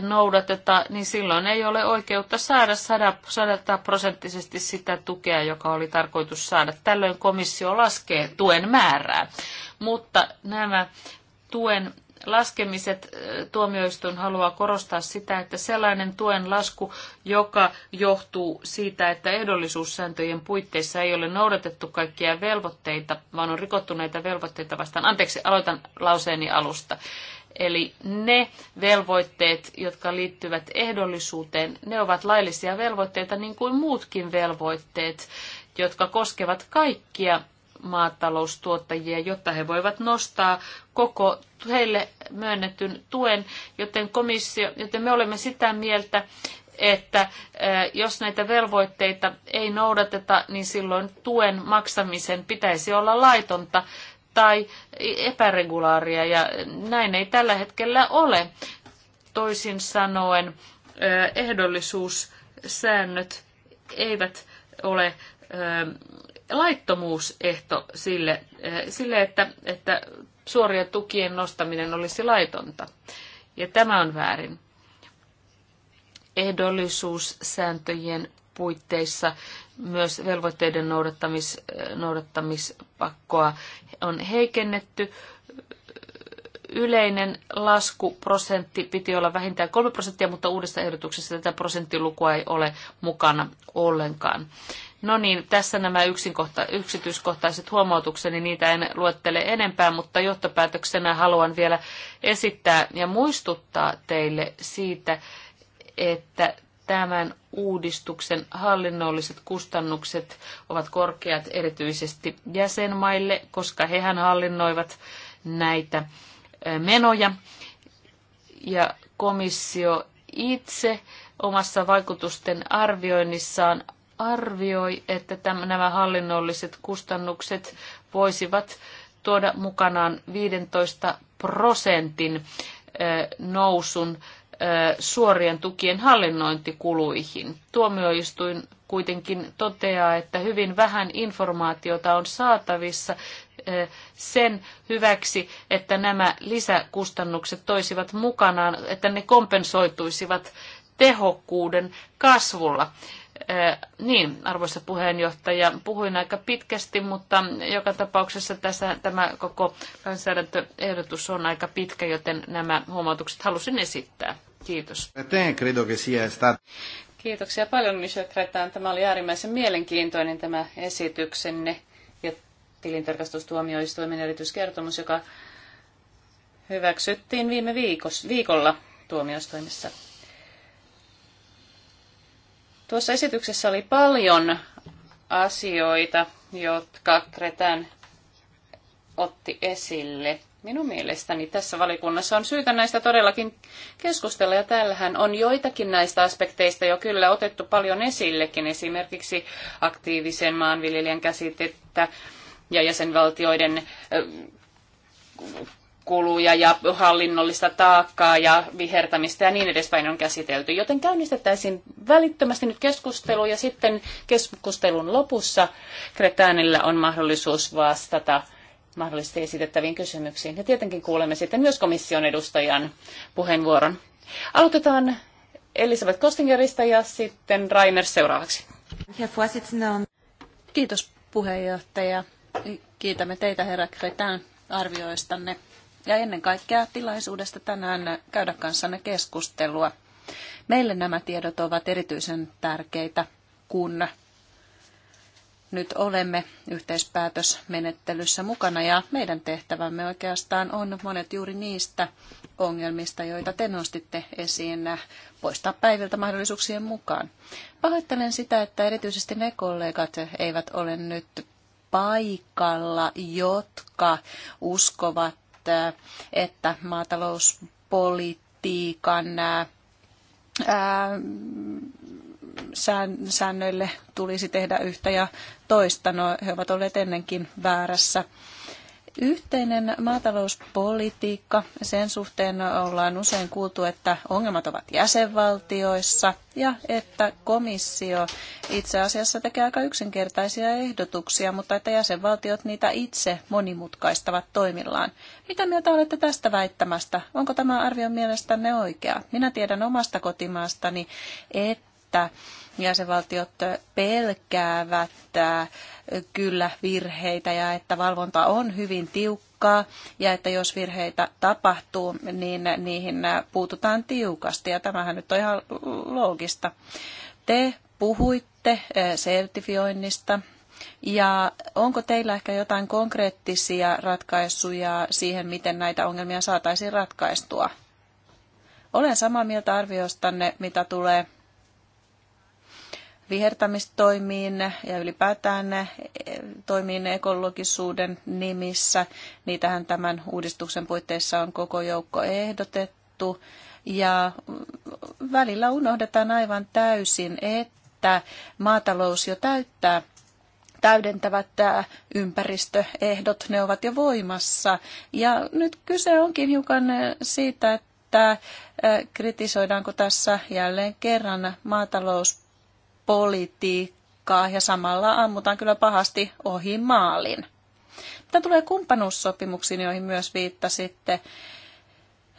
noudateta, niin silloin ei ole oikeutta saada prosenttisesti sitä tukea, joka oli tarkoitus saada. Tällöin komissio laskee tuen määrää, mutta nämä tuen laskemiset tuomioistuin haluaa korostaa sitä, että sellainen tuen lasku, joka johtuu siitä, että ehdollisuussääntöjen puitteissa ei ole noudatettu kaikkia velvoitteita, vaan on rikottu näitä velvoitteita vastaan. Anteeksi, aloitan lauseeni alusta. Eli ne velvoitteet, jotka liittyvät ehdollisuuteen, ne ovat laillisia velvoitteita niin kuin muutkin velvoitteet, jotka koskevat kaikkia maataloustuottajia, jotta he voivat nostaa koko heille myönnetyn tuen, joten, komissio, joten me olemme sitä mieltä, että eh, jos näitä velvoitteita ei noudateta, niin silloin tuen maksamisen pitäisi olla laitonta tai epäregulaaria, ja näin ei tällä hetkellä ole. Toisin sanoen eh, ehdollisuussäännöt eivät ole eh, laittomuusehto sille, eh, sille että, että suoria tukien nostaminen olisi laitonta. Ja tämä on väärin. Ehdollisuussääntöjen puitteissa myös velvoitteiden noudattamis, eh, noudattamispakkoa on heikennetty. Yleinen laskuprosentti piti olla vähintään 3 prosenttia, mutta uudessa ehdotuksessa tätä prosenttilukua ei ole mukana ollenkaan. No niin, tässä nämä yksityiskohtaiset huomautukseni, niitä en luettele enempää, mutta johtopäätöksenä haluan vielä esittää ja muistuttaa teille siitä, että tämän uudistuksen hallinnolliset kustannukset ovat korkeat erityisesti jäsenmaille, koska hehän hallinnoivat näitä menoja. Ja komissio itse omassa vaikutusten arvioinnissaan arvioi, että tämän, nämä hallinnolliset kustannukset voisivat tuoda mukanaan 15 prosentin nousun suorien tukien hallinnointikuluihin. Tuomioistuin kuitenkin toteaa, että hyvin vähän informaatiota on saatavissa sen hyväksi, että nämä lisäkustannukset toisivat mukanaan, että ne kompensoituisivat tehokkuuden kasvulla. Äh, niin, arvoisa puheenjohtaja, puhuin aika pitkästi, mutta joka tapauksessa tässä tämä koko lainsäädäntöehdotus on aika pitkä, joten nämä huomautukset halusin esittää. Kiitos. Kiitoksia paljon, Michel Kretan. Tämä oli äärimmäisen mielenkiintoinen tämä esityksenne ja tilintarkastustuomioistuimen erityiskertomus, joka hyväksyttiin viime viikos, viikolla tuomioistuimessa. Tuossa esityksessä oli paljon asioita, jotka Kretän otti esille. Minun mielestäni tässä valikunnassa on syytä näistä todellakin keskustella, ja täällähän on joitakin näistä aspekteista jo kyllä otettu paljon esillekin, esimerkiksi aktiivisen maanviljelijän käsitettä ja jäsenvaltioiden kuluja ja hallinnollista taakkaa ja vihertämistä ja niin edespäin on käsitelty. Joten käynnistettäisiin välittömästi nyt keskustelu ja sitten keskustelun lopussa Kretäänillä on mahdollisuus vastata mahdollisesti esitettäviin kysymyksiin. Ja tietenkin kuulemme sitten myös komission edustajan puheenvuoron. Aloitetaan Elisabeth Kostingerista ja sitten Rainer seuraavaksi. Kiitos puheenjohtaja. Kiitämme teitä herra Kretan arvioistanne ja ennen kaikkea tilaisuudesta tänään käydä kanssanne keskustelua. Meille nämä tiedot ovat erityisen tärkeitä, kun nyt olemme yhteispäätösmenettelyssä mukana ja meidän tehtävämme oikeastaan on monet juuri niistä ongelmista, joita te nostitte esiin poistaa päiviltä mahdollisuuksien mukaan. Pahoittelen sitä, että erityisesti ne kollegat eivät ole nyt paikalla, jotka uskovat että maatalouspolitiikan säännöille tulisi tehdä yhtä ja toista. No, he ovat olleet ennenkin väärässä. Yhteinen maatalouspolitiikka, sen suhteen ollaan usein kuultu, että ongelmat ovat jäsenvaltioissa ja että komissio itse asiassa tekee aika yksinkertaisia ehdotuksia, mutta että jäsenvaltiot niitä itse monimutkaistavat toimillaan. Mitä mieltä olette tästä väittämästä? Onko tämä arvio mielestänne oikea? Minä tiedän omasta kotimaastani, että jäsenvaltiot pelkäävät äh, kyllä virheitä ja että valvonta on hyvin tiukkaa ja että jos virheitä tapahtuu, niin niihin äh, puututaan tiukasti ja tämähän nyt on ihan loogista. Te puhuitte äh, sertifioinnista, ja onko teillä ehkä jotain konkreettisia ratkaisuja siihen, miten näitä ongelmia saataisiin ratkaistua? Olen samaa mieltä arviostanne, mitä tulee vihertämistoimiin ja ylipäätään eh, toimiin ekologisuuden nimissä. Niitähän tämän uudistuksen puitteissa on koko joukko ehdotettu. Ja välillä unohdetaan aivan täysin, että maatalous jo täyttää täydentävät eh, ympäristöehdot, ne ovat jo voimassa. Ja nyt kyse onkin hiukan eh, siitä, että kritisoidaanko tässä jälleen kerran maatalous politiikkaa ja samalla ammutaan kyllä pahasti ohi maalin. Mitä tulee kumppanuussopimuksiin, joihin myös viittasitte,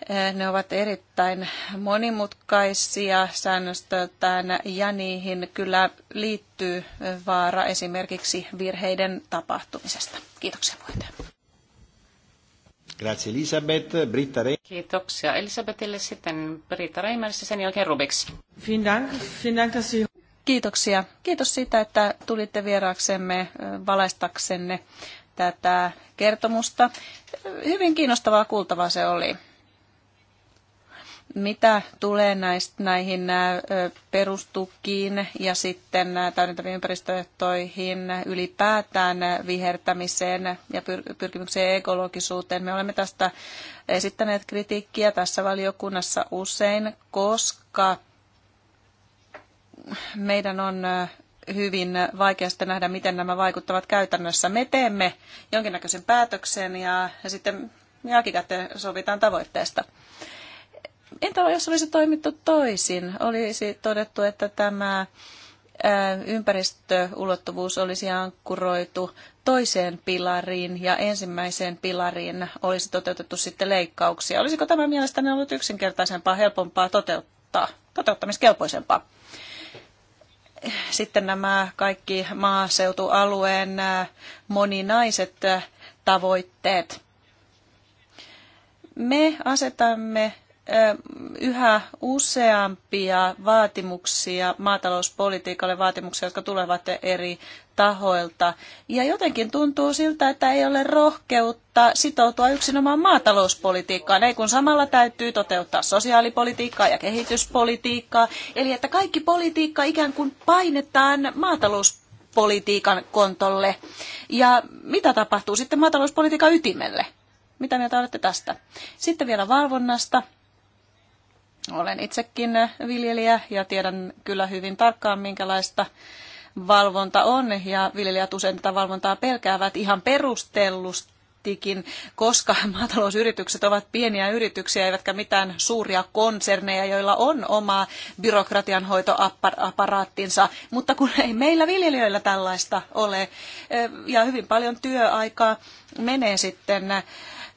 eh, ne ovat erittäin monimutkaisia säännöstöltään ja niihin kyllä liittyy vaara esimerkiksi virheiden tapahtumisesta. Kiitoksia puheenjohtaja. Grazie Elisabeth. Britta Re- Kiitoksia Elisabetille, sitten Britta Reimers ja sen jälkeen Rubiks. Vielen Dank. Vielen Dank, dass Sie Kiitoksia. Kiitos siitä, että tulitte vieraaksemme valaistaksenne tätä kertomusta. Hyvin kiinnostavaa kuultavaa se oli. Mitä tulee näistä, näihin perustukiin ja sitten täydentäviin ympäristöehtoihin ylipäätään vihertämiseen ja pyrkimykseen ekologisuuteen, me olemme tästä esittäneet kritiikkiä tässä valiokunnassa usein, koska meidän on hyvin vaikeasta nähdä, miten nämä vaikuttavat käytännössä. Me teemme jonkinnäköisen päätöksen ja sitten jälkikäteen sovitaan tavoitteesta. Entä jos olisi toimittu toisin? Olisi todettu, että tämä ympäristöulottuvuus olisi ankkuroitu toiseen pilariin ja ensimmäiseen pilariin olisi toteutettu sitten leikkauksia. Olisiko tämä mielestäni ollut yksinkertaisempaa, helpompaa toteuttaa, toteuttamiskelpoisempaa? sitten nämä kaikki maaseutualueen äh, moninaiset äh, tavoitteet. Me asetamme yhä useampia vaatimuksia maatalouspolitiikalle, vaatimuksia, jotka tulevat eri tahoilta. Ja jotenkin tuntuu siltä, että ei ole rohkeutta sitoutua yksinomaan maatalouspolitiikkaan, ei kun samalla täytyy toteuttaa sosiaalipolitiikkaa ja kehityspolitiikkaa. Eli että kaikki politiikka ikään kuin painetaan maatalouspolitiikan kontolle. Ja mitä tapahtuu sitten maatalouspolitiikan ytimelle? Mitä mieltä olette tästä? Sitten vielä valvonnasta. Olen itsekin viljelijä ja tiedän kyllä hyvin tarkkaan, minkälaista valvonta on, ja viljelijät usein tätä valvontaa pelkäävät ihan perustellusti koska [LAUGHS] maatalousyritykset ovat pieniä yrityksiä, eivätkä mitään suuria konserneja, joilla on oma byrokratianhoitoapparaattinsa. Mutta kun ei meillä viljelijöillä tällaista ole, eh, ja hyvin paljon työaikaa menee sitten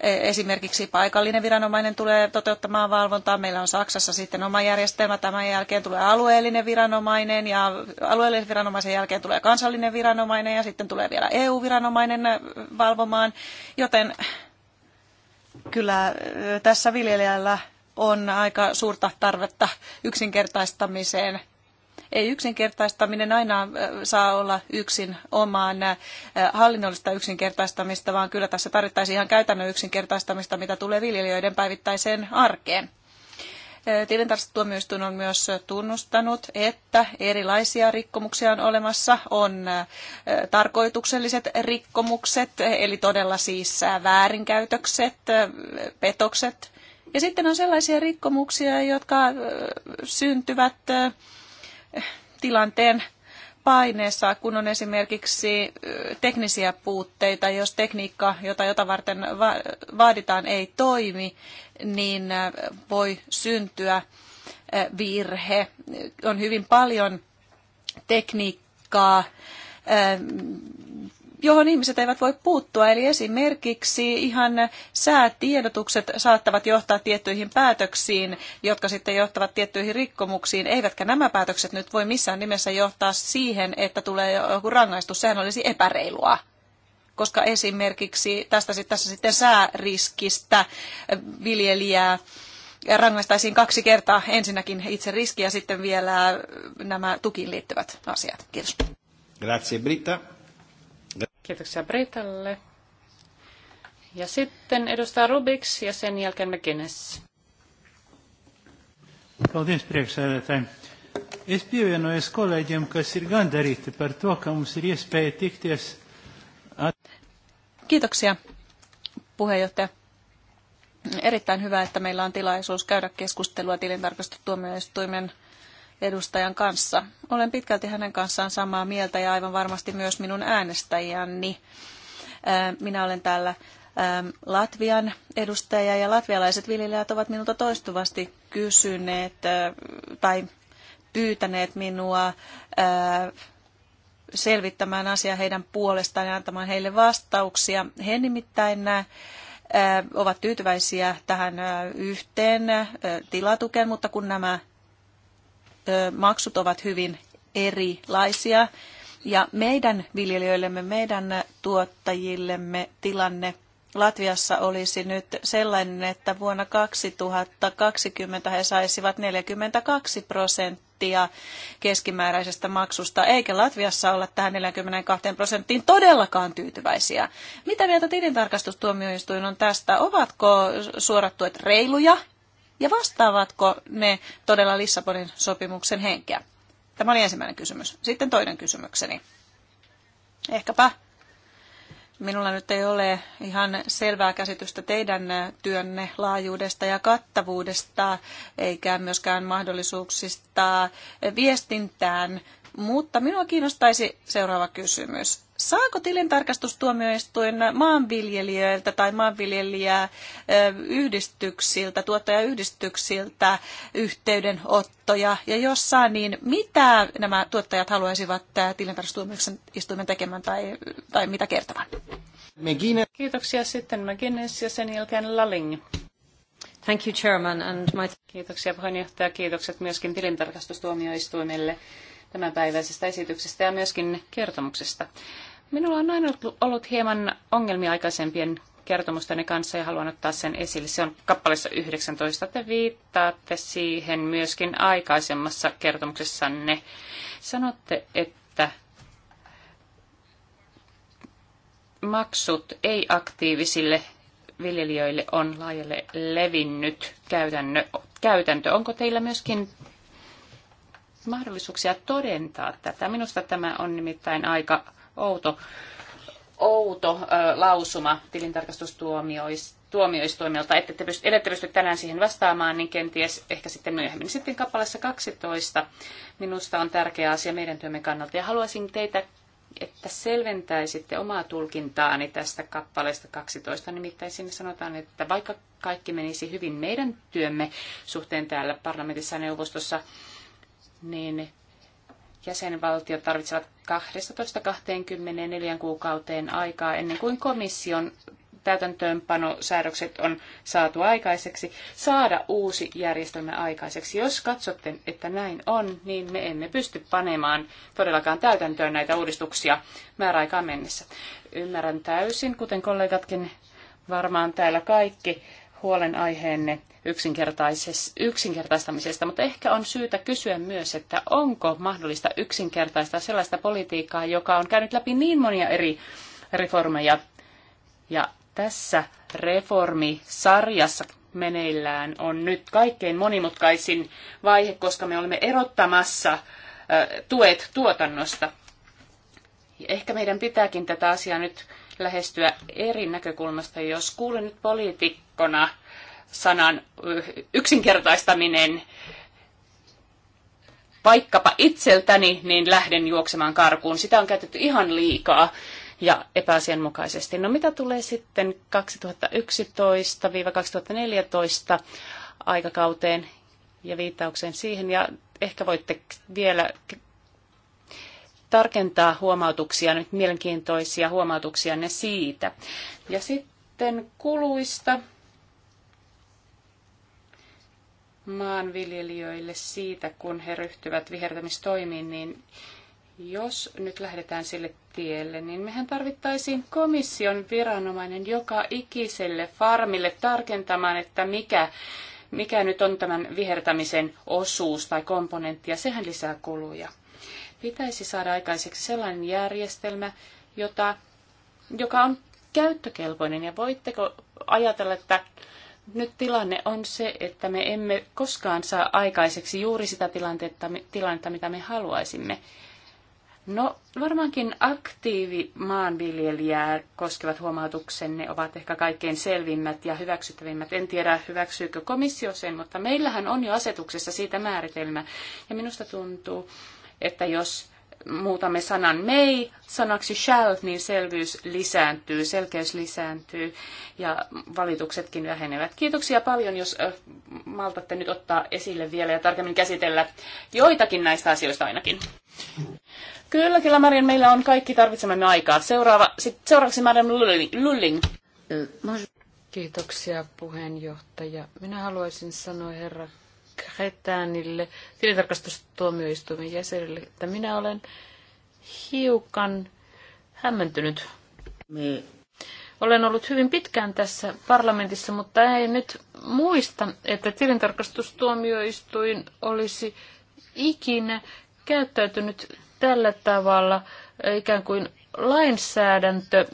E, esimerkiksi paikallinen viranomainen tulee toteuttamaan valvontaa. Meillä on Saksassa sitten oma järjestelmä. Tämän jälkeen tulee alueellinen viranomainen ja alueellisen viranomaisen jälkeen tulee kansallinen viranomainen ja sitten tulee vielä EU-viranomainen valvomaan. Joten kyllä e, tässä viljelijällä on aika suurta tarvetta yksinkertaistamiseen ei yksinkertaistaminen aina äh, saa olla yksin omaan äh, hallinnollista yksinkertaistamista, vaan kyllä tässä tarvittaisiin ihan käytännön yksinkertaistamista, mitä tulee viljelijöiden päivittäiseen arkeen. Äh, tilintarkastustuomioistuin on myös tunnustanut, että erilaisia rikkomuksia on olemassa. On tarkoitukselliset rikkomukset, eli todella siis väärinkäytökset, petokset. Ja sitten on sellaisia rikkomuksia, jotka syntyvät tilanteen paineessa, kun on esimerkiksi teknisiä puutteita, jos tekniikka, jota jota varten vaaditaan, ei toimi, niin voi syntyä virhe. On hyvin paljon tekniikkaa, johon ihmiset eivät voi puuttua. Eli esimerkiksi ihan säätiedotukset saattavat johtaa tiettyihin päätöksiin, jotka sitten johtavat tiettyihin rikkomuksiin. Eivätkä nämä päätökset nyt voi missään nimessä johtaa siihen, että tulee joku rangaistus. Sehän olisi epäreilua koska esimerkiksi tästä tässä sitten sääriskistä viljelijää rangaistaisiin kaksi kertaa. Ensinnäkin itse riski ja sitten vielä nämä tukiin liittyvät asiat. Kiitos. Grazie Britta. Kiitoksia Britalle. Ja sitten edustaa Rubiks ja sen jälkeen McGuinness. Paldies, priekšsēdētāji. Es pievienojos kolēģiem, kas ir gandarīti par to, ka mums ir iespēja tikties. Kiitoksia, puheenjohtaja. Erittäin hyvä, että meillä on tilaisuus käydä keskustelua tilintarkastustuomioistuimen edustajan kanssa. Olen pitkälti hänen kanssaan samaa mieltä ja aivan varmasti myös minun äänestäjiäni. Äh, minä olen täällä ähm, Latvian edustaja ja latvialaiset viljelijät ovat minulta toistuvasti kysyneet äh, tai pyytäneet minua äh, selvittämään asiaa heidän puolestaan ja antamaan heille vastauksia. He nimittäin ovat tyytyväisiä tähän yhteen tilatukeen, mutta kun nämä maksut ovat hyvin erilaisia. Ja meidän viljelijöillemme, meidän tuottajillemme tilanne Latviassa olisi nyt sellainen, että vuonna 2020 he saisivat 42 prosenttia keskimääräisestä maksusta, eikä Latviassa olla tähän 42 prosenttiin todellakaan tyytyväisiä. Mitä mieltä tilintarkastustuomioistuin on tästä? Ovatko suorat tuet reiluja ja vastaavatko ne todella Lissabonin sopimuksen henkeä? Tämä oli ensimmäinen kysymys. Sitten toinen kysymykseni. Ehkäpä minulla nyt ei ole ihan selvää käsitystä teidän työnne laajuudesta ja kattavuudesta, eikä myöskään mahdollisuuksista viestintään, mutta minua kiinnostaisi seuraava kysymys. Saako tilintarkastustuomioistuin maanviljelijöiltä tai maanviljelijää yhdistyksiltä, tuottajayhdistyksiltä yhteydenottoja? Ja jos saa, niin mitä nämä tuottajat haluaisivat tilintarkastustuomioistuimen tekemään tai, tai mitä kertovan? Kiitoksia sitten McGuinness ja sen jälkeen Lalling. Thank you, Chairman, and my... Kiitoksia puheenjohtaja. Kiitokset myöskin tilintarkastustuomioistuimelle tämänpäiväisestä esityksestä ja myöskin kertomuksesta. Minulla on aina ollut hieman ongelmia aikaisempien kertomustenne kanssa ja haluan ottaa sen esille. Se on kappaleessa 19. Te viittaatte siihen myöskin aikaisemmassa kertomuksessanne. Sanotte, että maksut ei-aktiivisille viljelijöille on laajalle levinnyt käytännö, käytäntö. Onko teillä myöskin mahdollisuuksia todentaa tätä? Minusta tämä on nimittäin aika outo, outo ö, lausuma tilintarkastustuomioistuimelta. että te pysty, ette pysty tänään siihen vastaamaan, niin kenties ehkä sitten myöhemmin. Sitten kappaleessa 12 minusta on tärkeä asia meidän työmme kannalta. Ja haluaisin teitä että selventäisitte omaa tulkintaani tästä kappaleesta 12. Nimittäin sinne sanotaan, että vaikka kaikki menisi hyvin meidän työmme suhteen täällä parlamentissa ja neuvostossa, niin jäsenvaltiot tarvitsevat 12-24 kuukauteen aikaa ennen kuin komission täytäntöönpanosäädökset on saatu aikaiseksi, saada uusi järjestelmä aikaiseksi. Jos katsotte, että näin on, niin me emme pysty panemaan todellakaan täytäntöön näitä uudistuksia määräaikaan mennessä. Ymmärrän täysin, kuten kollegatkin varmaan täällä kaikki, huolenaiheenne yksinkertaistamisesta, mutta ehkä on syytä kysyä myös, että onko mahdollista yksinkertaistaa sellaista politiikkaa, joka on käynyt läpi niin monia eri reformeja. Ja tässä reformisarjassa meneillään on nyt kaikkein monimutkaisin vaihe, koska me olemme erottamassa tuet tuotannosta. ehkä meidän pitääkin tätä asiaa nyt lähestyä eri näkökulmasta. Jos kuulen nyt poliitikkona sanan yksinkertaistaminen vaikkapa itseltäni, niin lähden juoksemaan karkuun. Sitä on käytetty ihan liikaa ja epäasianmukaisesti. No mitä tulee sitten 2011-2014 aikakauteen ja viittaukseen siihen, ja ehkä voitte vielä tarkentaa huomautuksia, nyt mielenkiintoisia huomautuksia ne siitä. Ja sitten kuluista maanviljelijöille siitä, kun he ryhtyvät vihertämistoimiin, niin jos nyt lähdetään sille tielle, niin mehän tarvittaisiin komission viranomainen joka ikiselle farmille tarkentamaan, että mikä, mikä nyt on tämän vihertämisen osuus tai komponentti, ja sehän lisää kuluja. Pitäisi saada aikaiseksi sellainen järjestelmä, jota, joka on käyttökelpoinen. Ja voitteko ajatella, että nyt tilanne on se, että me emme koskaan saa aikaiseksi juuri sitä tilannetta, tilannetta mitä me haluaisimme. No varmaankin aktiivi maanviljelijää koskevat huomautuksenne ovat ehkä kaikkein selvimmät ja hyväksyttävimmät. En tiedä hyväksyykö komissio sen, mutta meillähän on jo asetuksessa siitä määritelmä. Ja minusta tuntuu, että jos muutamme sanan may sanaksi shall, niin selvyys lisääntyy, selkeys lisääntyy ja valituksetkin vähenevät. Kiitoksia paljon, jos maltatte nyt ottaa esille vielä ja tarkemmin käsitellä joitakin näistä asioista ainakin. Kyllä, kyllä Marian, meillä on kaikki tarvitsemamme aikaa. Seuraava, sit, seuraavaksi Marian Lulling. Kiitoksia puheenjohtaja. Minä haluaisin sanoa herra Kretänille, tilintarkastustuomioistuimen jäsenille, että minä olen hiukan hämmentynyt. Me. Olen ollut hyvin pitkään tässä parlamentissa, mutta en nyt muista, että tilintarkastustuomioistuin olisi ikinä käyttäytynyt tällä tavalla ikään kuin lainsäädäntö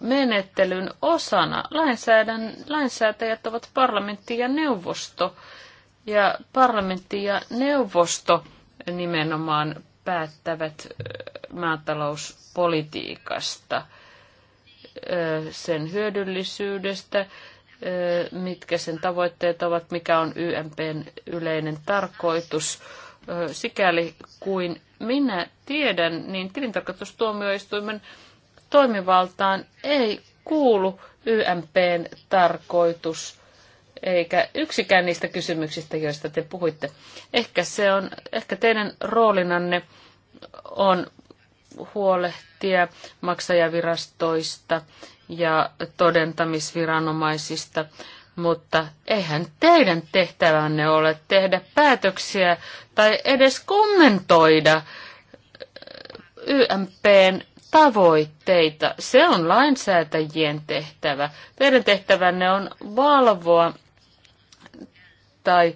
menettelyn osana. Lainsäädän, lainsäätäjät ovat parlamentti ja neuvosto. Ja parlamentti ja neuvosto nimenomaan päättävät maatalouspolitiikasta, sen hyödyllisyydestä, mitkä sen tavoitteet ovat, mikä on YMPn yleinen tarkoitus. Sikäli kuin minä tiedän, niin tilintarkastustuomioistuimen toimivaltaan ei kuulu YMPn tarkoitus eikä yksikään niistä kysymyksistä, joista te puhuitte. Ehkä, se on, ehkä teidän roolinanne on huolehtia maksajavirastoista ja todentamisviranomaisista, mutta eihän teidän tehtävänne ole tehdä päätöksiä tai edes kommentoida eh, YMPn tavoitteita. Se on lainsäätäjien tehtävä. Teidän tehtävänne on valvoa tai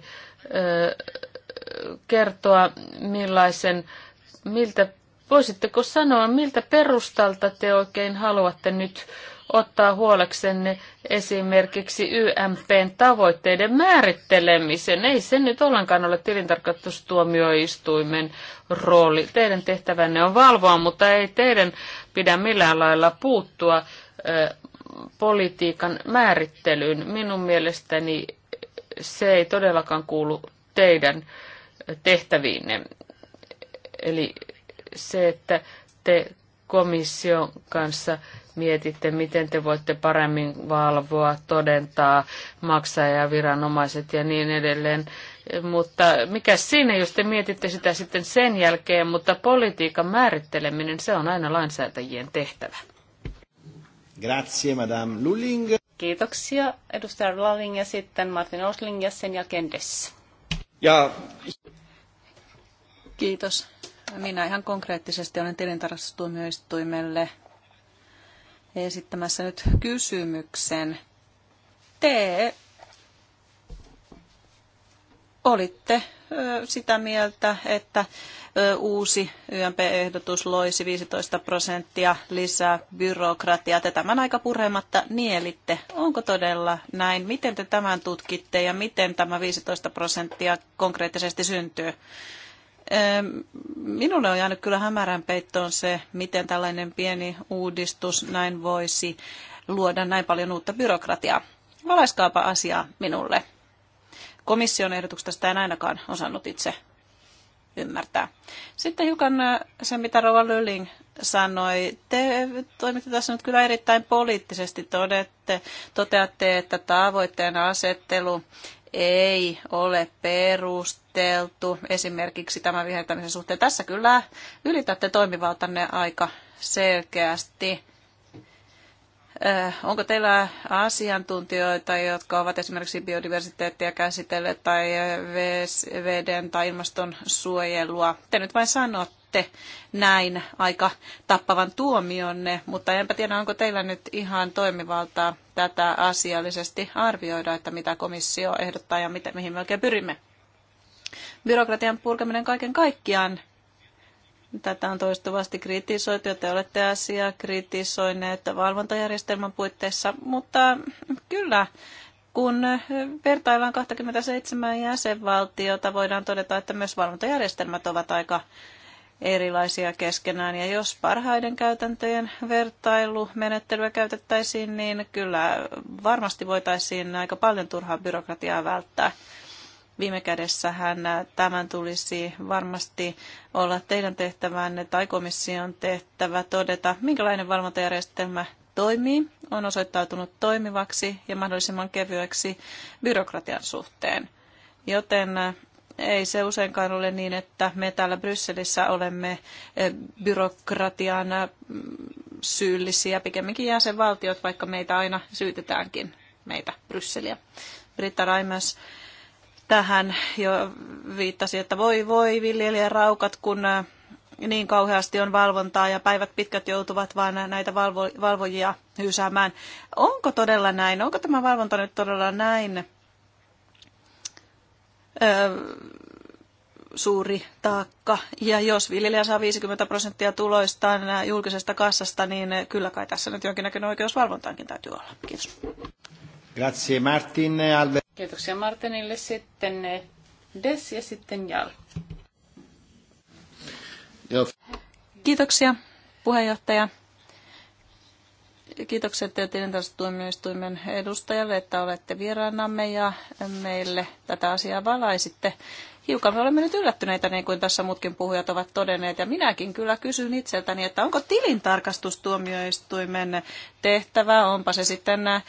kertoa, millaisen, miltä, voisitteko sanoa, miltä perustalta te oikein haluatte nyt ottaa huoleksenne esimerkiksi YMPn tavoitteiden määrittelemisen. Ei se nyt ollenkaan ole tilintarkastustuomioistuimen rooli. Teidän tehtävänne on valvoa, mutta ei teidän pidä millään lailla puuttua politiikan määrittelyyn. Minun mielestäni se ei todellakaan kuulu teidän tehtäviinne. Eli se, että te komission kanssa mietitte, miten te voitte paremmin valvoa, todentaa, maksaa ja viranomaiset ja niin edelleen. Mutta mikä siinä, jos te mietitte sitä sitten sen jälkeen, mutta politiikan määritteleminen, se on aina lainsäätäjien tehtävä. Grazie, Madame Lulling. Kiitoksia edustaja Lalling ja sitten Martin Osling ja sen jälkeen Dess. Ja... Kiitos. Minä ihan konkreettisesti olen tilintarkastustuomioistuimelle esittämässä nyt kysymyksen. Te olitte sitä mieltä, että uusi YMP-ehdotus loisi 15 prosenttia lisää byrokratiaa. Te tämän aika purematta nielitte. Onko todella näin? Miten te tämän tutkitte ja miten tämä 15 prosenttia konkreettisesti syntyy? Minulle on jäänyt kyllä hämärän peittoon se, miten tällainen pieni uudistus näin voisi luoda näin paljon uutta byrokratiaa. Valaiskaapa asiaa minulle. Komission ehdotuksesta en ainakaan osannut itse ymmärtää. Sitten hiukan äh, se, mitä Rova Lölling sanoi. Te toimitte tässä nyt kyllä erittäin poliittisesti. Todette, toteatte, että tavoitteen asettelu ei ole perusteltu esimerkiksi tämän vihertämisen suhteen. Tässä kyllä ylitätte toimivaltanne aika selkeästi. Äh, onko teillä asiantuntijoita, jotka ovat esimerkiksi biodiversiteettiä käsitelleet tai veden tai ilmaston suojelua? Te nyt vain sanotte näin aika tappavan tuomionne, mutta enpä tiedä, onko teillä nyt ihan toimivaltaa tätä asiallisesti arvioida, että mitä komissio ehdottaa ja mitä, mihin me oikein pyrimme. Byrokratian purkaminen kaiken kaikkiaan Tätä on toistuvasti kritisoitu ja te olette asiaa kritisoineet valvontajärjestelmän puitteissa, mutta kyllä kun vertaillaan 27 jäsenvaltiota, voidaan todeta, että myös valvontajärjestelmät ovat aika erilaisia keskenään. Ja jos parhaiden käytäntöjen vertailumenettelyä käytettäisiin, niin kyllä varmasti voitaisiin aika paljon turhaa byrokratiaa välttää. Viime kädessähän äh, tämän tulisi varmasti olla teidän tehtävänne tai komission tehtävä todeta, minkälainen valvontajärjestelmä toimii, on osoittautunut toimivaksi ja mahdollisimman kevyeksi byrokratian suhteen. Joten äh, ei se useinkaan ole niin, että me täällä Brysselissä olemme äh, byrokratian syyllisiä, pikemminkin jäsenvaltiot, vaikka meitä aina syytetäänkin, meitä Brysseliä. Britta Raimers tähän jo viittasi, että voi voi viljelijän raukat, kun äh, niin kauheasti on valvontaa ja päivät pitkät joutuvat vaan näitä valvo, valvojia hyysäämään. Onko todella näin? Onko tämä valvonta nyt todella näin öö, suuri taakka? Ja jos viljelijä saa 50 prosenttia tuloistaan äh, julkisesta kassasta, niin kyllä kai tässä nyt jonkinnäköinen oikeus valvontaankin täytyy olla. Kiitos. Grazie Martin. Albert. Kiitoksia Martinille. Sitten eh, Des ja sitten Jal. Kiitoksia puheenjohtaja. Kiitokset tilintarkastustuomioistuimen edustajalle, että olette vieraanamme ja meille tätä asiaa valaisitte hiukan me olemme nyt yllättyneitä, niin kuin tässä muutkin puhujat ovat todenneet. Ja minäkin kyllä kysyn itseltäni, että onko tilintarkastustuomioistuimen tehtävä, onpa se sitten äh,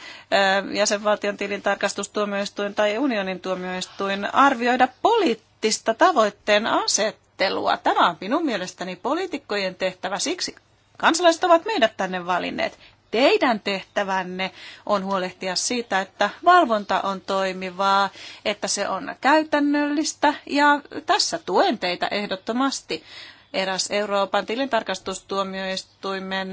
jäsenvaltion tilintarkastustuomioistuin tai unionin tuomioistuin, arvioida poliittista tavoitteen asettelua. Tämä on minun mielestäni poliitikkojen tehtävä, siksi kansalaiset ovat meidät tänne valinneet teidän tehtävänne on huolehtia siitä, että valvonta on toimivaa, että se on käytännöllistä ja tässä tuen teitä ehdottomasti. Eräs Euroopan tilintarkastustuomioistuimen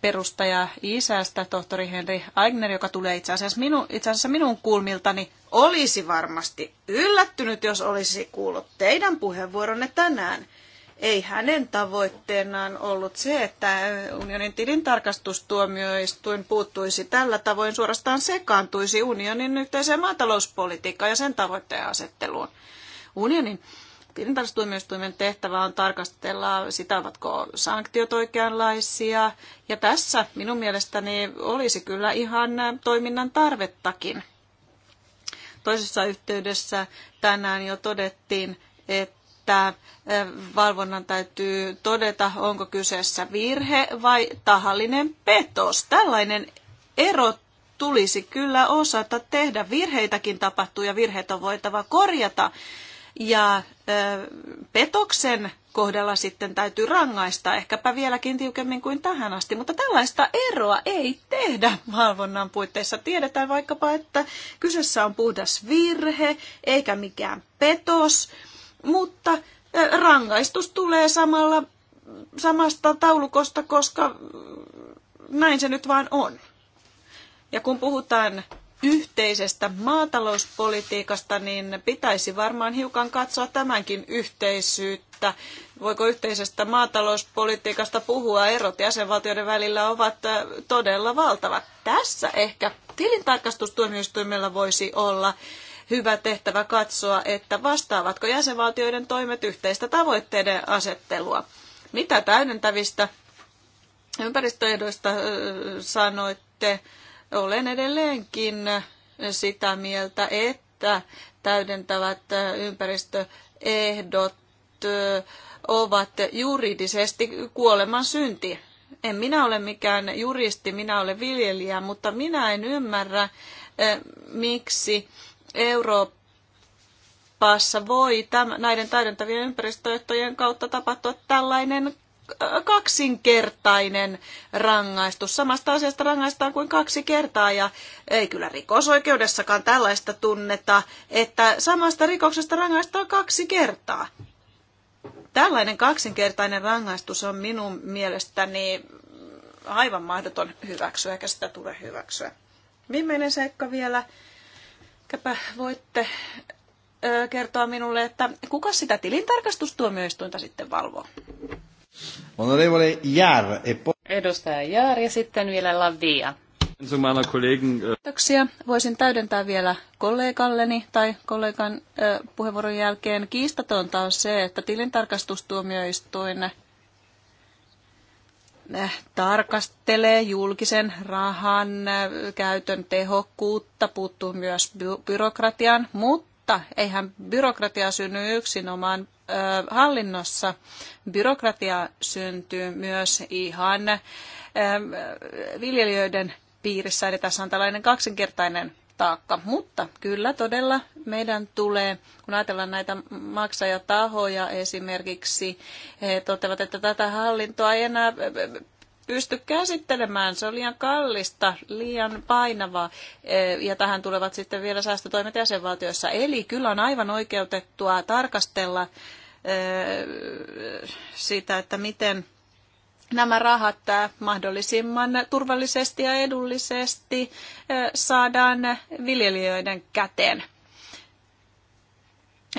perustaja isästä, tohtori Henri Aigner, joka tulee itse asiassa, minu, itse asiassa minun kulmiltani, olisi varmasti yllättynyt, jos olisi kuullut teidän puheenvuoronne tänään. Ei hänen tavoitteenaan ollut se, että unionin tilintarkastustuomioistuin puuttuisi tällä tavoin suorastaan sekaantuisi unionin yhteiseen maatalouspolitiikkaan ja sen tavoitteen asetteluun. Unionin tilintarkastustuomioistuimen tehtävä on tarkastella sitä, ovatko sanktiot oikeanlaisia. Ja tässä minun mielestäni olisi kyllä ihan toiminnan tarvettakin. Toisessa yhteydessä tänään jo todettiin, että että valvonnan täytyy todeta, onko kyseessä virhe vai tahallinen petos. Tällainen ero tulisi kyllä osata tehdä. Virheitäkin tapahtuu ja virheet on voitava korjata. Ja petoksen kohdalla sitten täytyy rangaista, ehkäpä vieläkin tiukemmin kuin tähän asti. Mutta tällaista eroa ei tehdä valvonnan puitteissa. Tiedetään vaikkapa, että kyseessä on puhdas virhe eikä mikään petos mutta rangaistus tulee samalla, samasta taulukosta, koska näin se nyt vaan on. Ja kun puhutaan yhteisestä maatalouspolitiikasta, niin pitäisi varmaan hiukan katsoa tämänkin yhteisyyttä. Voiko yhteisestä maatalouspolitiikasta puhua? Erot jäsenvaltioiden välillä ovat todella valtavat. Tässä ehkä tilintarkastustuomioistuimella voisi olla hyvä tehtävä katsoa, että vastaavatko jäsenvaltioiden toimet yhteistä tavoitteiden asettelua. Mitä täydentävistä ympäristöehdoista sanoitte? Olen edelleenkin sitä mieltä, että täydentävät ympäristöehdot ovat juridisesti kuoleman synti. En minä ole mikään juristi, minä olen viljelijä, mutta minä en ymmärrä, miksi Euroopassa voi tämän, näiden täydentävien ympäristöehtojen kautta tapahtua tällainen äh, kaksinkertainen rangaistus. Samasta asiasta rangaistaan kuin kaksi kertaa ja ei kyllä rikosoikeudessakaan tällaista tunneta, että samasta rikoksesta rangaistaan kaksi kertaa. Tällainen kaksinkertainen rangaistus on minun mielestäni aivan mahdoton hyväksyä, eikä sitä tule hyväksyä. Viimeinen seikka vielä Ehkäpä voitte kertoa minulle, että kuka sitä tilintarkastustuomioistuinta sitten valvoo? Onorevole Jaar. E Edustaja Jaar ja sitten vielä Lavia. Kiitoksia. Voisin täydentää vielä kollegalleni tai kollegan puheenvuoron jälkeen. Kiistatonta on se, että tilintarkastustuomioistuin Äh, tarkastelee julkisen rahan äh, käytön tehokkuutta, puuttuu myös byrokratian, mutta eihän byrokratia synny yksinomaan äh, hallinnossa. Byrokratia syntyy myös ihan viljelijöiden piirissä, eli tässä on tällainen kaksinkertainen taakka. Mutta kyllä todella meidän tulee, kun ajatellaan näitä maksajatahoja esimerkiksi, he toteavat, että tätä hallintoa ei enää pysty käsittelemään. Se on liian kallista, liian painavaa ja tähän tulevat sitten vielä säästötoimet jäsenvaltioissa. Eli kyllä on aivan oikeutettua tarkastella sitä, että miten nämä rahat mahdollisimman turvallisesti ja edullisesti saadaan viljelijöiden käteen.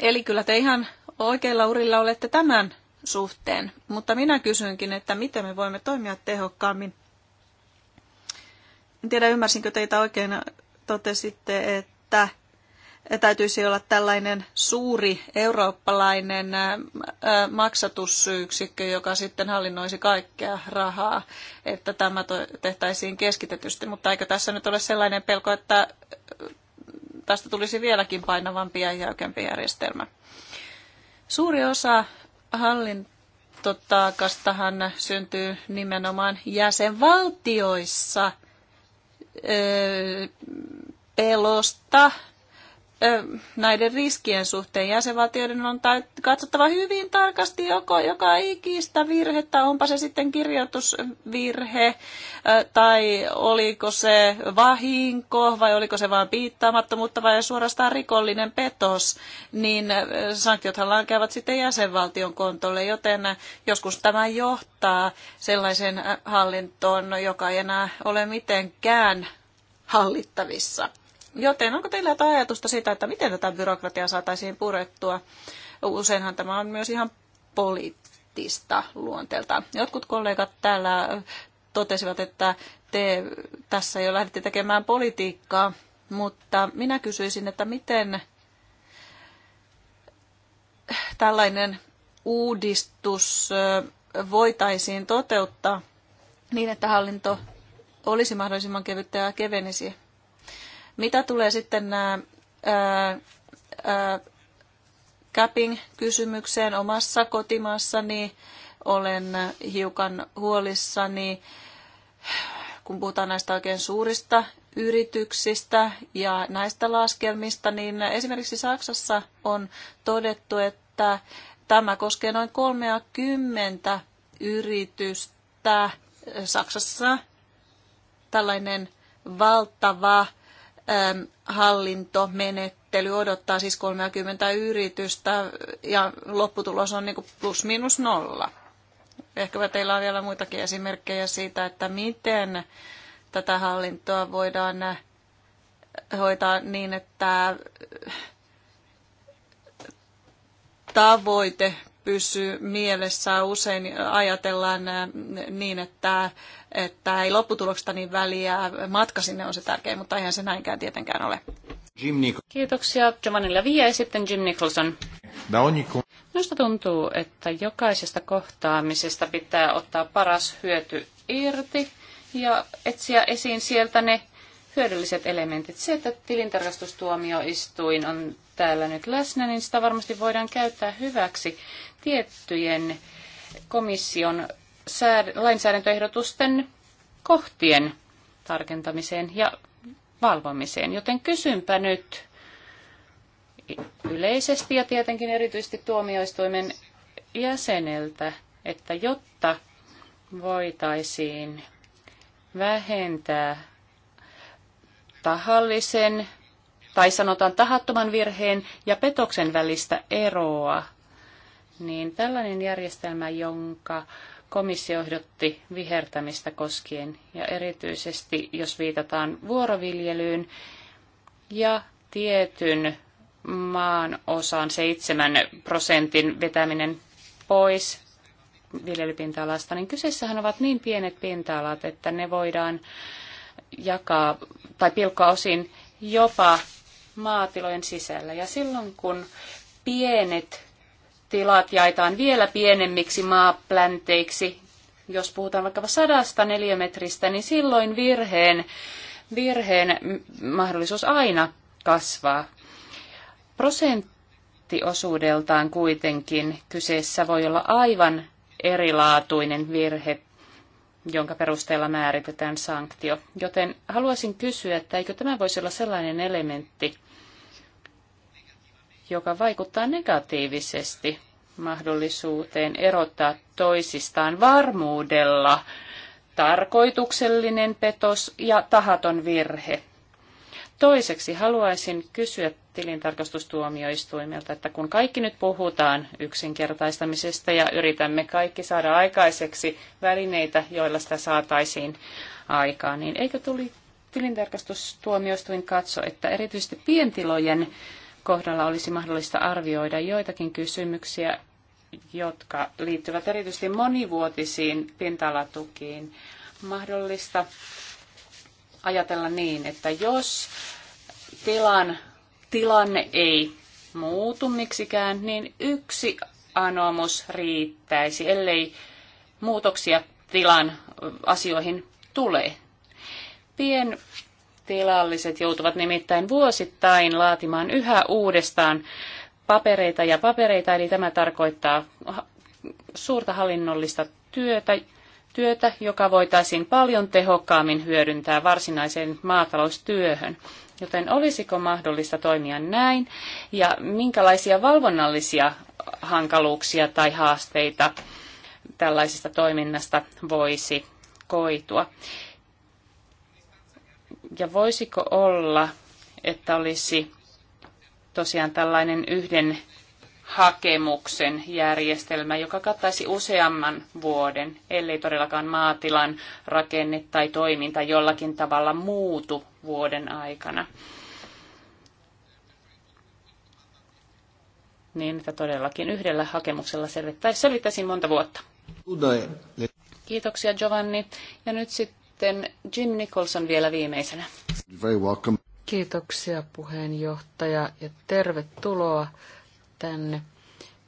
Eli kyllä te ihan oikeilla urilla olette tämän suhteen, mutta minä kysynkin, että miten me voimme toimia tehokkaammin. En tiedä, ymmärsinkö teitä oikein, totesitte, että täytyisi olla tällainen suuri eurooppalainen äh, äh, maksatusyksikkö, joka sitten hallinnoisi kaikkea rahaa, että tämä tehtäisiin keskitetysti. Mutta eikö tässä nyt ole sellainen pelko, että äh, tästä tulisi vieläkin painavampi ja jäykempi järjestelmä? Suuri osa hallintotaakastahan syntyy nimenomaan jäsenvaltioissa pelosta, näiden riskien suhteen jäsenvaltioiden on katsottava hyvin tarkasti joko, joka ikistä virhettä, onpa se sitten kirjoitusvirhe tai oliko se vahinko vai oliko se vain piittaamattomuutta vai suorastaan rikollinen petos, niin sanktiothan lankeavat sitten jäsenvaltion kontolle, joten joskus tämä johtaa sellaisen hallintoon, joka ei enää ole mitenkään hallittavissa. Joten onko teillä jotain ajatusta siitä, että miten tätä byrokratiaa saataisiin purettua? Useinhan tämä on myös ihan poliittista luonteelta. Jotkut kollegat täällä totesivat, että te tässä jo lähditte tekemään politiikkaa, mutta minä kysyisin, että miten tällainen uudistus voitaisiin toteuttaa niin, että hallinto olisi mahdollisimman kevyttä ja kevenisi mitä tulee sitten nämä, ää, ää, capping-kysymykseen omassa kotimaassani, olen hiukan huolissani, kun puhutaan näistä oikein suurista yrityksistä ja näistä laskelmista, niin esimerkiksi Saksassa on todettu, että tämä koskee noin 30 yritystä Saksassa. Tällainen valtava hallintomenettely odottaa siis 30 yritystä ja lopputulos on niin plus miinus nolla. Ehkä teillä on vielä muitakin esimerkkejä siitä, että miten tätä hallintoa voidaan äh, hoitaa niin, että äh, tavoite pysy mielessä. Usein ajatellaan äh, niin, että, että ei lopputuloksesta niin väliä, matka sinne on se tärkein, mutta eihän se näinkään tietenkään ole. Jim Kiitoksia Giovanni Lavia ja sitten Jim Nicholson. Minusta tuntuu, että jokaisesta kohtaamisesta pitää ottaa paras hyöty irti ja etsiä esiin sieltä ne hyödylliset elementit. Se, että tilintarkastustuomioistuin on täällä nyt läsnä, niin sitä varmasti voidaan käyttää hyväksi tiettyjen komission lainsäädäntöehdotusten kohtien tarkentamiseen ja valvomiseen. Joten kysynpä nyt yleisesti ja tietenkin erityisesti tuomioistuimen jäseneltä, että jotta voitaisiin vähentää tahallisen tai sanotaan tahattoman virheen ja petoksen välistä eroa niin tällainen järjestelmä, jonka komissio ehdotti vihertämistä koskien, ja erityisesti jos viitataan vuoroviljelyyn ja tietyn maan osan 7 prosentin vetäminen pois viljelypinta-alasta, niin kyseessähän ovat niin pienet pinta-alat, että ne voidaan jakaa tai pilkkoa osin jopa maatilojen sisällä. Ja silloin kun pienet tilat jaetaan vielä pienemmiksi maaplänteiksi. Jos puhutaan vaikka sadasta neliömetristä, niin silloin virheen, virheen mahdollisuus aina kasvaa. Prosenttiosuudeltaan kuitenkin kyseessä voi olla aivan erilaatuinen virhe, jonka perusteella määritetään sanktio. Joten haluaisin kysyä, että eikö tämä voisi olla sellainen elementti, joka vaikuttaa negatiivisesti mahdollisuuteen erottaa toisistaan varmuudella tarkoituksellinen petos ja tahaton virhe. Toiseksi haluaisin kysyä tilintarkastustuomioistuimelta, että kun kaikki nyt puhutaan yksinkertaistamisesta ja yritämme kaikki saada aikaiseksi välineitä, joilla sitä saataisiin aikaan, niin eikö tuli tilintarkastustuomioistuin katso, että erityisesti pientilojen kohdalla olisi mahdollista arvioida joitakin kysymyksiä, jotka liittyvät erityisesti monivuotisiin pintalatukiin. Mahdollista ajatella niin, että jos tilan, tilanne ei muutu miksikään, niin yksi anomus riittäisi, ellei muutoksia tilan asioihin tule. Pien Tilalliset joutuvat nimittäin vuosittain laatimaan yhä uudestaan papereita ja papereita, eli tämä tarkoittaa suurta hallinnollista työtä, työtä, joka voitaisiin paljon tehokkaammin hyödyntää varsinaiseen maataloustyöhön. Joten olisiko mahdollista toimia näin ja minkälaisia valvonnallisia hankaluuksia tai haasteita tällaisesta toiminnasta voisi koitua. Ja voisiko olla, että olisi tosiaan tällainen yhden hakemuksen järjestelmä, joka kattaisi useamman vuoden, ellei todellakaan maatilan rakenne tai toiminta jollakin tavalla muutu vuoden aikana. Niin, että todellakin yhdellä hakemuksella selvittäisiin monta vuotta. Kiitoksia Giovanni. Ja nyt sitten sitten Jim Nicholson vielä viimeisenä. Very welcome. Kiitoksia puheenjohtaja ja tervetuloa tänne.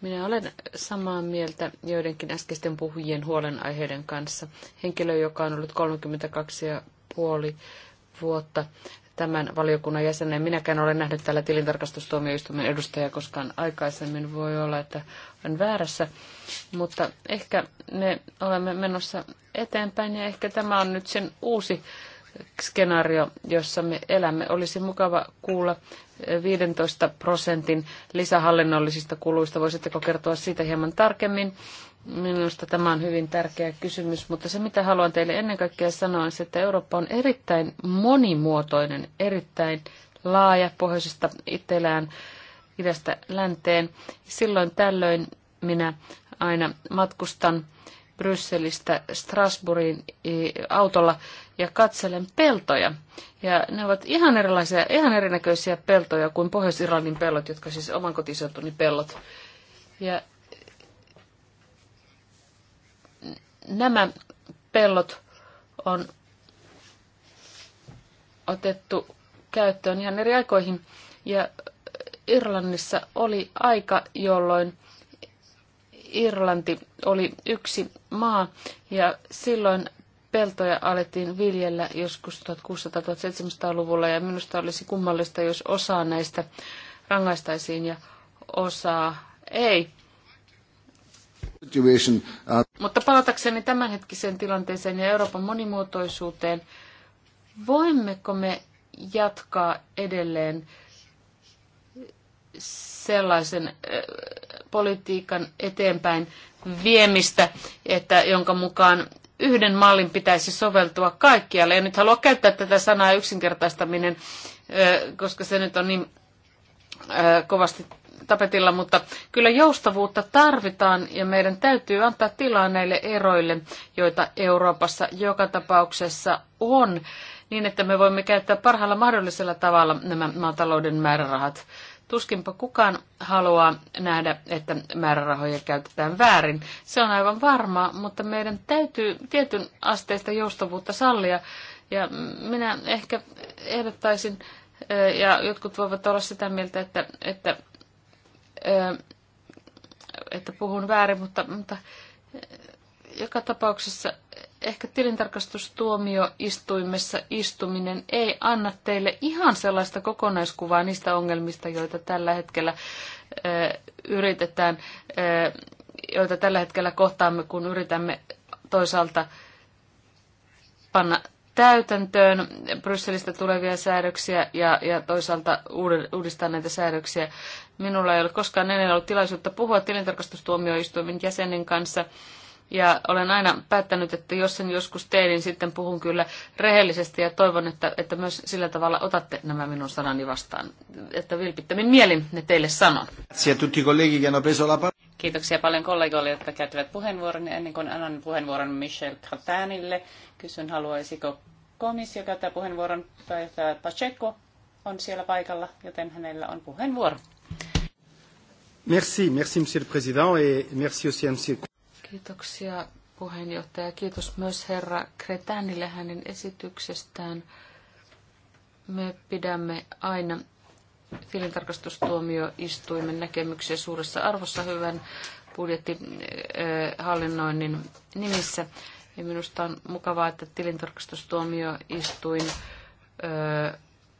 Minä olen samaa mieltä joidenkin äskeisten puhujien huolenaiheiden kanssa. Henkilö, joka on ollut 32,5 vuotta tämän valiokunnan jäsenen. Minäkään olen nähnyt täällä tilintarkastustuomioistuimen edustajaa koskaan aikaisemmin. Voi olla, että olen väärässä, mutta ehkä me olemme menossa eteenpäin ja ehkä tämä on nyt sen uusi skenaario, jossa me elämme. Olisi mukava kuulla 15 prosentin lisähallinnollisista kuluista. Voisitteko kertoa siitä hieman tarkemmin? Minusta tämä on hyvin tärkeä kysymys, mutta se mitä haluan teille ennen kaikkea sanoa on se, että Eurooppa on erittäin monimuotoinen, erittäin laaja pohjoisesta itelään, idästä länteen. Silloin tällöin minä aina matkustan Brysselistä Strasbourgin autolla ja katselen peltoja. Ja ne ovat ihan erilaisia, ihan erinäköisiä peltoja kuin Pohjois-Irlannin pellot, jotka siis oman kotiseutuni pellot. Ja nämä pellot on otettu käyttöön ihan eri aikoihin. Ja Irlannissa oli aika, jolloin Irlanti oli yksi maa ja silloin peltoja alettiin viljellä joskus 1600-1700-luvulla ja minusta olisi kummallista, jos osa näistä rangaistaisiin ja osaa ei. Uh, Mutta palatakseni tämänhetkiseen tilanteeseen ja Euroopan monimuotoisuuteen, voimmeko me jatkaa edelleen sellaisen politiikan eteenpäin viemistä, että jonka mukaan yhden mallin pitäisi soveltua kaikkialle. En nyt halua käyttää tätä sanaa yksinkertaistaminen, koska se nyt on niin kovasti tapetilla, mutta kyllä joustavuutta tarvitaan ja meidän täytyy antaa tilaa näille eroille, joita Euroopassa joka tapauksessa on, niin että me voimme käyttää parhaalla mahdollisella tavalla nämä maatalouden määrärahat Tuskinpa kukaan haluaa nähdä, että määrärahoja käytetään väärin. Se on aivan varmaa, mutta meidän täytyy tietyn asteista joustavuutta sallia. Ja minä ehkä ehdottaisin, ja jotkut voivat olla sitä mieltä, että, että, että puhun väärin, mutta, mutta joka tapauksessa ehkä tilintarkastustuomioistuimessa istuminen ei anna teille ihan sellaista kokonaiskuvaa niistä ongelmista, joita tällä hetkellä eh, yritetään, eh, joita tällä hetkellä kohtaamme, kun yritämme toisaalta panna täytäntöön Brysselistä tulevia säädöksiä ja, ja toisaalta uudistaa näitä säädöksiä. Minulla ei ole koskaan ennen ollut tilaisuutta puhua tilintarkastustuomioistuimen jäsenen kanssa ja olen aina päättänyt, että jos sen joskus teen, niin sitten puhun kyllä rehellisesti ja toivon, että, että myös sillä tavalla otatte nämä minun sanani vastaan, että vilpittämin mielin ne teille sanon. Kiitoksia paljon kollegoille, jotka käyttivät puheenvuoron. Ennen kuin annan puheenvuoron Michel Cartanille, kysyn, haluaisiko komissio käyttää puheenvuoron. Pääjohtaja Pacheco on siellä paikalla, joten hänellä on puheenvuoro. Merci, merci monsieur le président et merci aussi monsieur Kiitoksia puheenjohtaja. Kiitos myös herra Kretänille hänen esityksestään. Me pidämme aina tilintarkastustuomioistuimen näkemyksiä suuressa arvossa hyvän budjettihallinnoinnin nimissä. Ja minusta on mukavaa, että tilintarkastustuomioistuin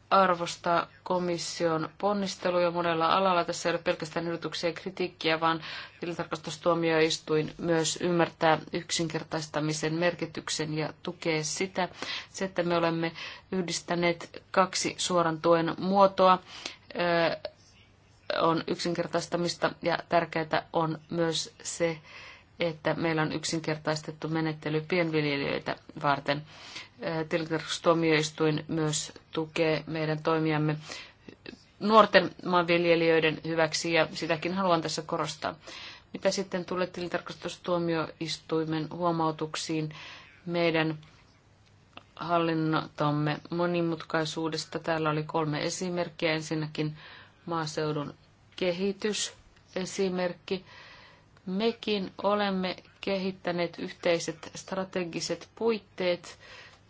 arvostaa komission ponnisteluja monella alalla. Tässä ei ole pelkästään ehdotuksia ja kritiikkiä, vaan tilintarkastustuomioistuin myös ymmärtää yksinkertaistamisen merkityksen ja tukee sitä. Se, että me olemme yhdistäneet kaksi suoran tuen muotoa, on yksinkertaistamista ja tärkeää on myös se, että meillä on yksinkertaistettu menettely pienviljelijöitä varten. Äh, tilintarkastustuomioistuin myös tukee meidän toimijamme nuorten maanviljelijöiden hyväksi ja sitäkin haluan tässä korostaa. Mitä sitten tulee tilintarkastustuomioistuimen huomautuksiin meidän hallinnotamme monimutkaisuudesta? Täällä oli kolme esimerkkiä. Ensinnäkin maaseudun kehitysesimerkki. esimerkki Mekin olemme kehittäneet yhteiset strategiset puitteet,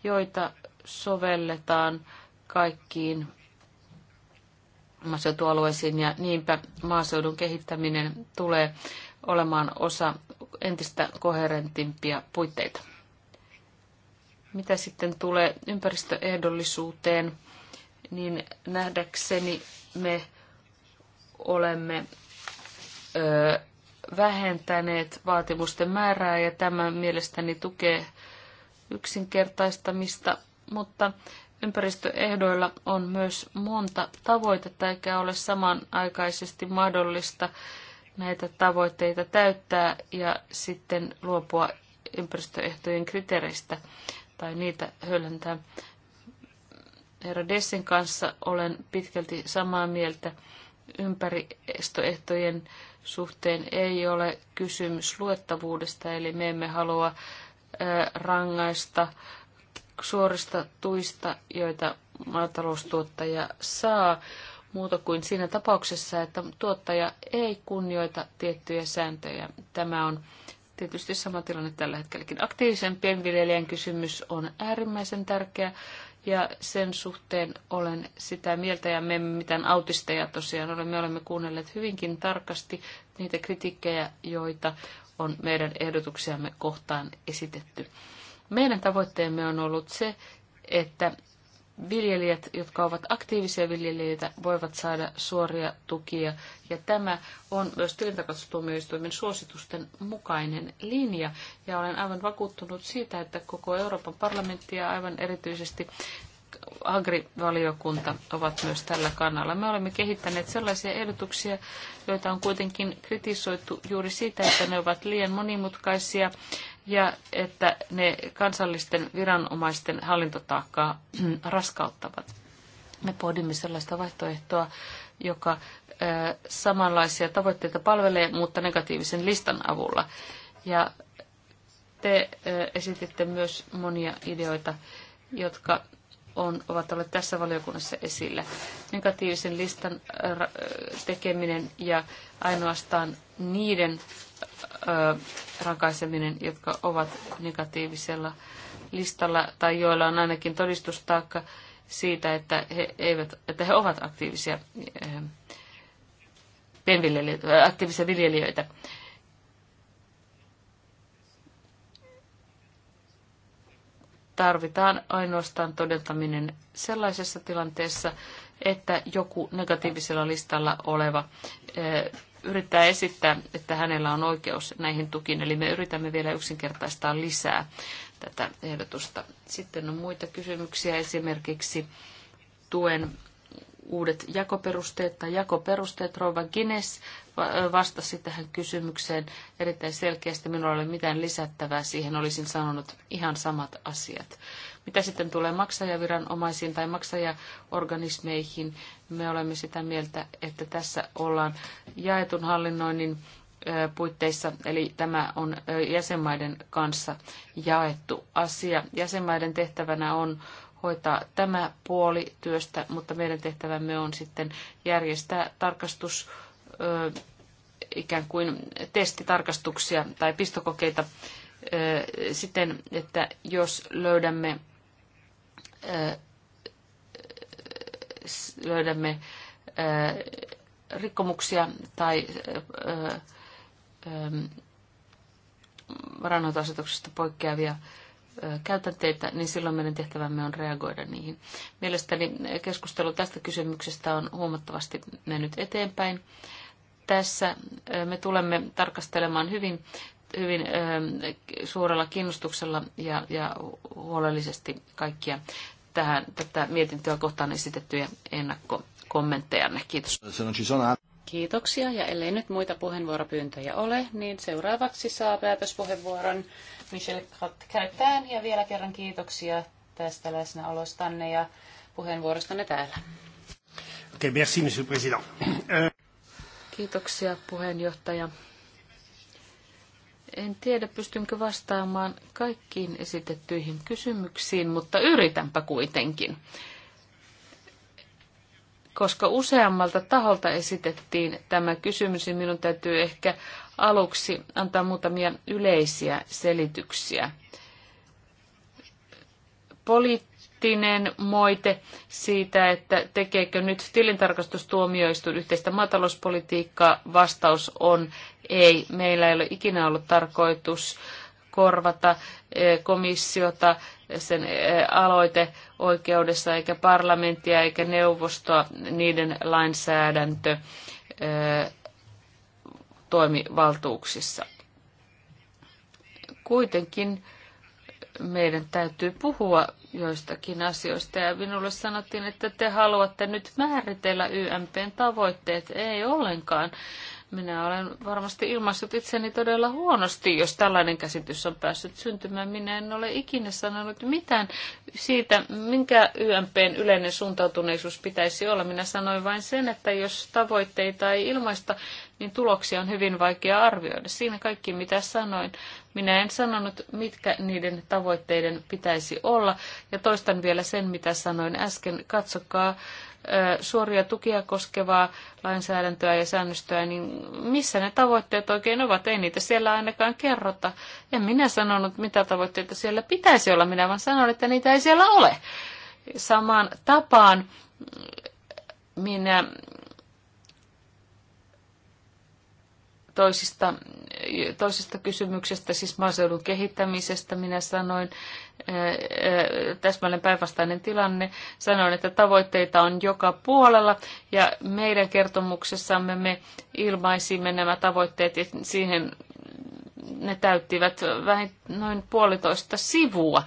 joita sovelletaan kaikkiin maaseutualueisiin ja niinpä maaseudun kehittäminen tulee olemaan osa entistä koherentimpia puitteita. Mitä sitten tulee ympäristöehdollisuuteen, niin nähdäkseni me olemme vähentäneet vaatimusten määrää ja tämä mielestäni tukee yksinkertaistamista, mutta ympäristöehdoilla on myös monta tavoitetta eikä ole samanaikaisesti mahdollista näitä tavoitteita täyttää ja sitten luopua ympäristöehtojen kriteereistä tai niitä höllentää. Herra Dessin kanssa olen pitkälti samaa mieltä ympäristöehtojen suhteen ei ole kysymys luettavuudesta, eli me emme halua rangaista suorista tuista, joita maataloustuottaja saa, muuta kuin siinä tapauksessa, että tuottaja ei kunnioita tiettyjä sääntöjä. Tämä on tietysti sama tilanne tällä hetkelläkin. Aktiivisen pienviljelijän kysymys on äärimmäisen tärkeä ja sen suhteen olen sitä mieltä, ja me emme mitään autisteja tosiaan ole, me olemme kuunnelleet hyvinkin tarkasti niitä kritiikkejä, joita on meidän ehdotuksiamme kohtaan esitetty. Meidän tavoitteemme on ollut se, että viljelijät, jotka ovat aktiivisia viljelijöitä, voivat saada suoria tukia. Ja tämä on myös tilintarkastustuomioistuimen suositusten mukainen linja. Ja olen aivan vakuuttunut siitä, että koko Euroopan parlamentti ja aivan erityisesti agrivaliokunta ovat myös tällä kannalla. Me olemme kehittäneet sellaisia ehdotuksia, joita on kuitenkin kritisoitu juuri siitä, että ne ovat liian monimutkaisia ja että ne kansallisten viranomaisten hallintotaakkaa [CLEARS THROAT] raskauttavat. Me pohdimme sellaista vaihtoehtoa, joka samanlaisia tavoitteita palvelee, mutta negatiivisen listan avulla. Ja te esititte myös monia ideoita, jotka on, ovat olleet tässä valiokunnassa esillä. Negatiivisen listan äh, äh, tekeminen ja ainoastaan niiden äh, rankaiseminen, jotka ovat negatiivisella listalla tai joilla on ainakin todistustaakka siitä, että he, eivät, että he ovat aktiivisia, aktiivisia viljelijöitä. tarvitaan ainoastaan todentaminen sellaisessa tilanteessa, että joku negatiivisella listalla oleva eh, yrittää esittää, että hänellä on oikeus näihin tukiin. Eli me yritämme vielä yksinkertaistaa lisää tätä ehdotusta. Sitten on muita kysymyksiä, esimerkiksi tuen uudet jakoperusteet tai jakoperusteet. Rova Guinness vastasi tähän kysymykseen erittäin selkeästi. Minulla ei ole mitään lisättävää siihen. Olisin sanonut ihan samat asiat. Mitä sitten tulee maksajaviranomaisiin tai maksajaorganismeihin, me olemme sitä mieltä, että tässä ollaan jaetun hallinnoinnin puitteissa, eli tämä on jäsenmaiden kanssa jaettu asia. Jäsenmaiden tehtävänä on hoitaa tämä puoli työstä, mutta meidän tehtävämme on sitten järjestää tarkastus ikään kuin testitarkastuksia tai pistokokeita siten, että jos löydämme, löydämme rikkomuksia tai varanhoitoasetuksesta poikkeavia käytänteitä, niin silloin meidän tehtävämme on reagoida niihin. Mielestäni keskustelu tästä kysymyksestä on huomattavasti mennyt eteenpäin. Tässä me tulemme tarkastelemaan hyvin, hyvin suurella kiinnostuksella ja, ja huolellisesti kaikkia tähän, tätä mietintöä kohtaan esitettyjä ennakkokommenttejanne. Kiitos. Kiitoksia ja ellei nyt muita puheenvuoropyyntöjä ole, niin seuraavaksi saa päätöspuheenvuoron Michelle Krätään ja vielä kerran kiitoksia tästä läsnäolostanne ja puheenvuorostanne täällä. Okay, merci, monsieur le président. Euh, Kiitoksia puheenjohtaja. En tiedä, pystynkö vastaamaan kaikkiin esitettyihin kysymyksiin, mutta yritänpä kuitenkin. Koska useammalta taholta esitettiin tämä kysymys, niin minun täytyy ehkä aluksi antaa muutamia yleisiä selityksiä. Poli- kriittinen moite siitä, että tekeekö nyt tilintarkastustuomioistuin yhteistä maatalouspolitiikkaa. Vastaus on ei. Meillä ei ole ikinä ollut tarkoitus korvata eh, komissiota sen eh, aloite oikeudessa, eikä parlamenttia, eikä neuvostoa, niiden lainsäädäntö eh, toimivaltuuksissa. Kuitenkin meidän täytyy puhua joistakin asioista ja minulle sanottiin, että te haluatte nyt määritellä YMPn tavoitteet. Ei ollenkaan. Minä olen varmasti ilmaissut itseni todella huonosti, jos tällainen käsitys on päässyt syntymään. Minä en ole ikinä sanonut mitään siitä, minkä YMPn yleinen suuntautuneisuus pitäisi olla. Minä sanoin vain sen, että jos tavoitteita ei ilmaista, niin tuloksia on hyvin vaikea arvioida. Siinä kaikki, mitä sanoin. Minä en sanonut, mitkä niiden tavoitteiden pitäisi olla. Ja toistan vielä sen, mitä sanoin äsken. Katsokaa suoria tukia koskevaa lainsäädäntöä ja säännöstöä, niin missä ne tavoitteet oikein ovat? Ei niitä siellä ainakaan kerrota. En minä sanonut, mitä tavoitteita siellä pitäisi olla. Minä vaan sanon, että niitä ei siellä ole. Samaan tapaan mm, minä toisista, toisista kysymyksestä, siis maaseudun kehittämisestä, minä sanoin eh, eh, täsmälleen päinvastainen tilanne. Sanoin, että tavoitteita on joka puolella ja meidän kertomuksessamme me ilmaisimme nämä tavoitteet ja siihen ne täyttivät vähän noin puolitoista sivua.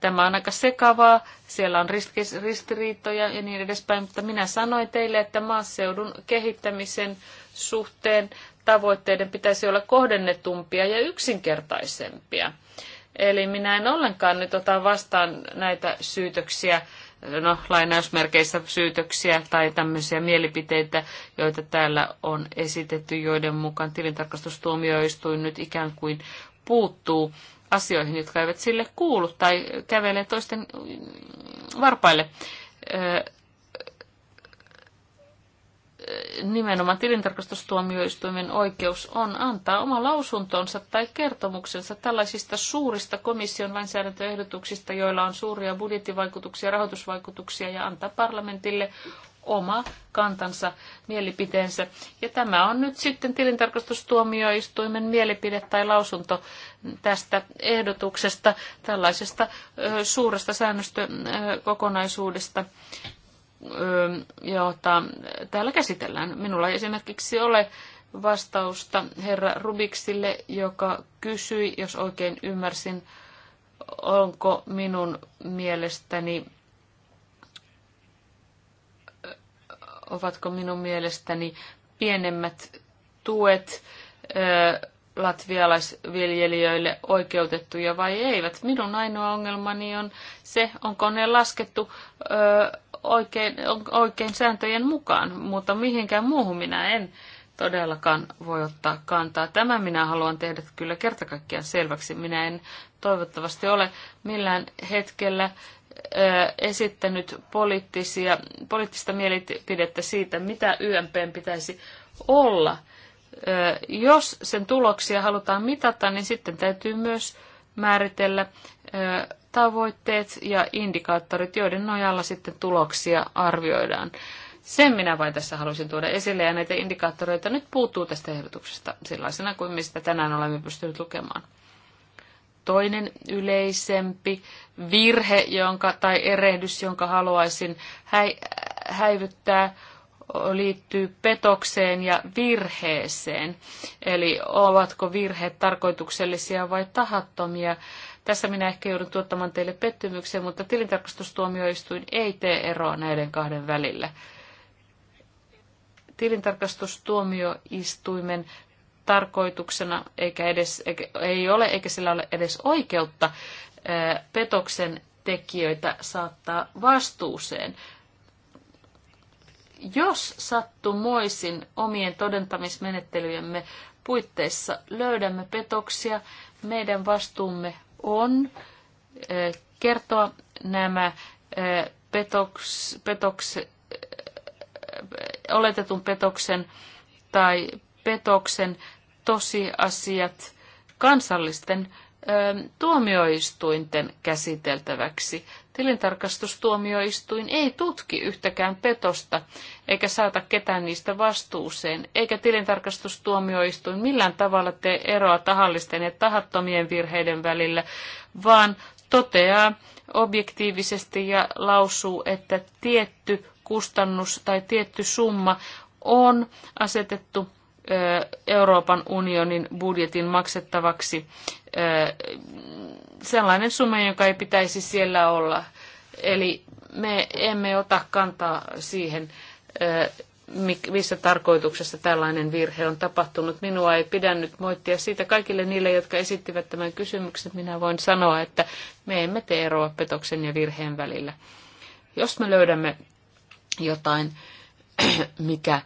Tämä on aika sekavaa, siellä on ristiriitoja ja niin edespäin, mutta minä sanoin teille, että maaseudun kehittämisen suhteen tavoitteiden pitäisi olla kohdennetumpia ja yksinkertaisempia. Eli minä en ollenkaan nyt ota vastaan näitä syytöksiä, no lainausmerkeissä syytöksiä tai tämmöisiä mielipiteitä, joita täällä on esitetty, joiden mukaan tilintarkastustuomioistuin nyt ikään kuin puuttuu asioihin, jotka eivät sille kuulu tai kävelee toisten varpaille nimenomaan tilintarkastustuomioistuimen oikeus on antaa oma lausuntonsa tai kertomuksensa tällaisista suurista komission lainsäädäntöehdotuksista, joilla on suuria budjettivaikutuksia, rahoitusvaikutuksia ja antaa parlamentille oma kantansa, mielipiteensä. Ja tämä on nyt sitten tilintarkastustuomioistuimen mielipide tai lausunto tästä ehdotuksesta, tällaisesta suuresta säännöstökokonaisuudesta, jota täällä käsitellään. Minulla ei esimerkiksi ole vastausta herra Rubiksille, joka kysyi, jos oikein ymmärsin, onko minun mielestäni, ovatko minun mielestäni pienemmät tuet latvialaisviljelijöille oikeutettuja vai eivät. Minun ainoa ongelmani on se, onko ne laskettu ö, oikein, oikein sääntöjen mukaan, mutta mihinkään muuhun minä en todellakaan voi ottaa kantaa. Tämä minä haluan tehdä kyllä kertakaikkiaan selväksi. Minä en toivottavasti ole millään hetkellä esittänyt poliittisia, poliittista mielipidettä siitä, mitä YMP pitäisi olla. Jos sen tuloksia halutaan mitata, niin sitten täytyy myös määritellä tavoitteet ja indikaattorit, joiden nojalla sitten tuloksia arvioidaan. Sen minä vain tässä halusin tuoda esille, ja näitä indikaattoreita nyt puuttuu tästä ehdotuksesta sellaisena kuin mistä tänään olemme pystyneet lukemaan. Toinen yleisempi virhe jonka, tai erehdys, jonka haluaisin häivyttää, liittyy petokseen ja virheeseen. Eli ovatko virheet tarkoituksellisia vai tahattomia? Tässä minä ehkä joudun tuottamaan teille pettymyksen, mutta tilintarkastustuomioistuin ei tee eroa näiden kahden välillä. Tilintarkastustuomioistuimen tarkoituksena eikä edes, eikä, ei ole eikä sillä ole edes oikeutta petoksen tekijöitä saattaa vastuuseen. Jos sattumoisin omien todentamismenettelyjemme puitteissa löydämme petoksia, meidän vastuumme on kertoa nämä petoks, petoks, oletetun petoksen tai petoksen tosiasiat kansallisten tuomioistuinten käsiteltäväksi. Tilintarkastustuomioistuin ei tutki yhtäkään petosta eikä saata ketään niistä vastuuseen, eikä tilintarkastustuomioistuin millään tavalla tee eroa tahallisten ja tahattomien virheiden välillä, vaan toteaa objektiivisesti ja lausuu, että tietty kustannus tai tietty summa on asetettu Euroopan unionin budjetin maksettavaksi sellainen summa, joka ei pitäisi siellä olla. Eli me emme ota kantaa siihen, missä tarkoituksessa tällainen virhe on tapahtunut. Minua ei pidä nyt moittia siitä kaikille niille, jotka esittivät tämän kysymyksen. Minä voin sanoa, että me emme tee eroa petoksen ja virheen välillä. Jos me löydämme jotain, mikä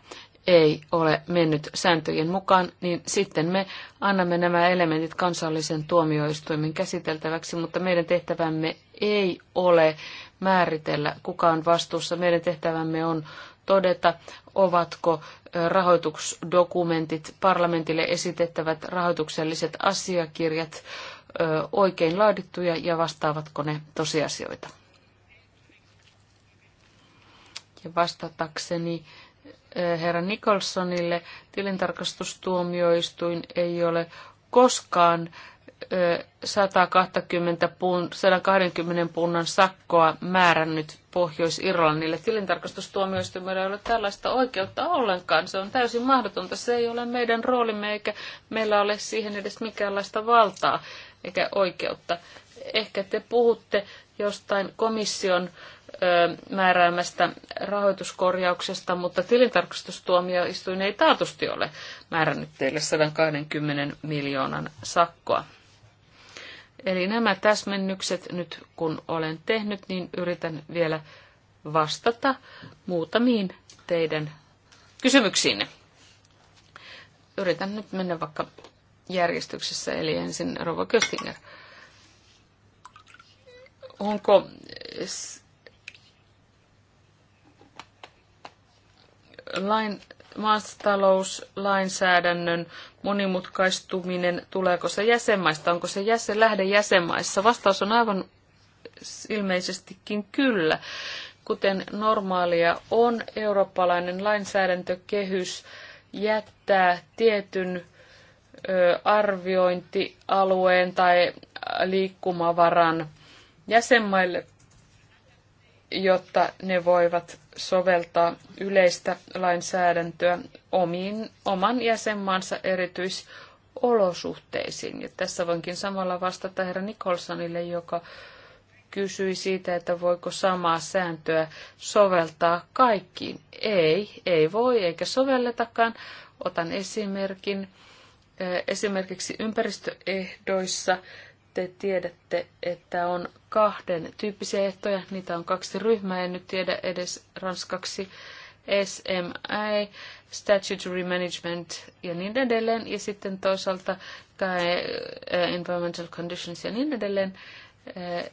ei ole mennyt sääntöjen mukaan, niin sitten me annamme nämä elementit kansallisen tuomioistuimen käsiteltäväksi, mutta meidän tehtävämme ei ole määritellä, kuka on vastuussa. Meidän tehtävämme on todeta, ovatko rahoituksdokumentit, parlamentille esitettävät rahoitukselliset asiakirjat oikein laadittuja ja vastaavatko ne tosiasioita. Ja vastatakseni Eh, herra Nicholsonille tilintarkastustuomioistuin ei ole koskaan 120 pun, 120 punnan sakkoa määrännyt Pohjois-Irlannille. Tilintarkastustuomioistuimella ei ole tällaista oikeutta ollenkaan. Se on täysin mahdotonta. Se ei ole meidän roolimme, eikä meillä ole siihen edes mikäänlaista valtaa eikä oikeutta. Ehkä te puhutte jostain komission äh, määräämästä rahoituskorjauksesta, mutta tilintarkastustuomioistuin ei taatusti ole määrännyt teille 120 miljoonan sakkoa. Eli nämä täsmennykset nyt kun olen tehnyt, niin yritän vielä vastata muutamiin teidän kysymyksiinne. Yritän nyt mennä vaikka järjestyksessä, eli ensin Rova Köstinger. Onko lain, maastalouslainsäädännön monimutkaistuminen, tuleeko se jäsenmaista, onko se jäsen, lähde jäsenmaissa? Vastaus on aivan ilmeisestikin kyllä. Kuten normaalia on, eurooppalainen lainsäädäntökehys jättää tietyn arviointialueen tai liikkumavaran jäsenmaille, jotta ne voivat soveltaa yleistä lainsäädäntöä omiin, oman jäsenmaansa erityisolosuhteisiin. Ja tässä voinkin samalla vastata herra Nikolsonille, joka kysyi siitä, että voiko samaa sääntöä soveltaa kaikkiin. Ei, ei voi eikä sovelletakaan. Otan esimerkin. Eh, esimerkiksi ympäristöehdoissa te tiedätte, että on kahden tyyppisiä ehtoja. Niitä on kaksi ryhmää, en nyt tiedä edes ranskaksi. SMI, Statutory Management ja niin edelleen. Ja sitten toisaalta eh, Environmental Conditions ja niin edelleen. Eh,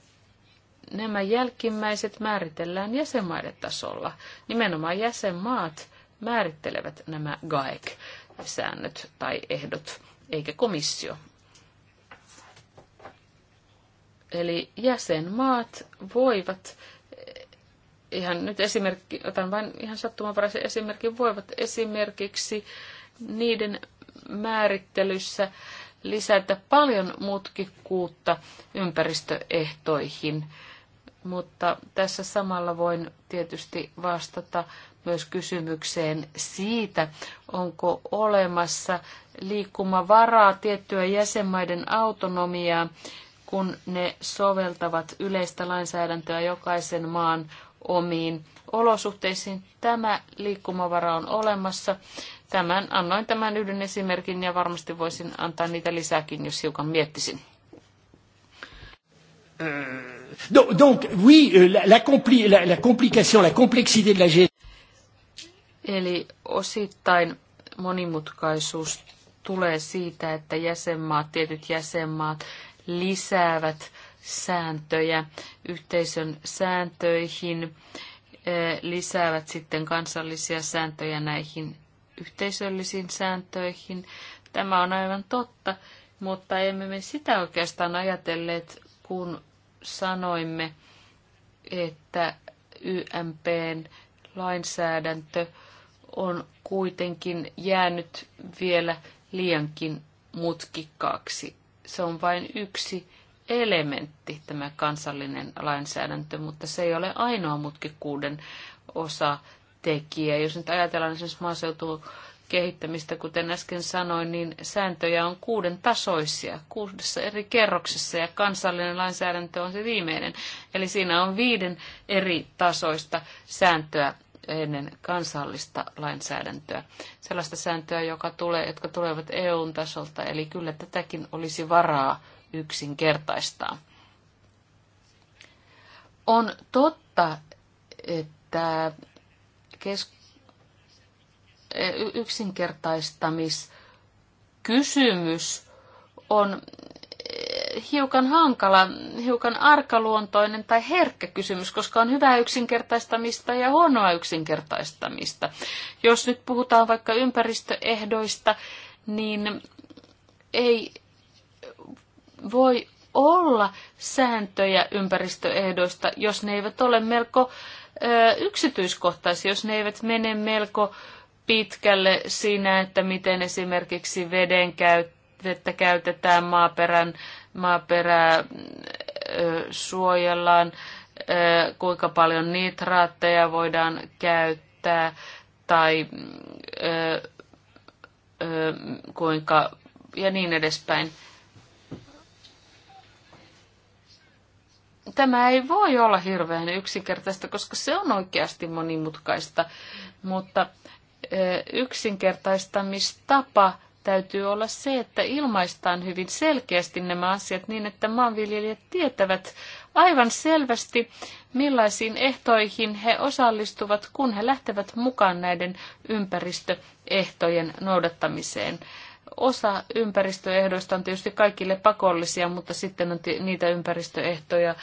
nämä jälkimmäiset määritellään jäsenmaiden tasolla. Nimenomaan jäsenmaat määrittelevät nämä GAEC-säännöt tai ehdot, eikä komissio Eli jäsenmaat voivat, ihan nyt esimerkki, otan vain ihan sattumanvaraisen esimerkin, voivat esimerkiksi niiden määrittelyssä lisätä paljon mutkikkuutta ympäristöehtoihin. Mutta tässä samalla voin tietysti vastata myös kysymykseen siitä, onko olemassa liikkumavaraa tiettyä jäsenmaiden autonomiaa kun ne soveltavat yleistä lainsäädäntöä jokaisen maan omiin olosuhteisiin. Tämä liikkumavara on olemassa. Tämän, annoin tämän yhden esimerkin ja varmasti voisin antaa niitä lisääkin, jos hiukan miettisin. Euh, donc, oui, euh, la, la, compli, la, la complication, la complexité de la gestion. Eli osittain monimutkaisuus tulee siitä, että jäsenmaat, tietyt jäsenmaat lisäävät sääntöjä yhteisön sääntöihin, eh, lisäävät sitten kansallisia sääntöjä näihin yhteisöllisiin sääntöihin. Tämä on aivan totta, mutta emme me sitä oikeastaan ajatelleet, kun sanoimme, että YMPn lainsäädäntö on kuitenkin jäänyt vielä liiankin mutkikkaaksi se on vain yksi elementti, tämä kansallinen lainsäädäntö, mutta se ei ole ainoa mutkikkuuden osa tekijä. Jos nyt ajatellaan esimerkiksi maaseutu kehittämistä, kuten äsken sanoin, niin sääntöjä on kuuden tasoisia, kuudessa eri kerroksessa ja kansallinen lainsäädäntö on se viimeinen. Eli siinä on viiden eri tasoista sääntöä ennen kansallista lainsäädäntöä. Sellaista sääntöä, joka tulee, jotka tulevat EUn tasolta, eli kyllä tätäkin olisi varaa yksinkertaistaa. On totta, että kes- yksinkertaistamiskysymys on hiukan hankala, hiukan arkaluontoinen tai herkkä kysymys, koska on hyvää yksinkertaistamista ja huonoa yksinkertaistamista. Jos nyt puhutaan vaikka ympäristöehdoista, niin ei voi olla sääntöjä ympäristöehdoista, jos ne eivät ole melko yksityiskohtaisia, jos ne eivät mene melko pitkälle siinä, että miten esimerkiksi veden käyttö että käytetään, maaperän maaperää suojellaan, kuinka paljon nitraatteja voidaan käyttää tai kuinka ja niin edespäin. Tämä ei voi olla hirveän yksinkertaista, koska se on oikeasti monimutkaista, mutta yksinkertaistamistapa täytyy olla se, että ilmaistaan hyvin selkeästi nämä asiat niin, että maanviljelijät tietävät aivan selvästi, millaisiin ehtoihin he osallistuvat, kun he lähtevät mukaan näiden ympäristöehtojen noudattamiseen. Osa ympäristöehdoista on tietysti kaikille pakollisia, mutta sitten on niitä ympäristöehtoja,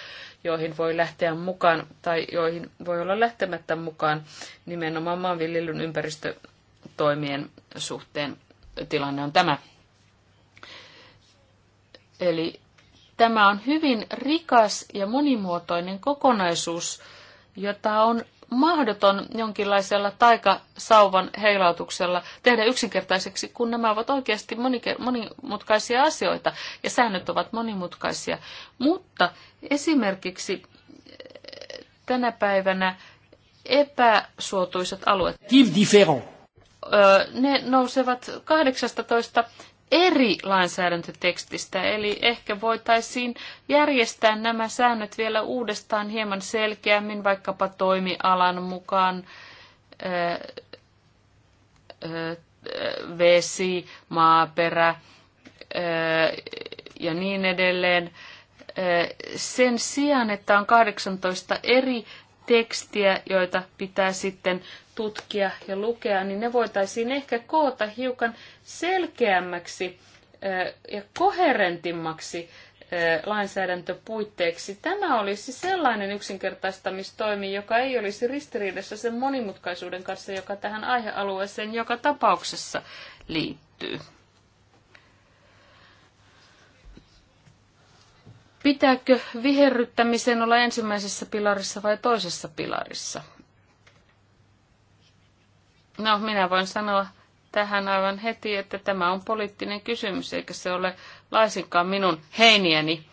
joihin voi lähteä mukaan tai joihin voi olla lähtemättä mukaan nimenomaan maanviljelyn ympäristötoimien suhteen tilanne on tämä. Eli tämä on hyvin rikas ja monimuotoinen kokonaisuus, jota on mahdoton jonkinlaisella taikasauvan heilautuksella tehdä yksinkertaiseksi, kun nämä ovat oikeasti monimutkaisia asioita ja säännöt ovat monimutkaisia. Mutta esimerkiksi eh, tänä päivänä epäsuotuiset alueet ne nousevat 18 eri lainsäädäntötekstistä, eli ehkä voitaisiin järjestää nämä säännöt vielä uudestaan hieman selkeämmin, vaikkapa toimialan mukaan vesi, maaperä ja niin edelleen. Sen sijaan, että on 18 eri tekstiä, joita pitää sitten tutkia ja lukea, niin ne voitaisiin ehkä koota hiukan selkeämmäksi eh, ja koherentimmaksi eh, lainsäädäntöpuitteeksi. Tämä olisi sellainen yksinkertaistamistoimi, joka ei olisi ristiriidassa sen monimutkaisuuden kanssa, joka tähän aihealueeseen joka tapauksessa liittyy. Pitääkö viherryttämisen olla ensimmäisessä pilarissa vai toisessa pilarissa? No, minä voin sanoa tähän aivan heti, että tämä on poliittinen kysymys, eikä se ole laisinkaan minun heiniäni.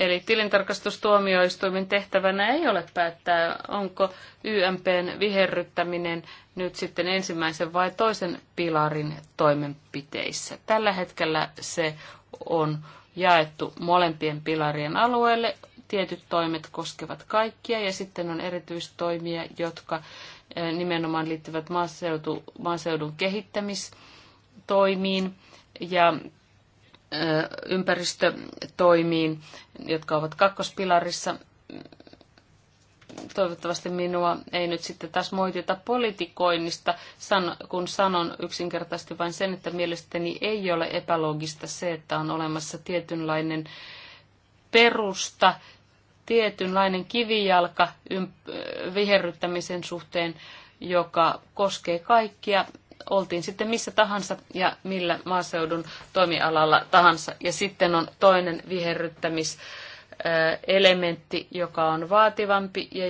Eli tilintarkastustuomioistuimen tehtävänä ei ole päättää, onko YMPn viherryttäminen nyt sitten ensimmäisen vai toisen pilarin toimenpiteissä. Tällä hetkellä se on jaettu molempien pilarien alueelle. Tietyt toimet koskevat kaikkia ja sitten on erityistoimia, jotka Eh, nimenomaan liittyvät maaseutu, maaseudun kehittämistoimiin ja eh, ympäristötoimiin, jotka ovat kakkospilarissa. Toivottavasti minua ei nyt sitten taas moitita politikoinnista, kun sanon yksinkertaisesti vain sen, että mielestäni ei ole epäloogista se, että on olemassa tietynlainen perusta tietynlainen kivijalka viherryttämisen suhteen, joka koskee kaikkia, oltiin sitten missä tahansa ja millä maaseudun toimialalla tahansa. Ja sitten on toinen viherryttämis elementti, joka on vaativampi ja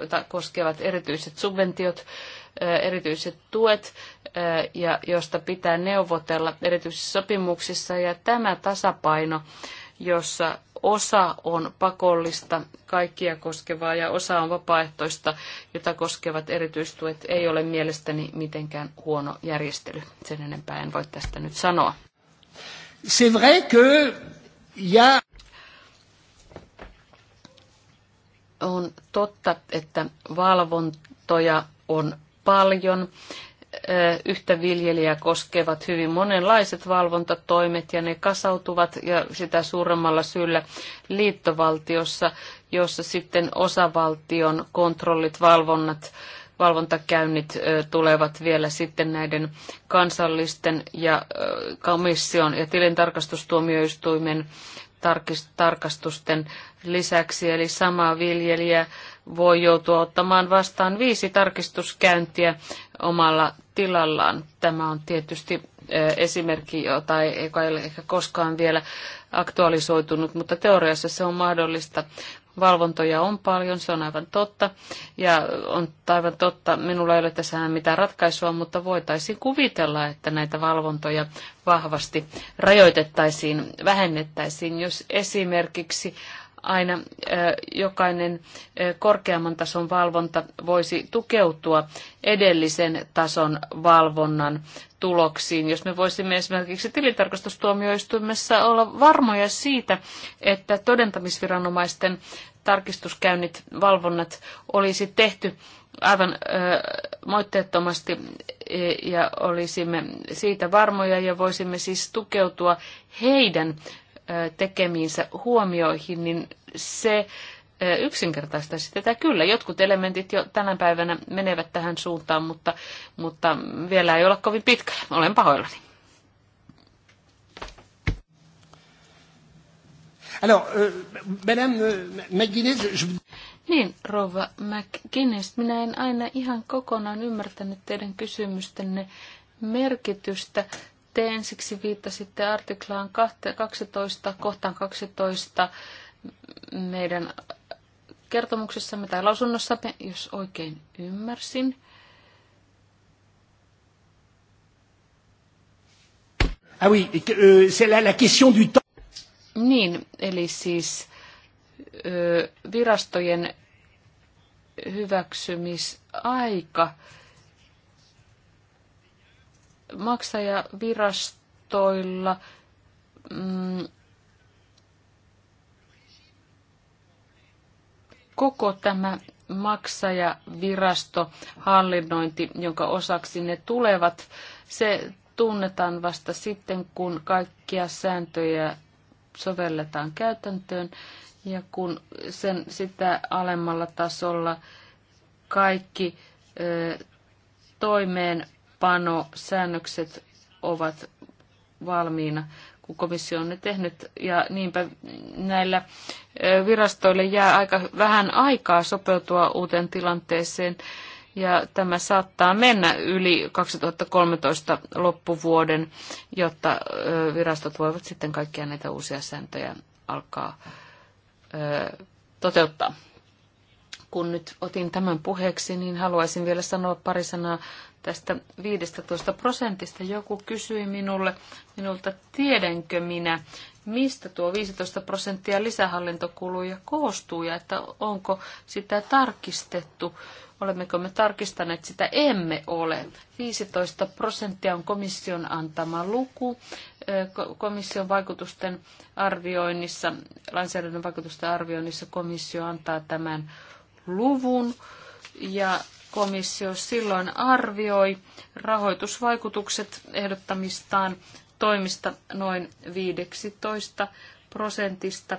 jota koskevat erityiset subventiot, erityiset tuet ja josta pitää neuvotella erityisissä sopimuksissa. Ja tämä tasapaino, jossa osa on pakollista, kaikkia koskevaa ja osa on vapaaehtoista, jota koskevat erityistuet, ei ole mielestäni mitenkään huono järjestely. Sen enempää en voi tästä nyt sanoa. C'est vrai que ja... On totta, että valvontoja on paljon yhtä viljelijää koskevat hyvin monenlaiset valvontatoimet ja ne kasautuvat ja sitä suuremmalla syyllä liittovaltiossa, jossa sitten osavaltion kontrollit, valvonnat, valvontakäynnit tulevat vielä sitten näiden kansallisten ja komission ja tilintarkastustuomioistuimen tarkistusten lisäksi, eli sama viljelijä voi joutua ottamaan vastaan viisi tarkistuskäyntiä omalla tilallaan. Tämä on tietysti esimerkki, jota ei, joka ei ole ehkä koskaan vielä aktualisoitunut, mutta teoriassa se on mahdollista. Valvontoja on paljon, se on aivan totta. Ja on aivan totta, minulla ei ole tässä mitään ratkaisua, mutta voitaisiin kuvitella, että näitä valvontoja vahvasti rajoitettaisiin, vähennettäisiin, jos esimerkiksi aina jokainen korkeamman tason valvonta voisi tukeutua edellisen tason valvonnan tuloksiin. Jos me voisimme esimerkiksi tilintarkastustuomioistuimessa olla varmoja siitä, että todentamisviranomaisten tarkistuskäynnit, valvonnat olisi tehty aivan moitteettomasti e, ja olisimme siitä varmoja ja voisimme siis tukeutua heidän tekemiinsä huomioihin, niin se yksinkertaistaisi tätä. Kyllä, jotkut elementit jo tänä päivänä menevät tähän suuntaan, mutta, mutta vielä ei olla kovin pitkällä. Olen pahoillani. Alors, euh, Madame euh, McGuinness, je... Niin, rouva McGuinness, minä en aina ihan kokonaan ymmärtänyt teidän kysymystenne merkitystä. Te ensiksi viittasitte artiklaan 12, kohtaan 12 meidän kertomuksessamme tai lausunnossamme, jos oikein ymmärsin. Ah oui, euh, c'est la, la question du temps. Niin, eli siis virastojen hyväksymisaika maksajavirastoilla mm, koko tämä maksajavirasto hallinnointi, jonka osaksi ne tulevat, se tunnetaan vasta sitten, kun kaikkia sääntöjä sovelletaan käytäntöön ja kun sen, sitä alemmalla tasolla kaikki ö, toimeen säännökset ovat valmiina, kun komissio on ne tehnyt. Ja niinpä näillä virastoille jää aika vähän aikaa sopeutua uuteen tilanteeseen. Ja tämä saattaa mennä yli 2013 loppuvuoden, jotta virastot voivat sitten kaikkia näitä uusia sääntöjä alkaa toteuttaa kun nyt otin tämän puheeksi, niin haluaisin vielä sanoa pari sanaa tästä 15 prosentista. Joku kysyi minulle, minulta, tiedänkö minä, mistä tuo 15 prosenttia lisähallintokuluja koostuu ja että onko sitä tarkistettu. Olemmeko me tarkistaneet sitä? Emme ole. 15 prosenttia on komission antama luku. Komission vaikutusten arvioinnissa, lainsäädännön vaikutusten arvioinnissa komissio antaa tämän luvun. Ja komissio silloin arvioi rahoitusvaikutukset ehdottamistaan toimista noin 15 prosentista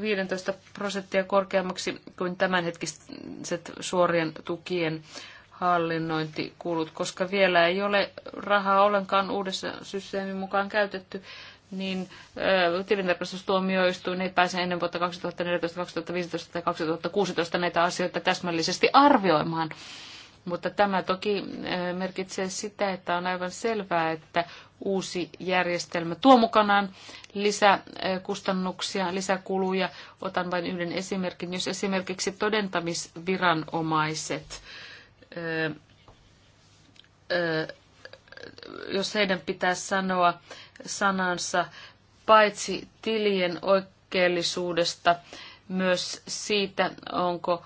15 prosenttia korkeammaksi kuin tämänhetkiset suorien tukien hallinnointikulut, koska vielä ei ole rahaa ollenkaan uudessa systeemin mukaan käytetty niin tilintarkastustuomioistuin ei pääse ennen vuotta 2014, 2015 tai 2016 näitä asioita täsmällisesti arvioimaan. Mutta tämä toki merkitsee sitä, että on aivan selvää, että uusi järjestelmä tuo mukanaan lisäkustannuksia, lisäkuluja. Otan vain yhden esimerkin. Jos esimerkiksi todentamisviranomaiset jos heidän pitää sanoa sanansa paitsi tilien oikeellisuudesta, myös siitä, onko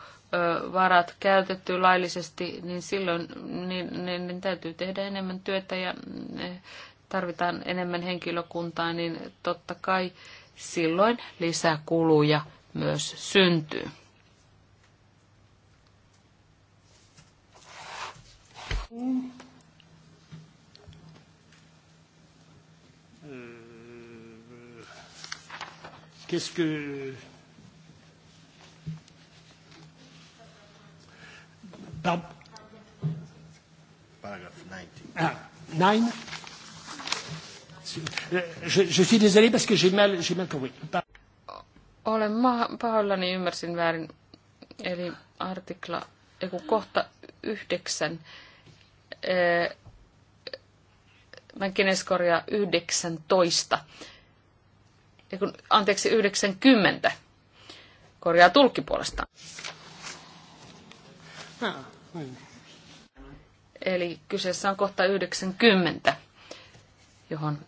varat käytetty laillisesti, niin silloin niin, niin, niin täytyy tehdä enemmän työtä ja tarvitaan enemmän henkilökuntaa, niin totta kai silloin lisäkuluja myös syntyy. Mm. Qu'est-ce que. Pardon. Paragraphe 19. Ah, 9. Je, je suis désolé parce que j'ai mal, mal compris. Par... Olen pahoillani, ymmärsin väärin. Eli artikla, joku kohta yhdeksän. Mäkinen korjaa yhdeksän toista kun, anteeksi, 90. Korjaa tulkki puolestaan. Ah, Eli kyseessä on kohta 90, johon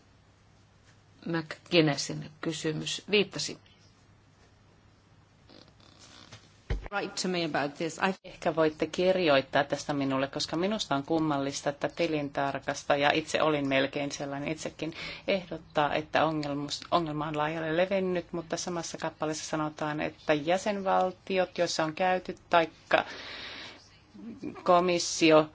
McGinnessin kysymys viittasi. Ehkä voitte kirjoittaa tästä minulle, koska minusta on kummallista, että ja itse olin melkein sellainen itsekin, ehdottaa, että ongelma on laajalle levennyt, mutta samassa kappaleessa sanotaan, että jäsenvaltiot, joissa on käyty, taikka komissio,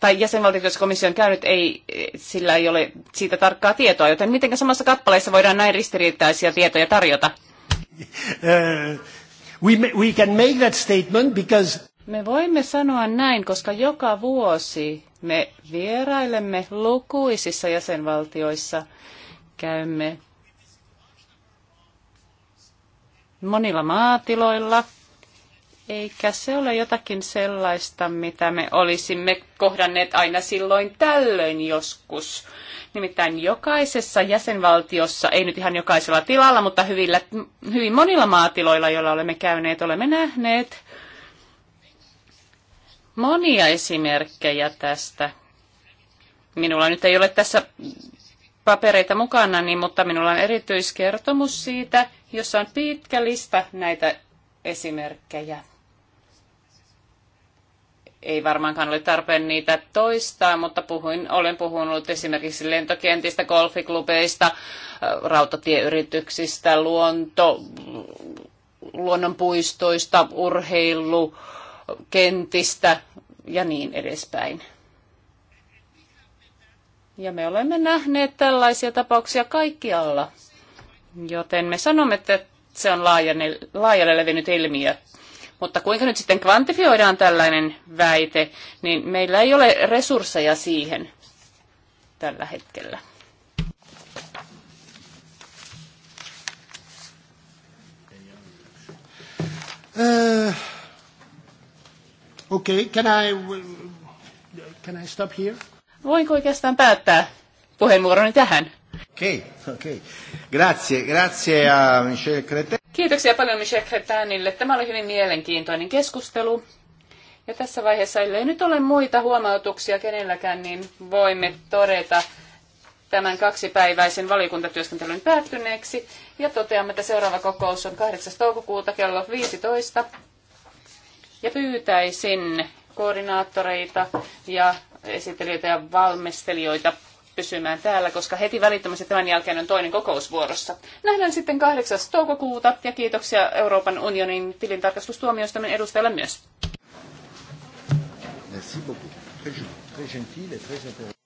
tai jäsenvaltiot, joissa komissio on käynyt, ei, sillä ei ole siitä tarkkaa tietoa, joten miten samassa kappaleessa voidaan näin ristiriitaisia tietoja tarjota? [LAUGHS] We, can make that statement because me voimme sanoa näin, koska joka vuosi me vierailemme lukuisissa jäsenvaltioissa, käymme monilla maatiloilla, eikä se ole jotakin sellaista, mitä me olisimme kohdanneet aina silloin tällöin joskus. Nimittäin jokaisessa jäsenvaltiossa, ei nyt ihan jokaisella tilalla, mutta hyvillä, hyvin monilla maatiloilla, joilla olemme käyneet, olemme nähneet monia esimerkkejä tästä. Minulla nyt ei ole tässä papereita mukana, niin, mutta minulla on erityiskertomus siitä, jossa on pitkä lista näitä esimerkkejä ei varmaankaan ole tarpeen niitä toistaa, mutta puhuin, olen puhunut esimerkiksi lentokentistä, golfiklubeista, rautatieyrityksistä, luonto, luonnonpuistoista, urheilukentistä ja niin edespäin. Ja me olemme nähneet tällaisia tapauksia kaikkialla. Joten me sanomme, että se on laajalle, levinnyt ilmiö. Mutta kuinka nyt sitten kvantifioidaan tällainen väite, niin meillä ei ole resursseja siihen tällä hetkellä. Uh, okay, can I, can I stop here? Voinko oikeastaan päättää puheenvuoroni tähän? Okei, okei. Grazie, grazie a Michel Cretin. Kiitoksia paljon Michel Cretinille. Tämä oli hyvin mielenkiintoinen keskustelu. Ja tässä vaiheessa, ellei nyt ole muita huomautuksia kenelläkään, niin voimme todeta tämän kaksipäiväisen valiokuntatyöskentelyn päättyneeksi. Ja toteamme, että seuraava kokous on 8. toukokuuta kello 15. Ja pyytäisin koordinaattoreita ja esittelijöitä ja valmistelijoita pysymään täällä, koska heti välittömästi tämän jälkeen on toinen kokousvuorossa. Nähdään sitten 8. toukokuuta ja kiitoksia Euroopan unionin tilintarkastustuomioistuimen edustajalle myös. Merci beaucoup. Très, très gentil et très